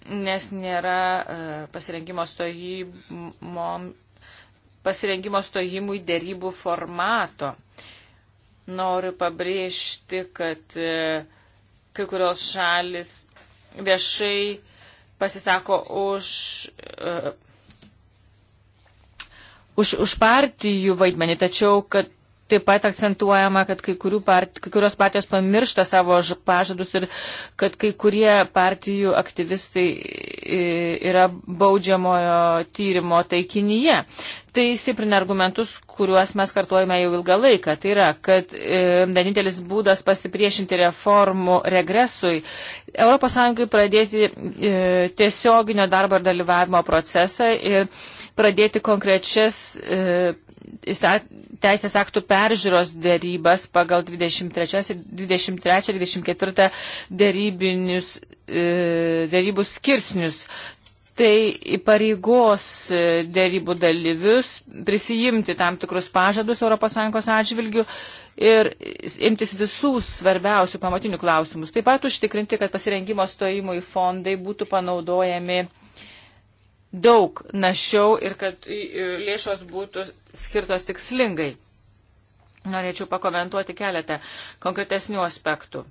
nes nėra e, pasirengimo stojimo pasirengimo stojimui dėrybų formato. Noriu pabrėžti, kad e, kai kurios šalis viešai pasisako už, uh, už, už partijų vaidmenį, tačiau, kad Taip pat akcentuojama, kad kai, part, kai kurios partijos pamiršta savo pažadus ir kad kai kurie partijų aktyvistai yra baudžiamojo tyrimo taikinyje. Tai stiprina argumentus, kuriuos mes kartuojame jau ilgą laiką. Tai yra, kad e, vienintelis būdas pasipriešinti reformų regresui ES pradėti e, tiesioginio darbo ir dalyvavimo procesą ir pradėti konkrečias. E, teisės aktų peržiūros dėrybas pagal 23-24 dėrybinius e, dėrybų skirsnius. Tai įpareigos e, dėrybų dalyvius prisijimti tam tikrus pažadus ES atžvilgių ir imtis visų svarbiausių pamatinių klausimus. Taip pat užtikrinti, kad pasirengimo stojimui fondai būtų panaudojami uh, daug našiau ir kad lėšos būtų skirtos tikslingai. Norėčiau pakomentuoti keletą konkretesnių aspektų.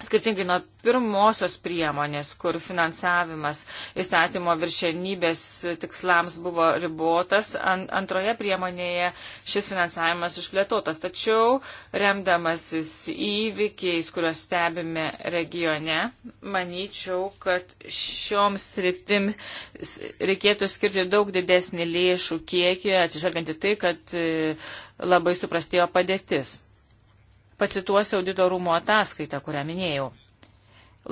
Skirtingai nuo pirmosios priemonės, kur finansavimas įstatymo viršenybės tikslams buvo ribotas, an, antroje priemonėje šis finansavimas išplėtotas. Tačiau, remdamasis įvykiais, kuriuos stebime regione, manyčiau, kad šioms sritim reikėtų skirti daug didesnį lėšų kiekį, atsižvelgiant į tai, kad e, labai suprastėjo padėtis pacituosiu auditorumo ataskaitą, kurią minėjau.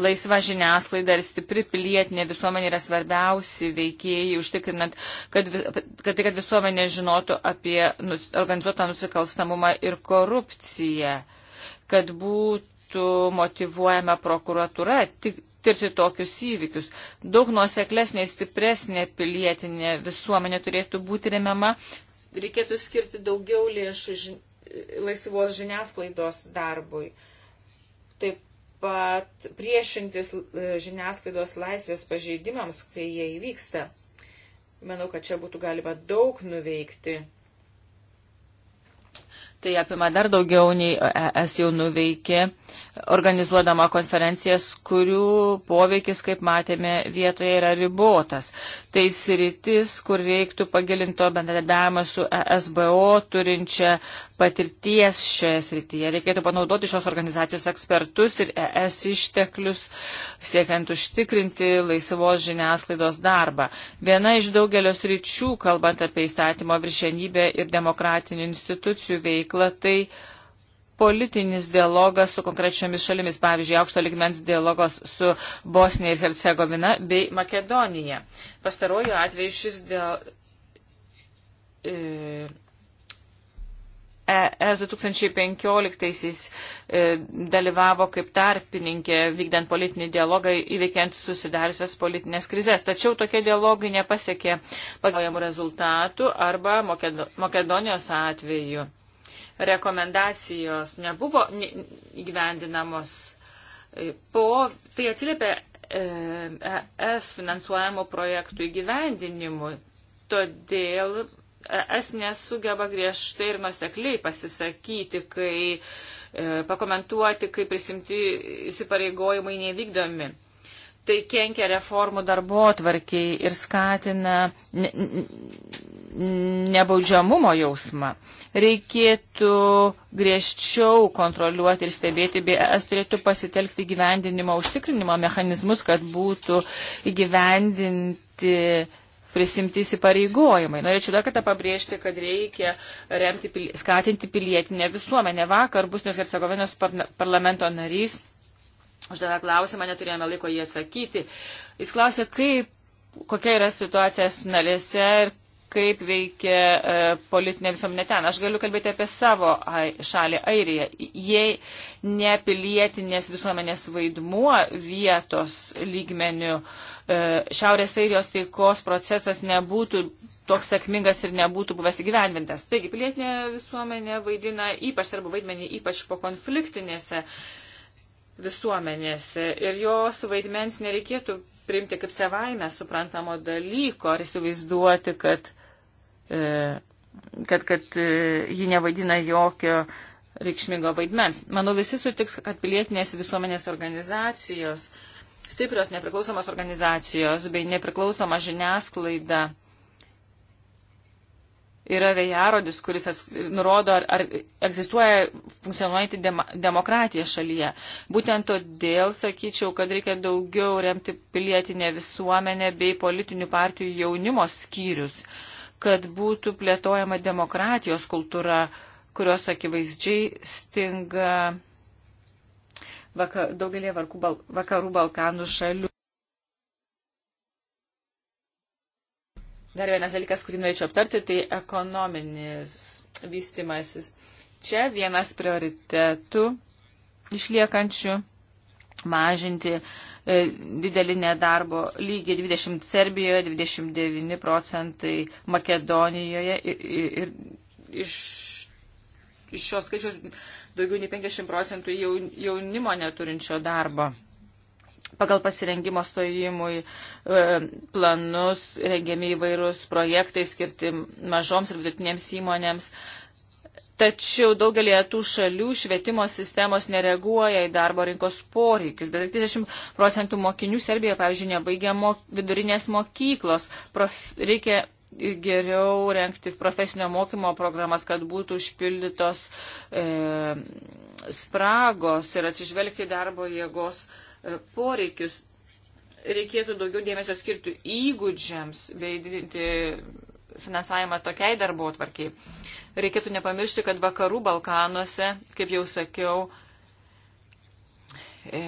Laisva žiniasklaida ir stipri pilietinė visuomenė yra svarbiausi veikėjai, užtikrinant, kad, kad tai, kad visuomenė žinotų apie nus, organizuotą nusikalstamumą ir korupciją, kad būtų motivuojama prokuratura tik, tirti tokius įvykius. Daug nuoseklesnė, stipresnė pilietinė visuomenė turėtų būti remiama, reikėtų skirti daugiau lėšų žiniasklaidai laisvos žiniasklaidos darbui. Taip pat priešintis e, žiniasklaidos laisvės pažeidimams, kai jie įvyksta. Manau, kad čia būtų galima daug nuveikti. Tai apima dar daugiau nei es jau nuveikė, organizuodama konferencijas, kurių poveikis, kaip matėme, vietoje yra ribotas. Tai sritis, kur reiktų pagilinto bendradarbiavimo su ESBO turinčia patirties šioje srityje. Reikėtų panaudoti šios organizacijos ekspertus ir ES išteklius, siekiant užtikrinti laisvos žiniasklaidos darbą. Viena iš daugelio sričių, kalbant apie įstatymo viršenybę ir demokratinių institucijų veiklą, tai politinis dialogas su konkrečiomis šalimis, pavyzdžiui, aukšto ligmens dialogas su Bosnija ir Hercegovina bei Makedonija. Pastaruoju atveju šis dialogas e, ES 2015-aisiais e, dalyvavo kaip tarpininkė vykdant politinį dialogą įveikiant susidariusias politinės krizės. Tačiau tokie dialogai nepasiekė pasauliamų rezultatų arba Makedonijos atveju. Rekomendacijos nebuvo įgyvendinamos. E, po tai atsiliepė ES e finansuojamo projektų įgyvendinimui. Todėl es nesugeba griežtai ir nusekliai pasisakyti, kai e, pakomentuoti, kai prisimti įsipareigojimai nevykdomi. Tai kenkia reformų darbo atvarkiai ir skatina ne, nebaudžiamumo jausmą. Reikėtų griežčiau kontroliuoti ir stebėti, bei es turėtų pasitelkti gyvendinimo užtikrinimo mechanizmus, kad būtų įgyvendinti prisimti įsipareigojimai. Norėčiau dar kartą pabrėžti, kad reikia remti, skatinti pilietinę visuomenę. Vakar Busnios Hercegovinos parlamento narys uždavė klausimą, neturėjome laiko jį atsakyti. Jis klausė, kaip, kokia yra situacija snalėse ir kaip veikia e, politinė visuomenė ten. Aš galiu kalbėti apie savo ai, šalį Airiją. Jei ne pilietinės visuomenės vaidmuo vietos lygmenių, e, Šiaurės Airijos taikos procesas nebūtų toks sėkmingas ir nebūtų buvęs įgyvendintas. Taigi pilietinė visuomenė vaidina ypač arba vaidmenį ypač po konfliktinėse visuomenėse ir jos vaidmens nereikėtų priimti kaip savaime suprantamo dalyko ar įsivaizduoti, kad E, kad, kad e, ji nevaidina jokio reikšmingo vaidmens. Manau, visi sutiks, kad pilietinės visuomenės organizacijos, stiprios nepriklausomos organizacijos bei nepriklausoma žiniasklaida yra vėjarodis, kuris ats, nurodo, ar, ar egzistuoja funkcionuojanti dem, demokratija šalyje. Būtent todėl sakyčiau, kad reikia daugiau remti pilietinę visuomenę bei politinių partijų jaunimo skyrius. Uh, kad būtų plėtojama demokratijos kultūra, kurios akivaizdžiai stinga vaka, daugelį bal, vakarų Balkanų šalių. Dar vienas dalykas, kurį norėčiau aptarti, tai ekonominis vystimasis. Čia vienas prioritetų išliekančių mažinti uh, E, didelį nedarbo lygį 20 Serbijoje, 29 procentai Makedonijoje ir, ir, ir iš, iš šios skaičiaus daugiau nei 50 procentų jaunimo neturinčio darbo. Pagal pasirengimo stojimui e, planus rengiami įvairūs projektai skirti mažoms ir vidutinėms įmonėms, Tačiau daugelie tų šalių švietimo sistemos nereaguoja į darbo rinkos poreikius. Beveik 30 procentų mokinių Serbijoje, pavyzdžiui, nebaigia mok vidurinės mokyklos. Prof reikia geriau renkti profesinio mokymo programas, kad būtų užpildytos e, spragos ir atsižvelgti darbo jėgos e, poreikius. Reikėtų daugiau dėmesio skirti įgūdžiams bei didinti finansavimą tokiai darbo atvarkiai. E, reikėtų nepamiršti, kad vakarų Balkanuose, kaip jau sakiau, e,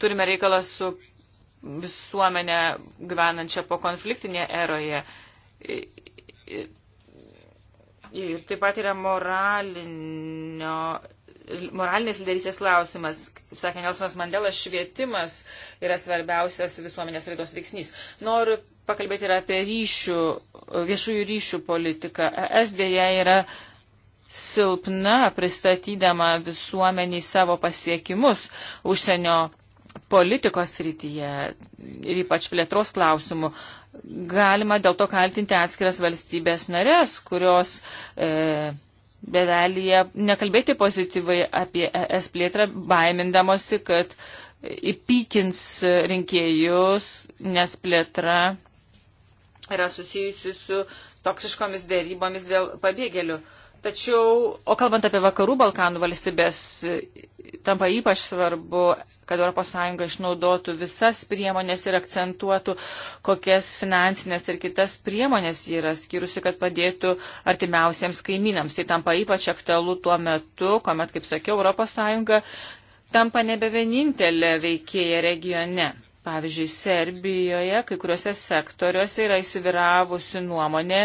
turime reikalą su visuomenė gyvenančia po konfliktinėje eroje. Ir taip pat yra moralinio, moralinės lyderystės klausimas. Kaip sakė Nelsonas Mandela, švietimas yra svarbiausias visuomenės raidos veiksnys. Noriu pakalbėti ir apie ryšių, viešųjų ryšių politiką. Es dėja yra silpna pristatydama visuomeniai savo pasiekimus užsienio politikos rytyje ir ypač plėtros klausimų. Galima dėl to kaltinti atskiras valstybės narės, kurios e, bevelyje nekalbėti pozityvai apie ES plėtrą, baimindamosi, kad įpykins rinkėjus, nes plėtra yra susijusi su toksiškomis dėrybomis dėl pabėgėlių. Tačiau, o kalbant apie vakarų Balkanų valstybės, tampa ypač svarbu, kad ES išnaudotų visas priemonės ir akcentuotų, kokias finansinės ir kitas priemonės yra skyrusi, kad padėtų artimiausiems kaimynams. Tai tampa ypač aktualu tuo metu, kuomet, kaip sakiau, ES tampa nebe vienintelė veikėja regione. Pavyzdžiui, Serbijoje kai kuriuose sektoriuose yra įsiviravusi nuomonė,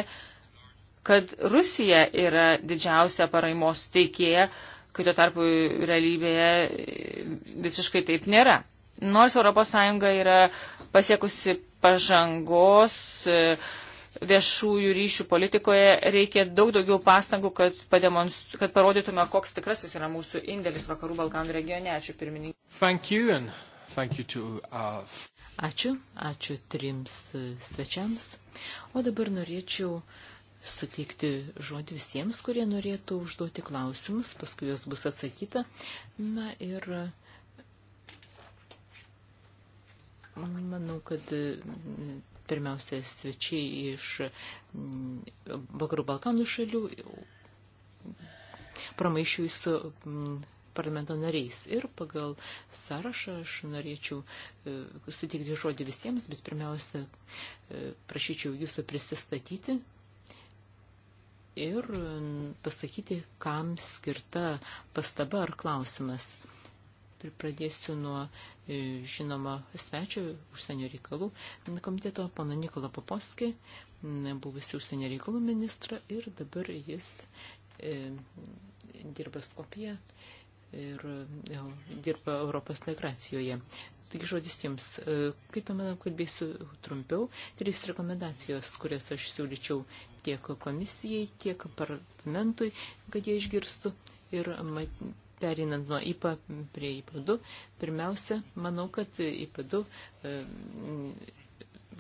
kad Rusija yra didžiausia paraimos teikėja, kai tuo tarpu realybėje visiškai taip nėra. Nors ES yra pasiekusi pažangos e, viešųjų ryšių politikoje, reikia daug daugiau pastangų, kad, kad parodytume, koks tikrasis yra mūsų indėlis Vakarų Balkanų regione. Ačiū pirmininkai. To, uh... Ačiū, ačiū trims svečiams. O dabar norėčiau suteikti žodį visiems, kurie norėtų užduoti klausimus, paskui jos bus atsakyta. Na ir manau, kad mm, pirmiausia svečiai iš mm, Vakarų Balkanų šalių pramaišiui su mm, parlamento nariais. Ir pagal sąrašą aš norėčiau e, sutikti žodį visiems, bet pirmiausia, e, prašyčiau jūsų prisistatyti ir pasakyti, kam skirta pastaba ar klausimas. Pradėsiu nuo e, žinoma svečio užsienio reikalų komiteto, pana Nikola Popovski, buvusi užsienio reikalų ministra ir dabar jis e, dirba Skopija ir dirba Europos integracijoje. Taigi žodis jums, e, kaip manau, kalbėsiu trumpiau, trys rekomendacijos, kurias aš siūlyčiau tiek komisijai, tiek parlamentui, kad jie išgirstų ir mat, Perinant nuo IPA prie IPA 2, pirmiausia, manau, kad IPA 2 e,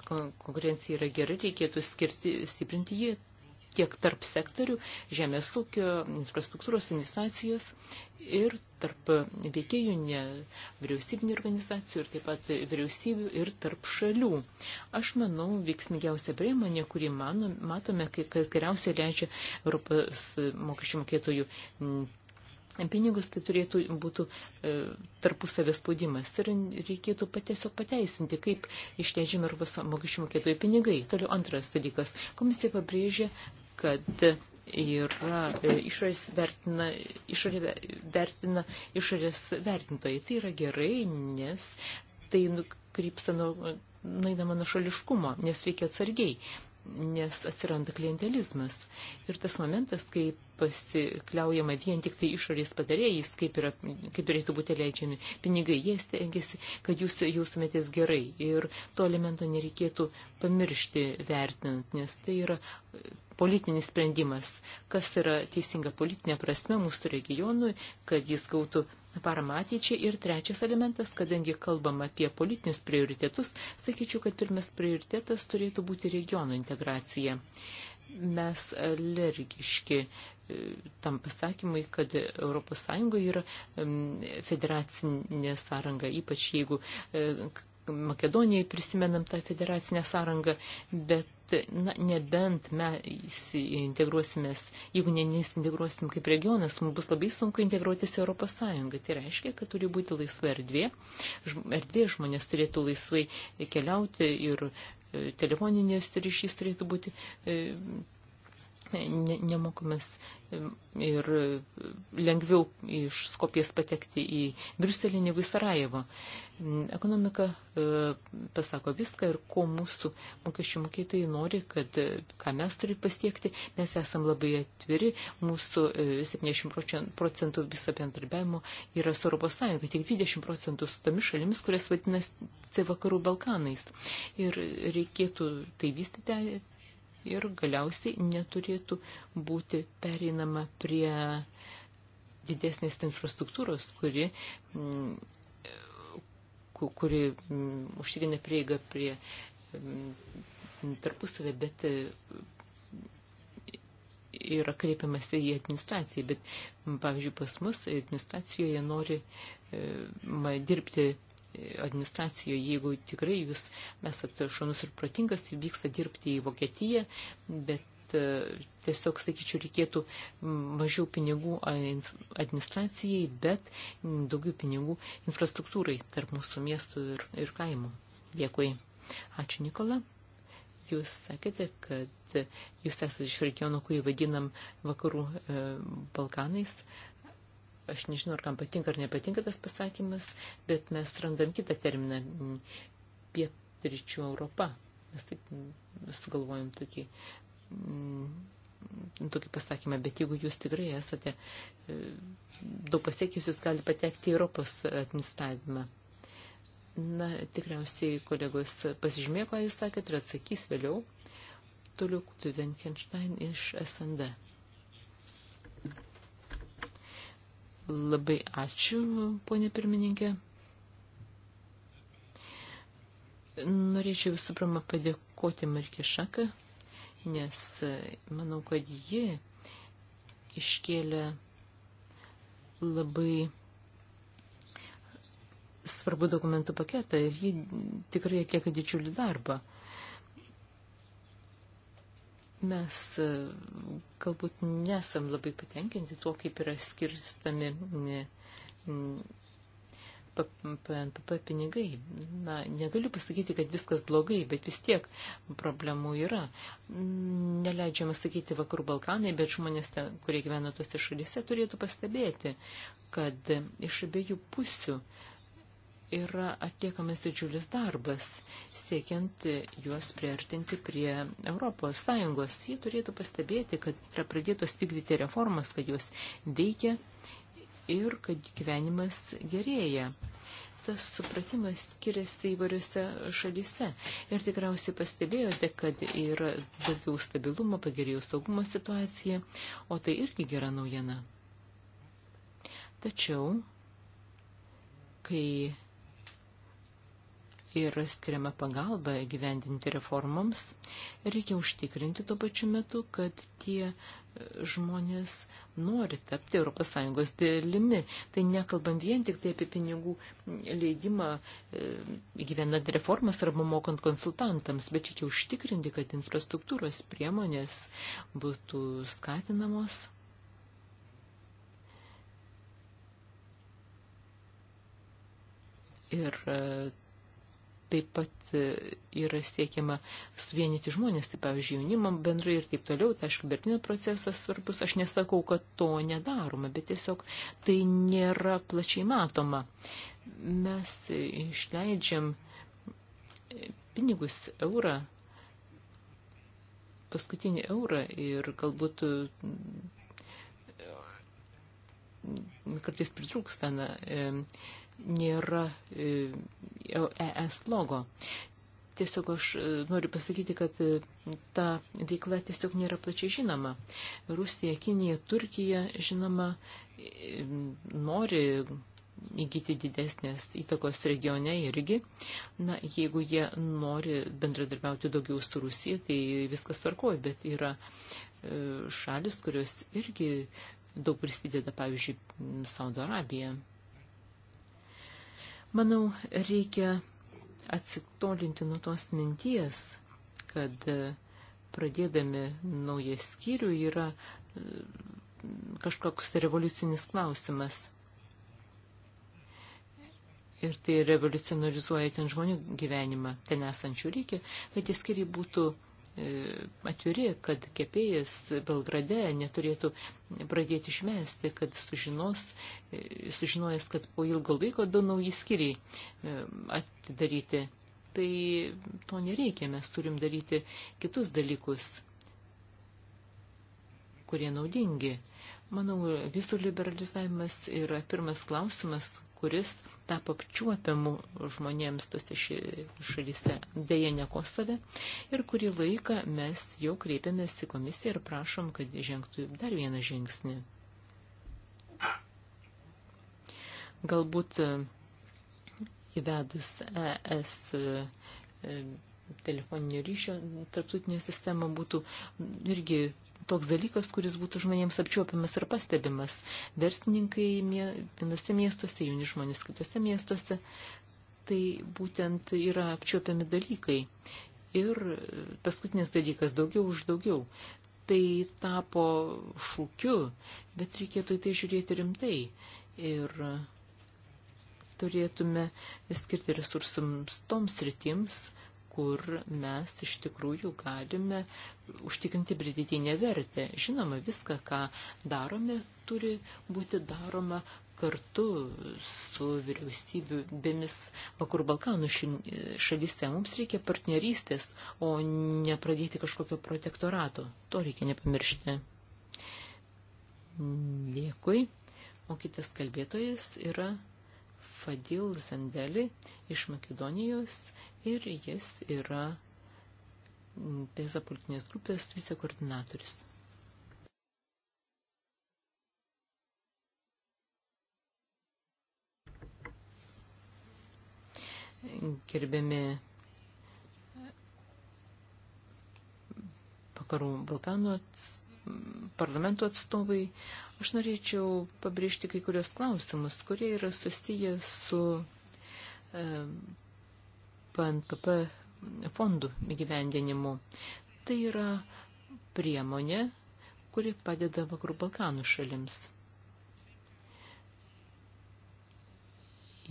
konkurencija yra gera, reikėtų skirti, stiprinti jį, tiek tarp sektorių, žemės ūkio, infrastruktūros investicijos ir tarp veikėjų, ne vyriausybinių organizacijų ir taip pat vyriausybių ir tarp šalių. Aš manau, veiksmingiausia priemonė, kurį mano, matome, kas geriausiai leidžia Europos mokesčių mokėtojų mm, pinigus, tai turėtų būtų e, tarpusavės spaudimas ir reikėtų pat tiesiog pateisinti, kaip išleidžiami arba mokesčių mokėtojų pinigai. Toliau antras dalykas. Komisija pabrėžė kad yra e, išorės vertina, išorė vertina išorės vertintojai. Tai yra gerai, nes tai nukrypsta nuo, naidama nuo šališkumo, nes reikia atsargiai, nes atsiranda klientelizmas. Ir tas momentas, kai pasikliaujama vien tik tai išorės patarėjais, kaip, yra, kaip turėtų būti leidžiami pinigai. Jie stengiasi, kad jūs jaustumėtės gerai ir to elemento nereikėtų pamiršti vertinant, nes tai yra politinis sprendimas, kas yra teisinga politinė prasme mūsų regionui, kad jis gautų paramą ateičiai. Ir trečias elementas, kadangi kalbam apie politinius prioritetus, sakyčiau, kad pirmas prioritetas turėtų būti regiono integracija mes alergiški e, tam pasakymui, kad ES yra federacinė sąranga, ypač jeigu e, Makedonijai prisimenam tą federacinę sąrangą, bet na, nebent mes integruosimės, jeigu ne, nesintegruosim kaip regionas, mums bus labai sunku integruotis į Europos Sąjungą. Tai reiškia, kad turi būti laisva erdvė, erdvė žmonės turėtų laisvai keliauti ir telefoninis ryšys turėtų būti e, ne, ne, nemokamas ir e, lengviau iš Skopijas patekti į Briuselį negu į Sarajevą. Mm, ekonomika e, pasako viską ir ko mūsų mokesčių mokėtojai nori, kad e, ką mes turime pasiekti, mes esam labai atviri, mūsų 70 procentų viso bendarbiavimo yra su Europos Sąjunga, tik 20 procentų su tomis šalimis, kurias vadinasi Vakarų Balkanais. Ir reikėtų tai vystyti ir galiausiai neturėtų būti pereinama prie didesnės infrastruktūros, kuri, mm, kuri mm, užtikrina prieigą prie mm, tarpusavę, bet yra kreipiamasi į administraciją, bet, pavyzdžiui, pas mus administracijoje nori dirbti administracijoje, jeigu tikrai jūs esate šonus ir protingas, tai vyksta dirbti į Vokietiją, bet e, tiesiog, sakyčiau, reikėtų mažiau pinigų administracijai, bet daugiau pinigų infrastruktūrai tarp mūsų miestų ir, ir kaimų. Dėkui. Ačiū, Nikola. Jūs sakėte, kad jūs esate iš regiono, kurį vadinam Vakarų e, Balkanais. E, Aš nežinau, ar kam patinka ar nepatinka tas pasakymas, bet mes randam kitą terminą - pietryčių Europa. Mes taip sugalvojom tokį, tokį pasakymą, bet jeigu jūs tikrai esate e, daug pasiekius, jūs gali patekti į Europos administravimą. Na, tikriausiai kolegos pasižymėjo, ką jūs sakėt, ir atsakys vėliau. Toliau Kutu Venkenstein iš SND. Labai ačiū, ponė pirmininkė. Norėčiau visų pirma padėkoti Markė Šaką, nes e, manau, kad ji iškėlė labai svarbu dokumentų paketą ir ji tikrai atlieka didžiulį darbą mes e, galbūt nesam labai patenkinti tuo, kaip yra skirstami e, PNPP pinigai. Na, negaliu pasakyti, kad viskas blogai, bet vis tiek problemų yra. Neleidžiama sakyti Vakarų Balkanai, bet žmonės, ten, kurie gyvena tose šalyse, turėtų pastebėti, kad iš abiejų pusių uh, yra atliekamas didžiulis darbas, siekiant juos priartinti prie Europos Sąjungos. Jie turėtų pastebėti, kad yra pradėtos vykdyti reformas, kad jos veikia ir kad gyvenimas gerėja tas supratimas skiriasi įvairiose šalyse. Ir tikriausiai pastebėjote, kad yra daugiau stabilumo, pagerėjo saugumo situacija, o tai irgi gera naujiena. Tačiau, kai ir skiriama pagalba gyvendinti reformoms, reikia užtikrinti tuo pačiu metu, kad tie e, žmonės nori tapti ES dėlimi. Tai nekalbant vien tik tai apie pinigų leidimą e, gyvenant reformas arba mokant konsultantams, bet reikia užtikrinti, kad infrastruktūros priemonės būtų skatinamos. ir e, taip pat e, yra siekiama suvienyti žmonės, tai pavyzdžiui, jaunimą bendrai ir taip toliau, tai aišku, bertinio procesas svarbus, aš nesakau, kad to nedaroma, bet tiesiog tai nėra plačiai matoma. Mes išleidžiam pinigus eurą, paskutinį eurą ir galbūt e, kartais pritrūksta na, e, nėra ES e, e logo. Tiesiog aš e, noriu pasakyti, kad ta veikla tiesiog nėra plačiai žinoma. Rusija, Kinija, Turkija, žinoma, nori įgyti didesnės įtakos regione irgi. Na, jeigu jie nori bendradarbiauti daugiau su Rusija, tai viskas tvarkoja, bet yra šalis, kurios irgi daug prisideda, pavyzdžiui, Saudo Arabija. Manau, reikia atsitolinti nuo tos minties, kad e, pradėdami naują skyrių yra e, kažkoks revoliucinis klausimas. Ir tai revoliucionalizuoja ten žmonių gyvenimą, ten esančių reikia, kad tie skiriai būtų E, atviri, kad kepėjas Belgrade neturėtų pradėti išmesti, kad sužinos, e, sužinojęs, kad po ilgo laiko du nauji skiriai e, atidaryti. Tai to nereikia, mes turim daryti kitus dalykus, kurie naudingi. Manau, visų liberalizavimas yra pirmas klausimas, kuris tapo apčiuopiamu žmonėms tose šalyse, dėja ne Kosove. Ir kurį laiką mes jau kreipiamės į komisiją ir prašom, kad žengtų dar vieną žingsnį. Galbūt e, įvedus ES e, telefoninio ryšio tarptautinė sistema būtų irgi toks dalykas, kuris būtų žmonėms apčiuopiamas ir pastebimas. Verslininkai vienose miestuose, jauni žmonės kitose miestuose, tai būtent yra apčiuopiami dalykai. Ir paskutinis dalykas - daugiau už daugiau. Tai tapo šūkiu, bet reikėtų į tai žiūrėti rimtai. Ir turėtume skirti resursams toms rytims, kur mes iš tikrųjų galime užtikrinti pridėtinę vertę. Žinoma, viską, ką darome, turi būti daroma kartu su vyriausybėmis vakarų Balkanų šalyse. Mums reikia partnerystės, o ne pradėti kažkokio protektorato. To reikia nepamiršti. Dėkui. O kitas kalbėtojas yra Fadil Zendeli iš Makedonijos ir jis yra PESA politinės grupės vicekoordinatorius. Gerbiami vakarų Balkanų ats, parlamento atstovai, aš norėčiau pabrėžti kai kurios klausimus, kurie yra susiję su e, PNPP fondų gyvendinimu. Tai yra priemonė, kuri padeda Vakarų Balkanų šalims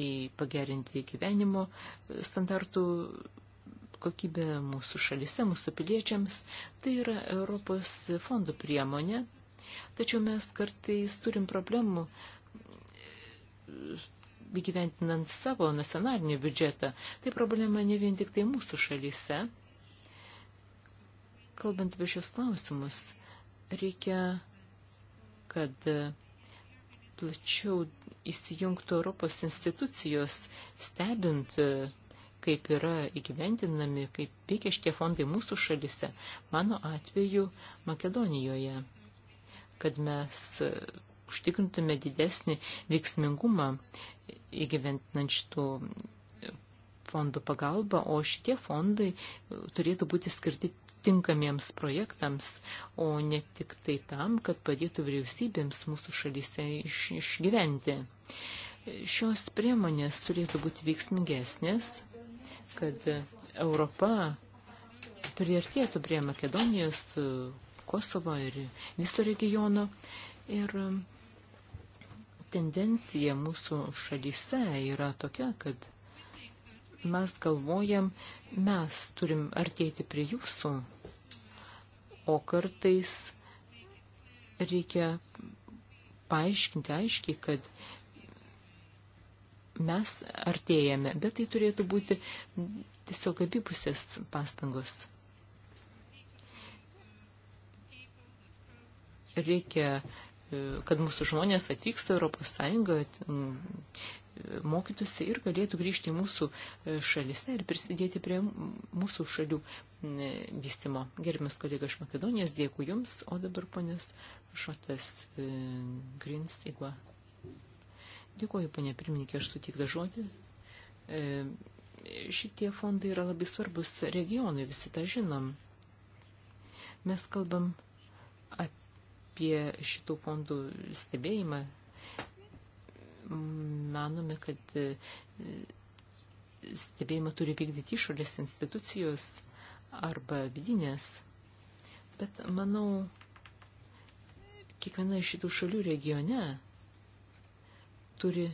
į pagerinti gyvenimo standartų kokybę mūsų šalise, mūsų piliečiams. Tai yra Europos fondų priemonė, tačiau mes kartais turim problemų įgyventinant savo nacionalinį biudžetą. Tai problema ne vien tik tai mūsų šalyse. Kalbant apie šios klausimus, reikia, kad plačiau įsijungtų Europos institucijos, stebint, kaip yra įgyventinami, kaip veikia šitie fondai mūsų šalise, mano atveju Makedonijoje, kad mes užtikrintume didesnį veiksmingumą įgyventinant šitų fondų pagalbą, o šitie fondai turėtų būti skirti tinkamiems projektams, o ne tik tai tam, kad padėtų vyriausybėms mūsų šalyse iš, išgyventi. Šios priemonės turėtų būti veiksmingesnės, kad Europa priartėtų prie Makedonijos, Kosovo ir viso regiono. Ir tendencija mūsų šalyse yra tokia, kad mes galvojam, mes turim artėti prie jūsų, o kartais reikia paaiškinti aiškiai, kad mes artėjame, bet tai turėtų būti tiesiog abipusės pastangos. Reikia kad mūsų žmonės atvyksta Europos Sąjungą, mokytųsi ir galėtų grįžti į mūsų e, šalise ir prisidėti prie mūsų šalių e, vystimo. Gerbimas kolega iš Makedonijos, dėkui Jums, o dabar ponės Šotas e, Grins, jeigu. Dėkuoju, ponė pirmininkė, aš sutikta žodį. Šitie fondai yra labai svarbus regionui, visi tą žinom. Mes kalbam apie šitų fondų stebėjimą, manome, kad e, stebėjimą turi vykdyti išorės institucijos arba vidinės. Bet manau, kiekviena iš šitų šalių regione turi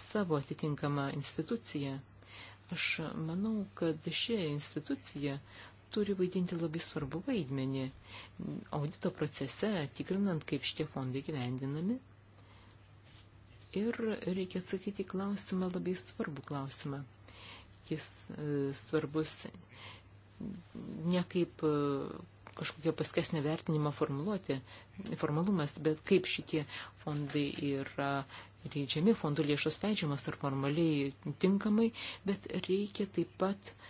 savo atitinkamą instituciją. Aš manau, kad ši institucija turi vaidinti labai svarbu vaidmenį audito procese, tikrinant, kaip šitie fondai gyvendinami. Ir reikia atsakyti klausimą, labai svarbų klausimą. Jis e, svarbus ne kaip e, kažkokia paskesnio vertinimo formuluoti, formalumas, bet kaip šitie fondai yra leidžiami, fondų lėšos leidžiamas ar formaliai tinkamai, bet reikia taip pat uh,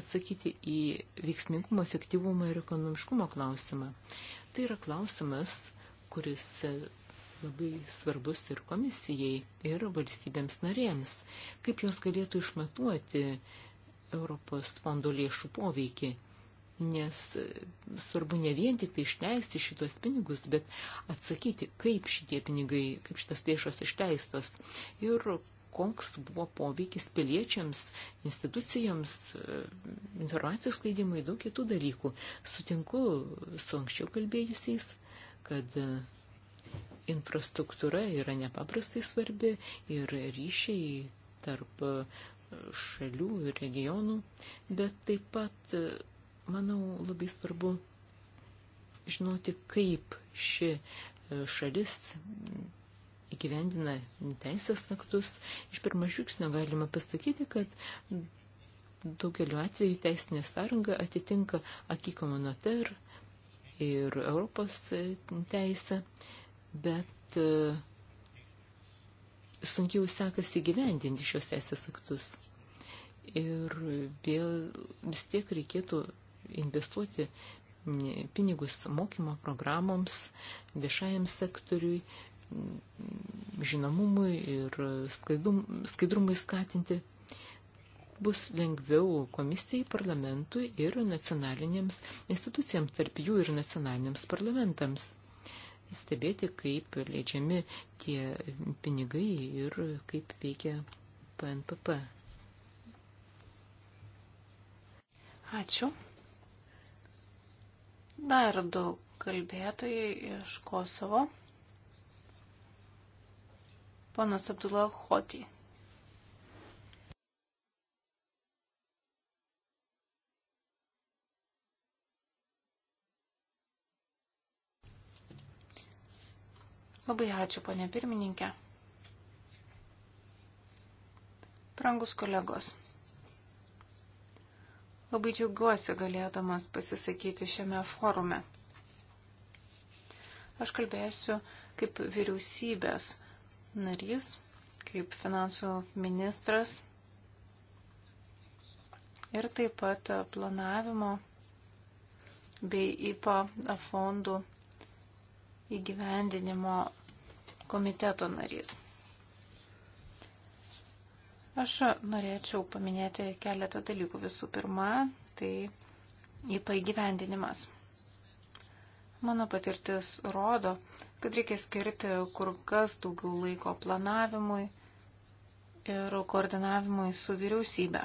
atsakyti į veiksmingumo, efektyvumo ir ekonomiškumo klausimą. Tai yra klausimas, kuris labai svarbus ir komisijai, ir valstybėms narėms, kaip jos galėtų išmatuoti Europos fondo lėšų poveikį. Nes svarbu ne vien tik tai išleisti šitos pinigus, bet atsakyti, kaip šitie pinigai, kaip šitas lėšos išleistos ir koks buvo poveikis piliečiams, institucijoms, e, informacijos klaidimui, daug kitų dalykų. Sutinku su anksčiau kalbėjusiais, kad e, infrastruktūra yra nepaprastai svarbi ir ryšiai tarp e, šalių ir regionų, bet taip pat, manau, labai svarbu žinoti, kaip ši šalis įgyvendina teisės aktus, iš pirmo žvilgsnio galima pasakyti, kad daugeliu atveju teisinė sąranga atitinka akikomonoter ir Europos teisę, bet e, sunkiau sekasi įgyvendinti šios teisės aktus. Ir vėl vis tiek reikėtų investuoti pinigus mokymo programoms, viešajam sektoriui, žinomumui ir skaidum, skaidrumui skatinti, bus lengviau komisijai, parlamentui ir nacionalinėms institucijams, tarp jų ir nacionaliniams parlamentams stebėti, kaip leidžiami tie pinigai ir kaip veikia PNPP. Ačiū. Dar du kalbėtojai iš Kosovo. Ponas Abdula Hoti. Labai ačiū, ponė pirmininkė. Prangus kolegos. Labai džiaugiuosi galėdamas pasisakyti šiame forume. Aš kalbėsiu kaip vyriausybės narys, kaip finansų ministras ir taip pat planavimo bei IPA fondų įgyvendinimo komiteto narys. Aš norėčiau paminėti keletą dalykų. Visų pirma, tai įpagyvendinimas. Mano patirtis rodo, kad reikia skirti kur kas daugiau laiko planavimui ir koordinavimui su vyriausybė.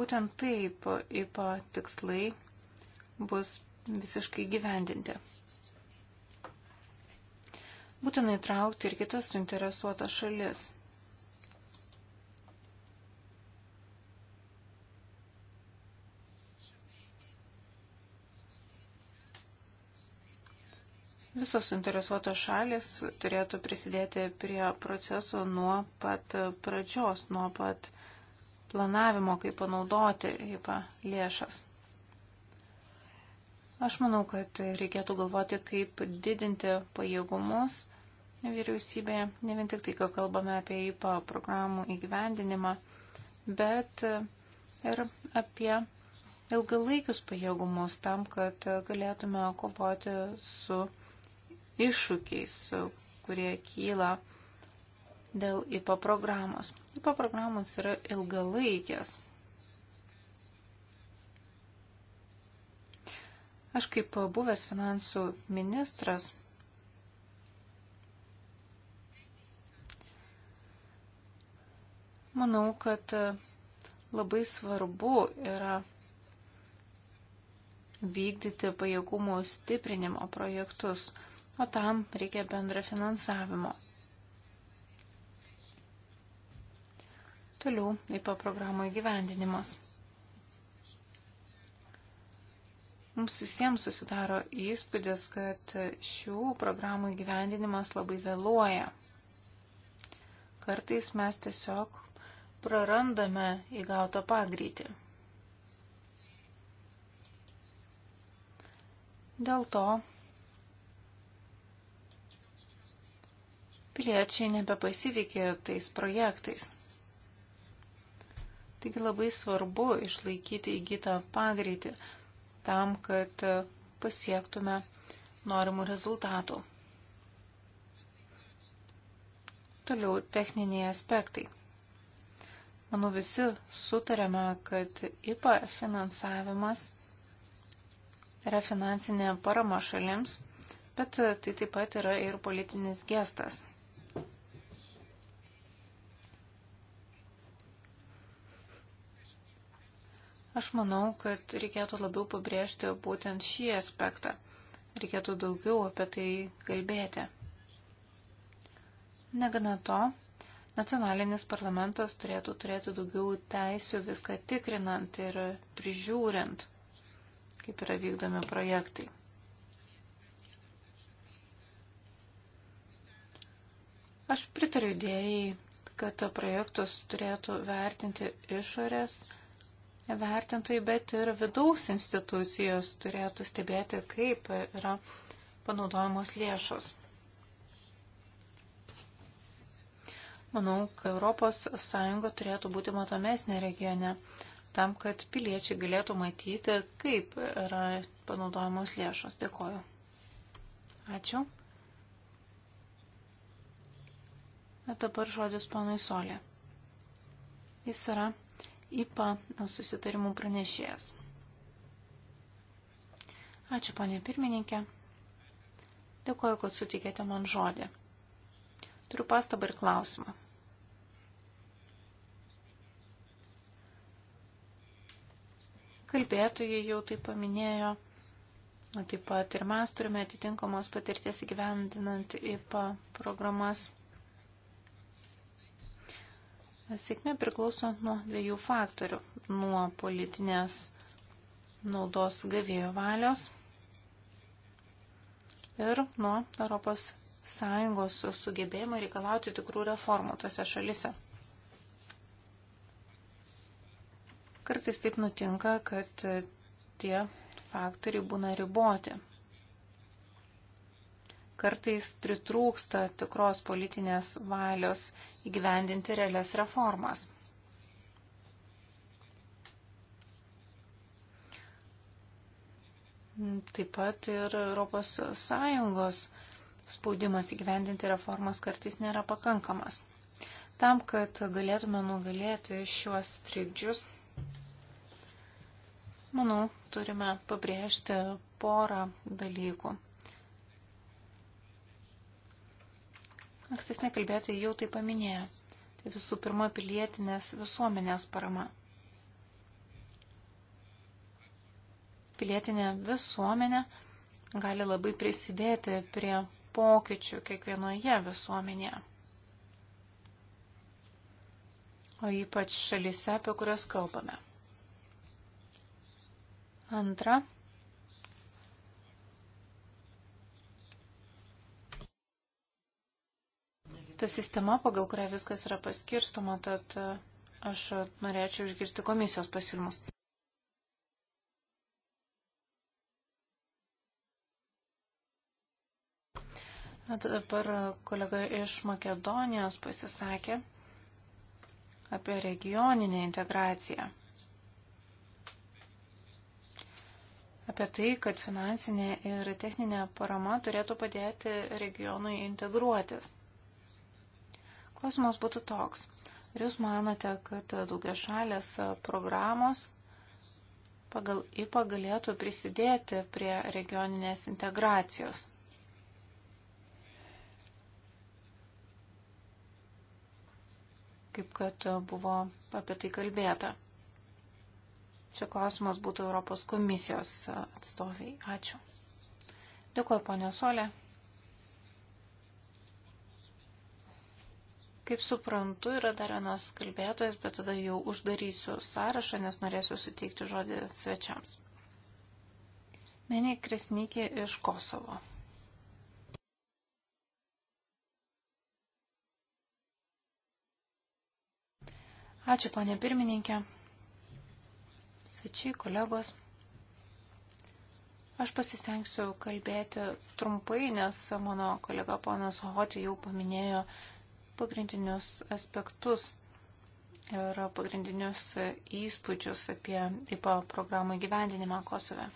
Būtent taip IPA tikslai bus visiškai gyvendinti. Būtina įtraukti ir kitas suinteresuotas šalis. Visos suinteresuotos šalis turėtų prisidėti prie proceso nuo pat pradžios, nuo pat planavimo, kaip panaudoti IPA lėšas. Aš manau, kad reikėtų galvoti, kaip didinti pajėgumus vyriausybėje, ne vien tik tai, kai kalbame apie IPA programų įgyvendinimą, bet ir apie ilgalaikius pajėgumus tam, kad galėtume kovoti su iššūkiais, kurie kyla dėl IPA programos. IPA programos yra ilgalaikės. Aš kaip buvęs finansų ministras manau, kad labai svarbu yra vykdyti pajėgumų stiprinimo projektus o tam reikia bendra finansavimo. Toliau IPA programų įgyvendinimas. Mums visiems susidaro įspūdis, kad šių programų įgyvendinimas labai vėluoja. Kartais mes tiesiog prarandame įgautą pagreitį. Dėl to piliečiai nebepasitikė tais projektais. Taigi labai svarbu išlaikyti įgytą pagreitį tam, kad pasiektume norimų rezultatų. Toliau techniniai aspektai. Manau, visi sutarėme, kad IPA finansavimas yra finansinė parama šalims, bet tai taip pat yra ir politinis gestas. Aš manau, kad reikėtų labiau pabrėžti būtent šį aspektą. Reikėtų daugiau apie tai kalbėti. Negana to, nacionalinis parlamentas turėtų turėti daugiau teisių viską tikrinant ir prižiūrint, kaip yra vykdomi projektai. Aš pritariu idėjai, kad projektus turėtų vertinti išorės vertintojai, bet ir vidaus institucijos turėtų stebėti, kaip yra panaudojamos lėšos. Manau, kad ES turėtų būti matomesnė regione, tam, kad piliečiai galėtų matyti, kaip yra panaudojamos lėšos. Dėkoju. Ačiū. O dabar žodis panui Solė. Jis yra IPA susitarimų pranešėjas. Ačiū, ponė pirmininkė. Dėkuoju, kad sutikėte man žodį. Turiu pastabą ir klausimą. Kalbėtojai jau tai paminėjo, o taip pat ir mes turime atitinkamos patirties įgyvendinant IPA programas. Sėkmė priklauso nuo dviejų faktorių - nuo politinės naudos gavėjo valios ir nuo Europos Sąjungos sugebėjimo reikalauti tikrų reformų tose šalise. Kartais taip nutinka, kad tie faktoriai būna riboti kartais pritrūksta tikros politinės valios įgyvendinti realias reformas. Taip pat ir ES spaudimas įgyvendinti reformas kartais nėra pakankamas. Tam, kad galėtume nugalėti šiuos trikdžius, manau, turime pabrėžti porą dalykų. Ankstesnė kalbėtojai jau tai paminėjo. Tai visų pirma pilietinės visuomenės parama. Pilietinė visuomenė gali labai prisidėti prie pokyčių kiekvienoje visuomenėje. O ypač šalyse, apie kurias kalbame. Antra, ta sistema, pagal kurią viskas yra paskirstoma, tad e, aš norėčiau išgirsti komisijos pasiūlymus. Dabar kolega iš Makedonijos pasisakė apie regioninę integraciją. Apie tai, kad finansinė ir techninė parama turėtų padėti regionui integruotis. Klausimas būtų toks. Ar jūs manote, kad daugia šalės programos pagal IPA galėtų prisidėti prie regioninės integracijos? kaip kad buvo apie tai kalbėta. Čia klausimas būtų Europos komisijos atstoviai. Ačiū. Dėkuoju, ponė Solė. Kaip suprantu, yra dar vienas kalbėtojas, bet tada jau uždarysiu sąrašą, nes norėsiu suteikti žodį svečiams. Menė Kresnikė iš Kosovo. Ačiū, ponė pirmininkė. Svečiai, kolegos. Aš pasistengsiu kalbėti trumpai, nes mano kolega ponas Hoti jau paminėjo pagrindinius aspektus ir pagrindinius įspūdžius apie IPA programų įgyvendinimą Kosove.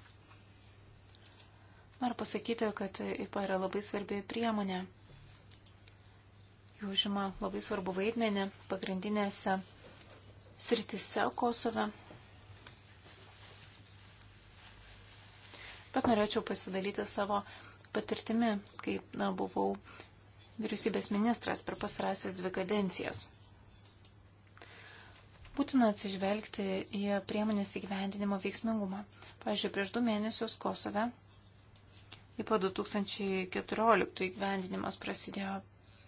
Noriu pasakyti, kad IPA yra labai svarbi priemonė. Jų žima labai svarbu vaidmenį pagrindinėse sritise Kosove. Bet norėčiau pasidalyti savo patirtimi, kai na, buvau vyriausybės ministras per pasarasias dvi kadencijas. Būtina atsižvelgti į priemonės įgyvendinimo veiksmingumą. Pavyzdžiui, prieš du mėnesius Kosove ypač 2014 įgyvendinimas prasidėjo.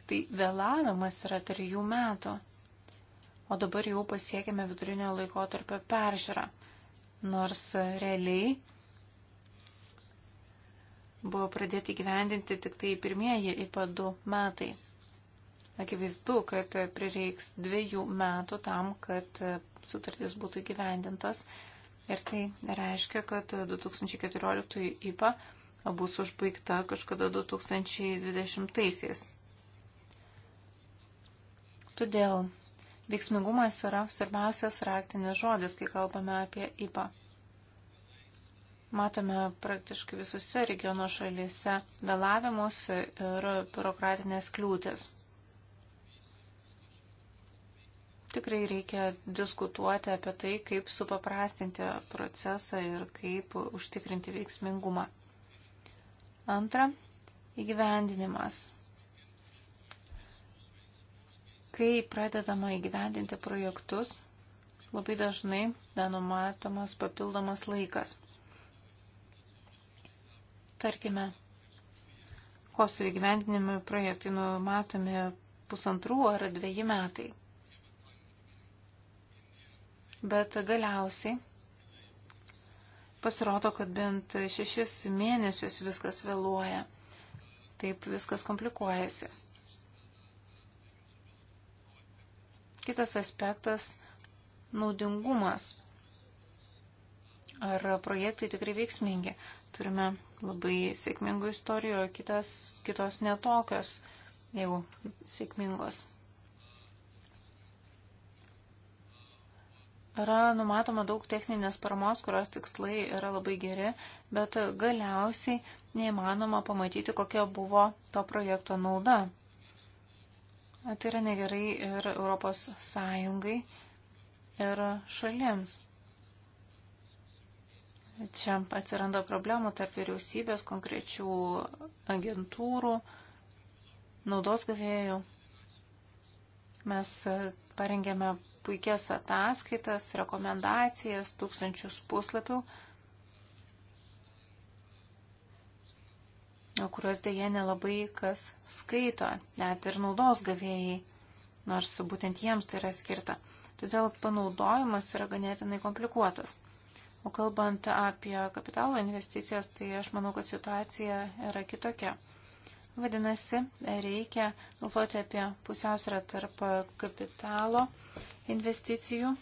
Tai vėlavimas yra trijų metų, o dabar jau pasiekėme vidurinio laiko tarp peržiūrą. Nors realiai buvo pradėti gyvendinti tik tai pirmieji IPA 2 metai. Akivaizdu, kad prireiks dviejų metų tam, kad sutartys būtų gyvendintos ir tai reiškia, kad 2014 IPA bus užbaigta kažkada 2020-aisiais. Todėl veiksmingumas yra svarbiausias raktinis žodis, kai kalbame apie IPA. Matome praktiškai visose regiono šalyse vėlavimus ir biurokratinės kliūtis. Tikrai reikia diskutuoti apie tai, kaip supaprastinti procesą ir kaip užtikrinti veiksmingumą. Antra, įgyvendinimas. Kai pradedama įgyvendinti projektus, labai dažnai nenumatomas papildomas laikas. Tarkime, kosų įgyvendinimo projektai numatomi pusantrų ar dviejų metai. Bet galiausiai pasirodo, kad bent šešis mėnesius viskas vėluoja. Taip viskas komplikuojasi. Kitas aspektas - naudingumas. Ar projektai tikrai veiksmingi? Turime labai sėkmingų istorijų, o kitas, kitos netokios jau sėkmingos. Yra numatoma daug techninės paramos, kurios tikslai yra labai geri, bet galiausiai neįmanoma pamatyti, kokia buvo to projekto nauda. Tai yra negerai ir Europos Sąjungai, ir šalims. Čia atsiranda problemų tarp vyriausybės, konkrečių agentūrų, naudos gavėjų. Mes parengėme puikias ataskaitas, rekomendacijas, tūkstančius puslapių, kuriuos dėje nelabai kas skaito, net ir naudos gavėjai, nors būtent jiems tai yra skirta. Todėl panaudojimas yra ganėtinai komplikuotas. O kalbant apie kapitalo investicijas, tai aš manau, kad situacija yra kitokia. Vadinasi, reikia galvoti apie pusiausvyrą tarp kapitalo investicijų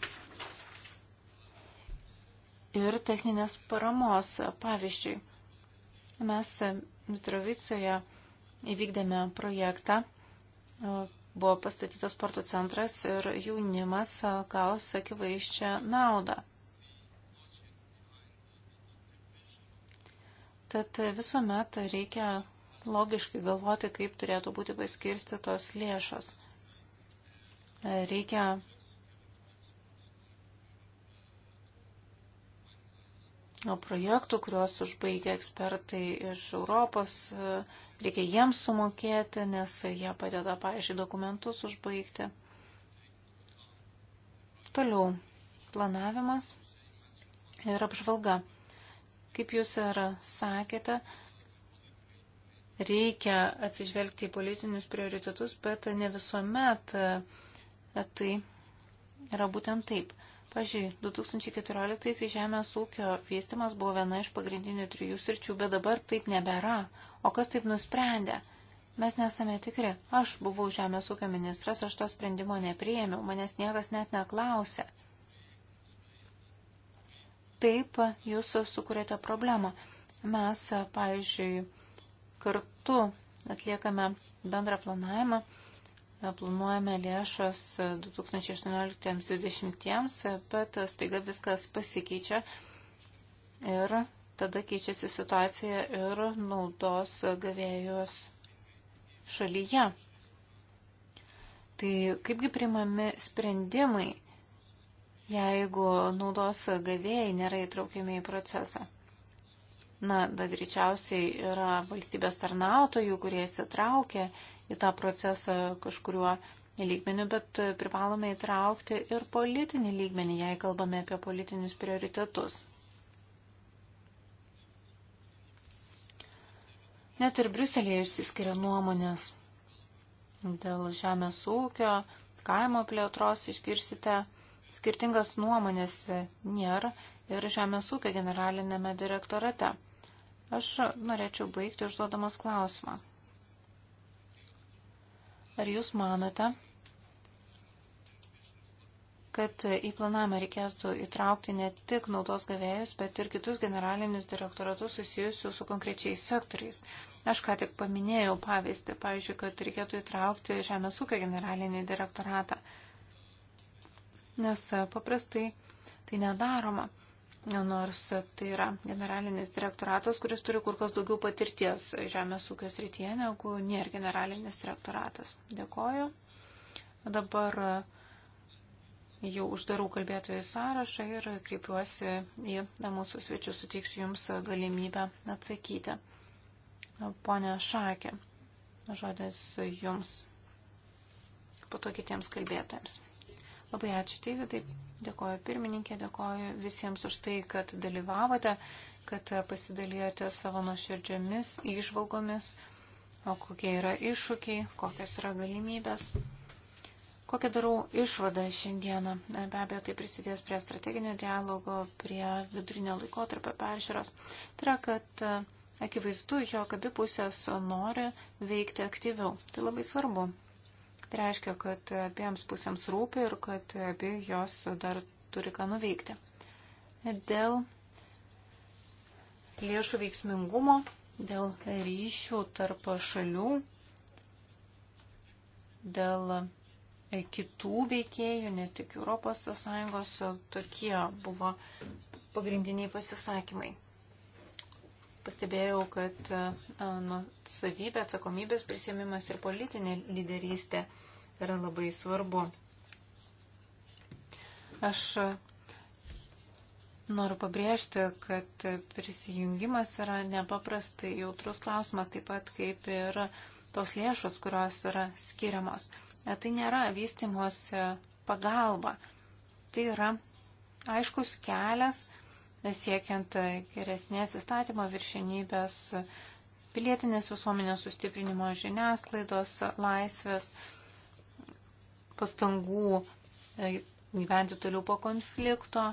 ir techninės paramos. Pavyzdžiui, mes Mitrovicoje įvykdėme projektą, buvo pastatytas sporto centras ir jaunimas gaus akivaizdžią naudą. Tad visuomet reikia logiškai galvoti, kaip turėtų būti paskirstytos lėšos. Reikia projektų, kuriuos užbaigia ekspertai iš Europos, reikia jiems sumokėti, nes jie padeda, pažiūrėjau, dokumentus užbaigti. Toliau planavimas ir apžvalga. Kaip jūs ir sakėte, reikia atsižvelgti į politinius prioritetus, bet ne visuomet e, tai yra būtent taip. Pavyzdžiui, 2014 žemės ūkio vystimas buvo viena iš pagrindinių trijų sričių, bet dabar taip nebėra. O kas taip nusprendė? Mes nesame tikri. Aš buvau žemės ūkio ministras, aš to sprendimo nepriėmiau, manęs niekas net neklausė. Taip jūs sukūrėte problemą. Mes, pavyzdžiui, kartu atliekame bendrą planavimą, planuojame lėšas 2018-2020, bet staiga viskas pasikeičia ir tada keičiasi situacija ir naudos gavėjos šalyje. Tai kaipgi primami sprendimai jeigu naudos gavėjai nėra įtraukiami į procesą. Na, da greičiausiai yra valstybės tarnautojų, kurie įsitraukia į tą procesą kažkuriuo lygmeniu, bet privalome įtraukti ir politinį lygmenį, jei kalbame apie politinius prioritetus. Net ir Briuselėje išsiskiria nuomonės dėl žemės ūkio, kaimo plėtros išgirsite skirtingas nuomonės nėra ir Žemės ūkio generalinėme direktorate. Aš norėčiau baigti užduodamas klausimą. Ar jūs manote, kad į planavimą reikėtų įtraukti ne tik naudos gavėjus, bet ir kitus generalinius direktoratus susijusius su konkrečiais sektoriais. Aš ką tik paminėjau pavyzdį, pavyzdžiui, kad reikėtų įtraukti Žemės ūkio generalinį direktoratą nes e, paprastai tai nedaroma. Nors tai yra generalinis direktoratas, kuris turi kur kas daugiau patirties žemės ūkio srityje negu nėra generalinis direktoratas. Dėkoju. Dabar e, jau uždarau kalbėtojų sąrašą ir kreipiuosi į mūsų svečius, suteiksiu Jums galimybę atsakyti. Pone Šakė, žodis Jums, po to kitiems kalbėtojams. Labai ačiū, Teividai. Dėkoju pirmininkė, dėkoju visiems už tai, kad dalyvavote, kad pasidalijote savo nuoširdžiomis išvalgomis, o kokie yra iššūkiai, kokios yra galimybės. Kokią darau išvadą šiandieną? Be abejo, tai prisidės prie strateginio dialogo, prie vidurinio laikotarpio peržiūros. Tai yra, kad e, akivaizdu, jog abi pusės nori veikti aktyviau. Tai labai svarbu. Tai reiškia, kad abiems pusėms rūpi ir kad abi jos dar turi ką nuveikti. Dėl lėšų veiksmingumo, dėl ryšių tarp šalių, dėl kitų veikėjų, ne tik ES, tokie buvo pagrindiniai pasisakymai pastebėjau, kad e, nusavybė, atsakomybės prisėmimas ir politinė lyderystė yra labai svarbu. Aš e, noriu pabrėžti, kad prisijungimas yra nepaprastai jautrus klausimas, taip pat kaip ir tos lėšos, kurios yra skiriamos. E, tai nėra vystimos pagalba. Tai yra aiškus kelias siekiant geresnės įstatymo viršinybės, pilietinės visuomenės sustiprinimo žiniasklaidos laisvės, pastangų e, gyventi toliau po konflikto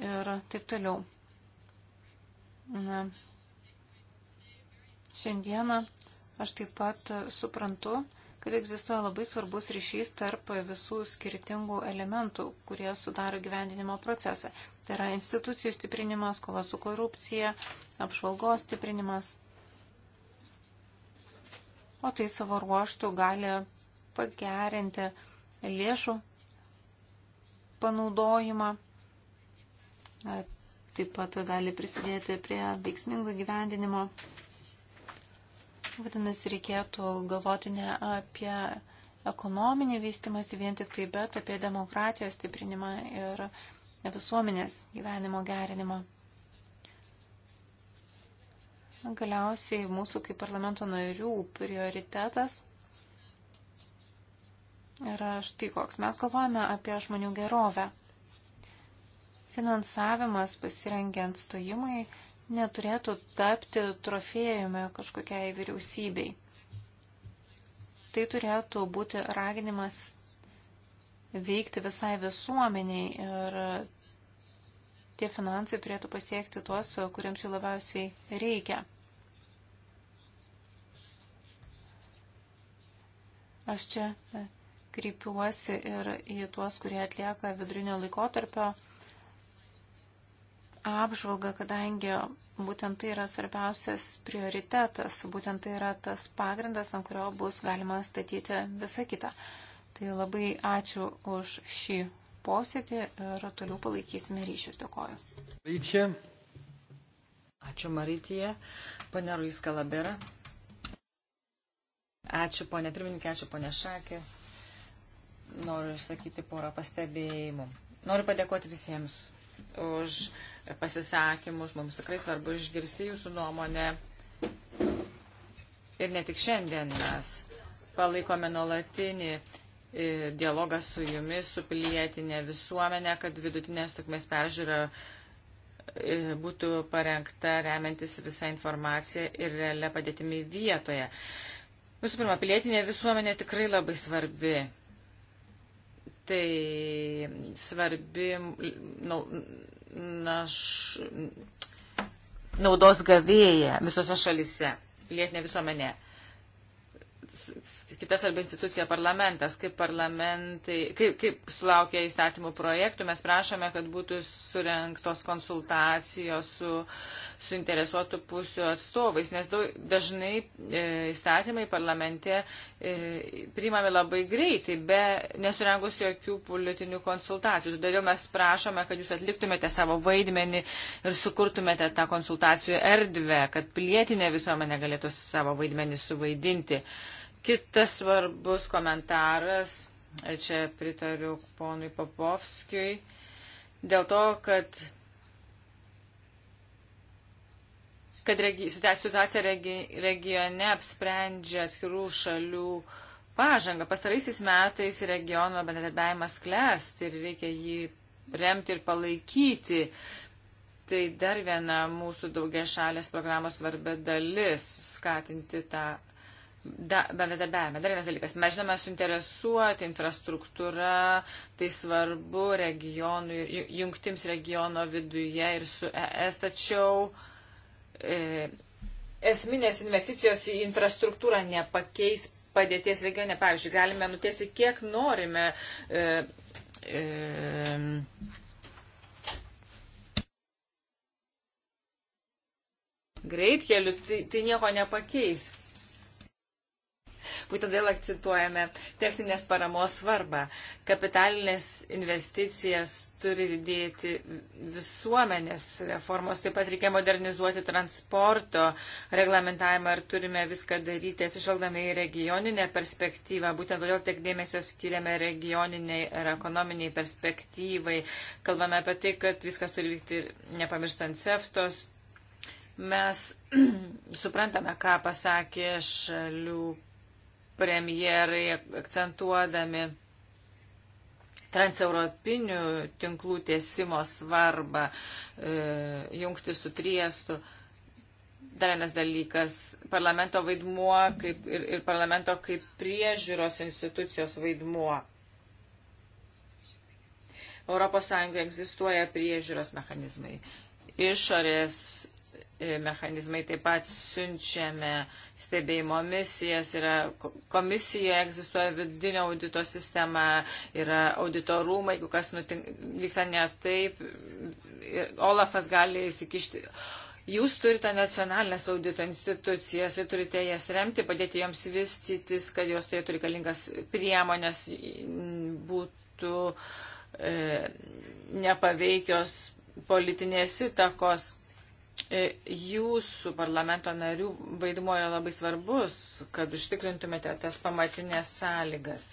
ir taip toliau. Na, šiandieną aš taip pat suprantu, kad egzistuoja labai svarbus ryšys tarp visų skirtingų elementų, kurie sudaro gyvendinimo procesą. Tai yra institucijų stiprinimas, kova su korupcija, apžvalgos stiprinimas. O tai savo ruoštų gali pagerinti lėšų panaudojimą, taip pat gali prisidėti prie veiksmingų gyvendinimo Vadinasi, reikėtų galvoti ne apie ekonominį vystimąsi vien tik tai, bet apie demokratijos stiprinimą ir visuomenės gyvenimo gerinimą. Galiausiai mūsų kaip parlamento narių prioritetas yra štai koks. Mes galvojame apie žmonių gerovę. Finansavimas pasirengiant stojimui neturėtų tapti trofėjumi kažkokiai vyriausybei. Tai turėtų būti raginimas veikti visai visuomeniai ir tie finansai turėtų pasiekti tuos, kuriems jų labiausiai reikia. Aš čia kreipiuosi ir į tuos, kurie atlieka vidurinio laikotarpio apžvalgą, kadangi būtent tai yra svarbiausias prioritetas, būtent tai yra tas pagrindas, ant kurio bus galima statyti visą kitą. Tai labai ačiū už šį posėdį ir toliau palaikysime ryšius. Dėkoju. Ryčia. Ačiū Marytija. Pane Ruiz Kalabera. Ačiū ponė pirmininkė, ačiū ponė Šakė. Noriu išsakyti porą pastebėjimų. Noriu padėkoti visiems už pasisakymus. Mums tikrai svarbu išgirsti jūsų nuomonę. Ir ne tik šiandien mes palaikome nuolatinį e, dialogą su jumis, su pilietinė visuomenė, kad vidutinės trukmės peržiūra e, būtų parengta remiantis visą informaciją ir realią padėtimi vietoje. Visų pirma, pilietinė visuomenė tikrai labai svarbi tai svarbi na, naš, naudos gavėja visose šalise, lietinė visuomenė kitas arba institucija parlamentas, kaip parlamentai, kaip, kaip sulaukia įstatymų projektų, mes prašome, kad būtų surenktos konsultacijos su suinteresuotų pusių atstovais, nes dažnai e, įstatymai parlamente e, priimami labai greitai, be nesurengus jokių politinių konsultacijų. Todėl mes prašome, kad jūs atliktumėte savo vaidmenį ir sukurtumėte tą konsultacijų erdvę, kad pilietinė visuomenė galėtų savo vaidmenį suvaidinti. Uh, Kitas svarbus komentaras, čia pritariu ponui Popovskijui, dėl to, kad kad regi, situacija regi, regione apsprendžia atskirų šalių pažangą. Pastaraisiais metais regiono bendradarbiavimas klesti ir reikia jį remti ir palaikyti. Tai dar viena mūsų daugia šalės programos svarbia dalis - skatinti tą da, bendradarbiavime. Dar vienas dalykas. Mes žinome suinteresuoti infrastruktūra, tai svarbu regionų, jungtims regiono viduje ir su ES, tačiau e, esminės investicijos į infrastruktūrą nepakeis padėties regione. Pavyzdžiui, galime nutiesti, kiek norime. E, e, greitkeliu, tai, tai nieko nepakeis. Būtent dėl akcentuojame techninės paramos svarbą. Kapitalinės investicijas turi dėti visuomenės reformos, taip pat reikia modernizuoti transporto reglamentavimą ir turime viską daryti atsižvelgdami į regioninę perspektyvą. Būtent todėl tiek dėmesio skiriame regioniniai ir ekonominiai perspektyvai. Kalbame apie tai, kad viskas turi vykti nepamirštant seftos. Mes suprantame, ką pasakė šalių premjerai akcentuodami transeuropinių tinklų tiesimo svarbą, e, jungti su triestu. Dar vienas dalykas - parlamento vaidmuo kaip, ir, ir parlamento kaip priežiūros institucijos vaidmuo. ES egzistuoja priežiūros mechanizmai. Išorės E, mechanizmai. Taip pat siunčiame stebėjimo misijas, yra komisija, egzistuoja vidinio audito sistema, yra audito rūmai, jeigu kas nutinka, vyksta ne taip, Olafas gali įsikišti. Jūs turite nacionalinės audito institucijas ir turite jas remti, padėti joms vystytis, kad jos turėtų reikalingas priemonės, būtų e, nepaveikios politinės įtakos E, jūsų parlamento narių vaidmuo yra labai svarbus, kad užtikrintumėte tas pamatinės sąlygas.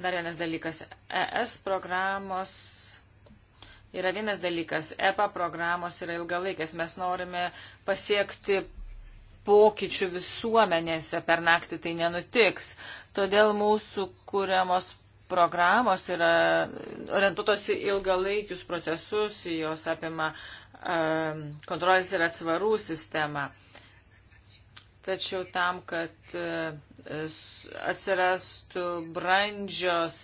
Dar vienas dalykas. ES programos yra vienas dalykas. EPA programos yra ilgalaikės. Mes norime pasiekti pokyčių visuomenėse per naktį tai nenutiks. Todėl mūsų kūriamos programos yra orientuotos į ilgalaikius procesus, jos apima kontrolės ir atsvarų sistemą. Tačiau tam, kad e, atsirastų brandžios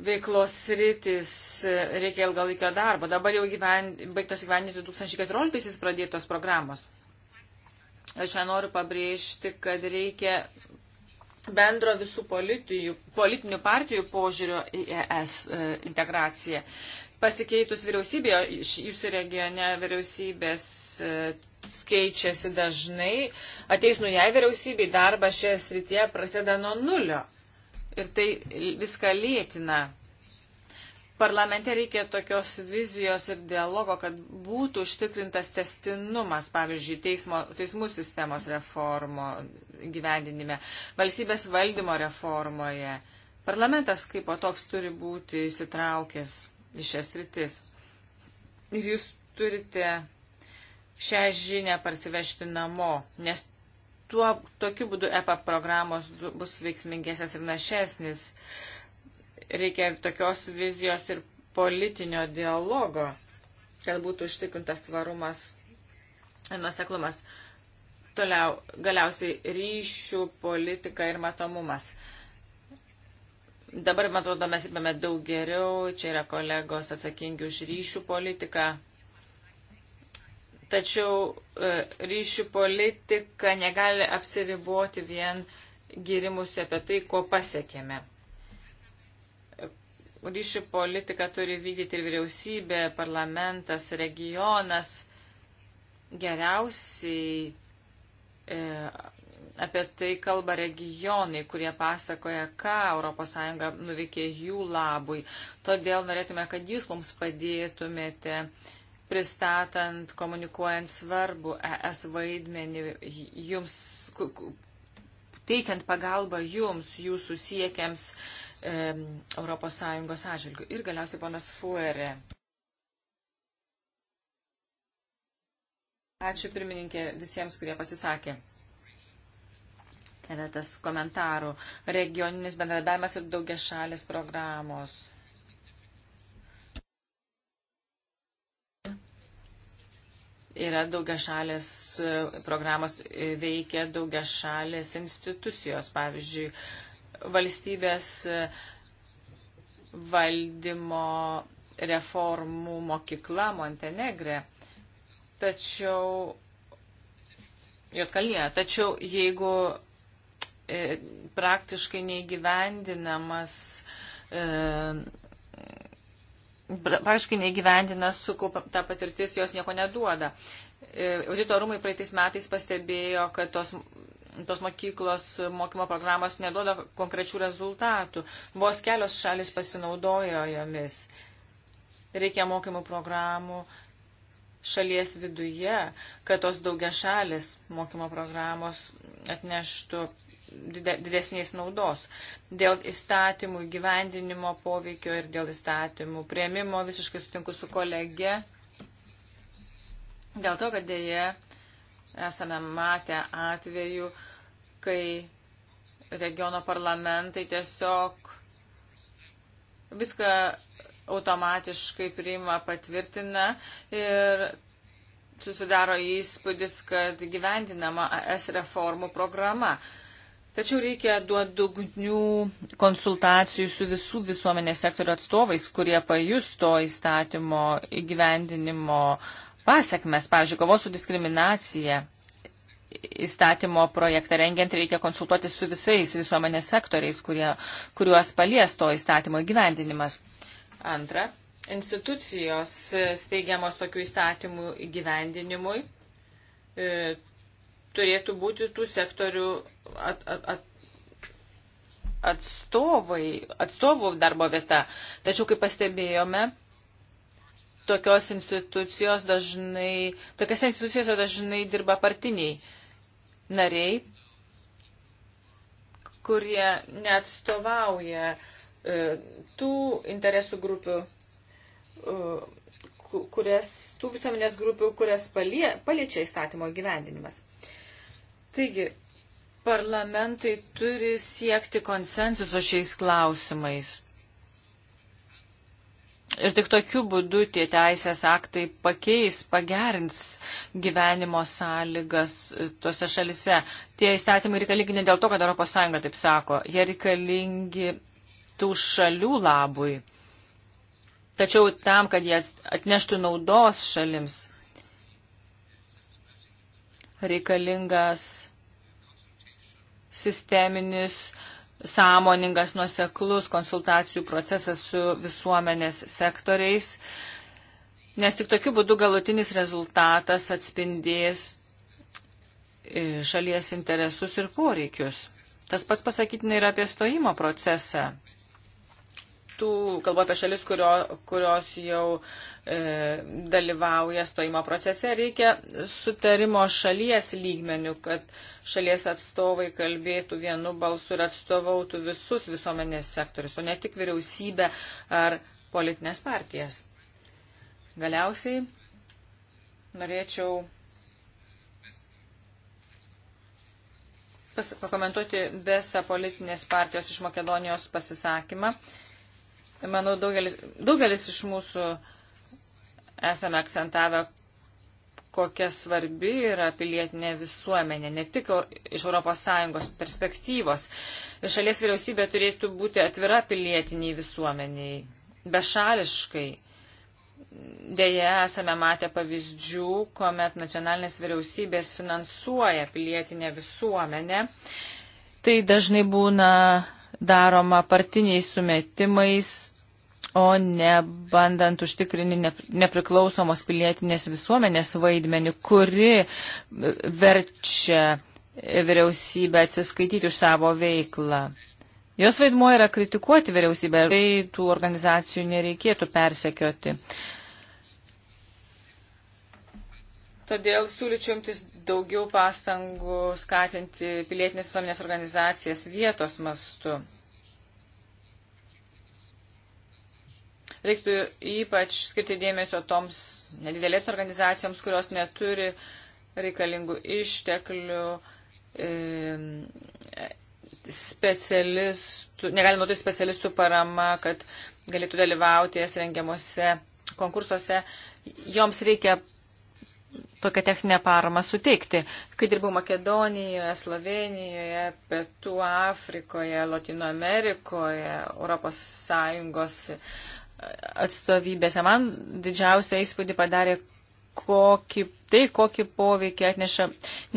veiklos sritis, e, reikia ilgalaikio darbo. Dabar jau gyven, baigtos gyveninti 2014 pradėtos programos. Aš čia noriu pabrėžti, kad reikia bendro visų politijų, politinių partijų požiūrio į ES e, integraciją pasikeitus vyriausybė, jūsų regione vyriausybės e, keičiasi dažnai, ateis naujai vyriausybei darbas šioje srityje prasideda nuo nulio. Ir tai viską lėtina. Parlamente reikia tokios vizijos ir dialogo, kad būtų užtikrintas testinumas, pavyzdžiui, teismo, teismų sistemos reformo gyvendinime, valstybės valdymo reformoje. Parlamentas kaip o toks turi būti įsitraukęs į šias rytis. Ir jūs turite šią žinę parsivežti namo, nes tuo, tokiu būdu EPA programos bus veiksmingesnės ir našesnis. Reikia ir tokios vizijos ir politinio dialogo, kad būtų užtikrintas tvarumas ir nuseklumas. Toliau, galiausiai ryšių politika ir matomumas. Uh, Dabar, man atrodo, mes dirbame daug geriau, čia yra kolegos atsakingi už ryšių politiką. Tačiau e, ryšių politika negali apsiriboti vien girimusi apie tai, ko pasiekėme. Ryšių politika turi vykdyti ir vyriausybė, parlamentas, regionas. Geriausiai e, apie tai kalba regionai, kurie pasakoja, ką ES nuveikė jų labui. Todėl norėtume, kad jūs mums padėtumėte pristatant, komunikuojant svarbu ES vaidmenį, jums, teikiant pagalbą jums, jūsų siekiams e, ES atžvilgių. Ir galiausiai ponas Fuere. Ačiū pirmininkė visiems, kurie pasisakė keletas komentarų. Regioninis bendradarbiavimas ir daugia šalis programos. Yra daugia šalis e, programos, e, veikia daugia šalis institucijos, pavyzdžiui, valstybės e, valdymo reformų mokykla Montenegre. Tačiau Jotkalnyje. Tačiau jeigu E, praktiškai neįgyvendinamas, e, praktiškai neįgyvendina sukaupta patirtis, jos nieko neduoda. E, audito rūmai praeitais metais pastebėjo, kad tos tos mokyklos mokymo programos neduoda konkrečių rezultatų. Vos kelios šalis pasinaudojo jomis. Reikia mokymų programų šalies viduje, kad tos daugia šalis mokymo programos atneštų didesnės naudos. Dėl įstatymų įgyvendinimo poveikio ir dėl įstatymų prieimimo visiškai sutinku su kolege. Dėl to, kad dėje esame matę atveju, kai regiono parlamentai tiesiog viską automatiškai priima, patvirtina ir susidaro įspūdis, kad gyvendinama AS reformų programa. Tačiau reikia duodugnių konsultacijų su visų visuomenės sektorių atstovais, kurie pajus to įstatymo įgyvendinimo pasiekmes, pavyzdžiui, kovos su diskriminacija. Įstatymo projektą rengiant reikia konsultuoti su visais visuomenės sektoriais, kurie, kuriuos palies to įstatymo įgyvendinimas. Antra, institucijos steigiamos tokių įstatymų įgyvendinimui e, turėtų būti tų sektorių at, at, at, atstovai, atstovų darbo vieta. Tačiau, kaip pastebėjome, tokios institucijos dažnai, tokiose institucijose dažnai dirba partiniai nariai, kurie neatstovauja e, tų interesų grupių, e, kurias, tų visuomenės grupių, kurias palie, paliečia įstatymo gyvendinimas. Taigi, parlamentai turi siekti konsensuso šiais klausimais. Ir tik tokiu būdu tie teisės aktai pakeis, pagerins gyvenimo sąlygas tose šalise. Tie įstatymai reikalingi ne dėl to, kad ES taip sako, jie reikalingi tų šalių labui. Tačiau tam, kad jie atneštų naudos šalims, reikalingas sisteminis, sąmoningas, nuoseklus konsultacijų procesas su visuomenės sektoriais, nes tik tokiu būdu galutinis rezultatas atspindės e, šalies interesus ir poreikius. Tas pats pasakytina yra apie stojimo procesą. Tų, kalbu apie šalis, kurio, kurios jau E, dalyvauja stojimo procese, reikia sutarimo šalies lygmenių, kad šalies atstovai kalbėtų vienu balsu ir atstovautų visus visuomenės sektorius, o ne tik vyriausybę ar politinės partijas. Galiausiai norėčiau pakomentuoti BESA politinės partijos iš Makedonijos pasisakymą. Manau, daugelis, daugelis iš mūsų uh, esame akcentavę, kokia svarbi yra pilietinė visuomenė, ne tik iš ES perspektyvos. Šalies vyriausybė turėtų būti atvira pilietiniai visuomeniai, bešališkai. Deja, esame matę pavyzdžių, kuomet nacionalinės vyriausybės finansuoja pilietinę visuomenę. Tai dažnai būna daroma partiniais sumetimais, o ne bandant užtikrinti nepriklausomos pilietinės visuomenės vaidmenį, kuri e, verčia vyriausybę atsiskaityti už savo veiklą. Jos vaidmuo yra kritikuoti vyriausybę, tai tų organizacijų nereikėtų persekioti. Todėl siūlyčiau imtis daugiau pastangų skatinti pilietinės visuomenės organizacijas vietos mastu. Reiktų ypač skirti dėmesio toms nedidelėms organizacijoms, kurios neturi reikalingų išteklių, specialistų, negalima duoti specialistų parama, kad galėtų dalyvauti jas rengiamuose konkursuose. Joms reikia tokią techninę paramą suteikti. Kai dirbau Makedonijoje, Slovenijoje, Pietų Afrikoje, Latino Amerikoje, Europos Sąjungos atstovybėse. Man didžiausia įspūdį padarė kokį, tai, kokį poveikį atneša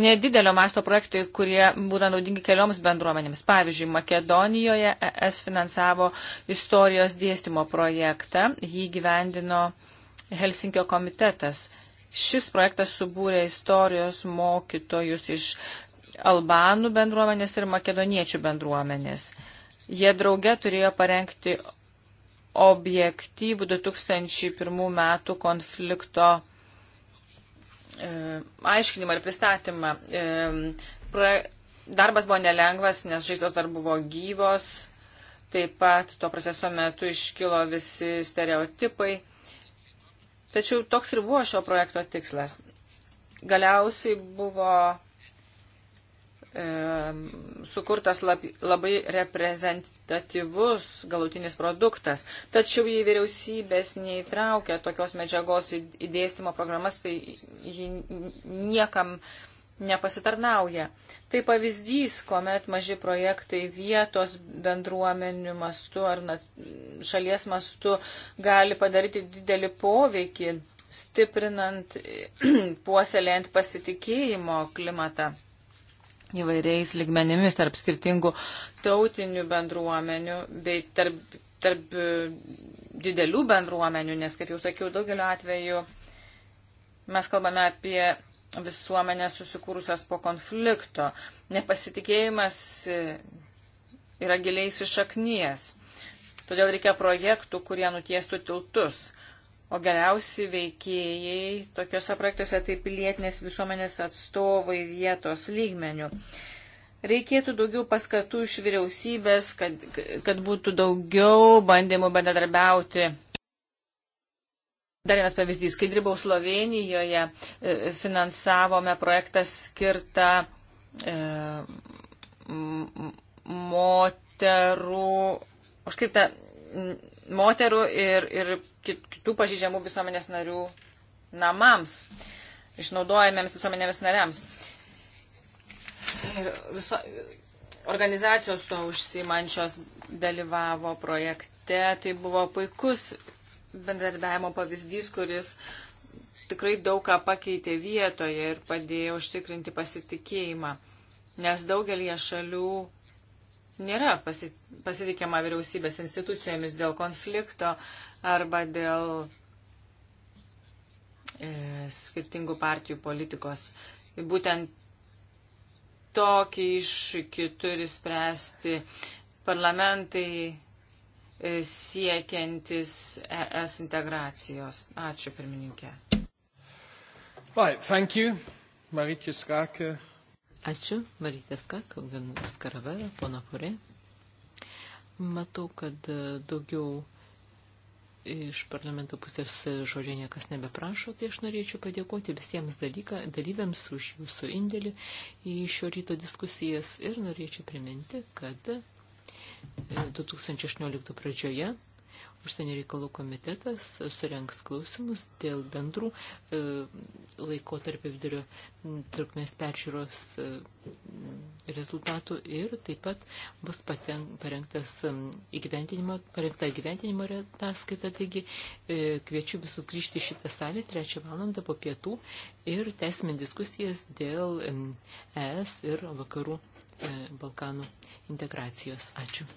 nedidelio masto projektai, kurie būna naudingi kelioms bendruomenėms. Pavyzdžiui, Makedonijoje ES finansavo istorijos dėstymo projektą, jį gyvendino Helsinkio komitetas. Šis projektas subūrė istorijos mokytojus iš albanų bendruomenės ir makedoniečių bendruomenės. Jie drauge turėjo parengti objektyvų 2001 metų konflikto e, aiškinimą ir pristatymą. E, darbas buvo nelengvas, nes žaizdos dar buvo gyvos, taip pat to proceso metu iškilo visi stereotipai. Tačiau toks ir buvo šio projekto tikslas. Galiausiai buvo E, sukurtas labai reprezentatyvus galutinis produktas. Tačiau jei vyriausybės neįtraukia tokios medžiagos įdėstymo programas, tai ji niekam nepasitarnauja. Tai pavyzdys, kuomet maži projektai vietos bendruomenių mastu ar šalies mastu gali padaryti didelį poveikį, stiprinant, puoselėjant pasitikėjimo klimatą įvairiais ligmenimis tarp skirtingų tautinių bendruomenių bei tarp, tarp e, didelių bendruomenių, nes, kaip jau sakiau, daugeliu atveju mes kalbame apie visuomenės susikūrusias po konflikto. Nepasitikėjimas e, yra giliai įsišaknyjas. Todėl reikia projektų, kurie nutiestų tiltus. O galiausiai veikėjai tokiuose projektuose tai pilietinės visuomenės atstovai vietos lygmenių. Reikėtų daugiau paskatų iš vyriausybės, kad, kad būtų daugiau bandymų bendradarbiauti. Dar vienas pavyzdys. Kai dirbau Slovenijoje, e, finansavome projektą skirtą e, moterų, skirtą moterų ir, ir kitų pažydžiamų visuomenės narių namams, išnaudojamiems visuomenėmis nariams. Ir viso, organizacijos to užsimančios dalyvavo projekte. Tai buvo puikus bendradarbiavimo pavyzdys, kuris tikrai daug ką pakeitė vietoje ir padėjo užtikrinti pasitikėjimą. Nes daugelie šalių nėra pasitikėma vyriausybės institucijomis dėl konflikto arba dėl e, skirtingų partijų politikos. Būtent tokį iššūkį turi spręsti parlamentai e, siekiantis ES integracijos. Ačiū, pirmininkė. Right, thank you. Marytė Skakė. Ačiū, Marytė Skakė, Ganukas Karavera, Pona Pure. Matau, kad e, daugiau iš parlamento pusės žodžio niekas nebeprašo, tai aš norėčiau padėkoti visiems dalyka, dalyviams už jūsų indėlį į šio ryto diskusijas ir norėčiau priminti, kad 2018 e, pradžioje užsienio reikalų komitetas surenks klausimus dėl bendrų e, laiko tarp vidurio trukmės peržiūros e, rezultatų ir taip pat bus paten, parengtas įgyventinimo, parengta įgyventinimo ataskaita, taigi e, kviečiu visus grįžti į šitą salę trečią valandą po pietų ir tęsime diskusijas dėl ES ir vakarų e, Balkanų integracijos. Ačiū.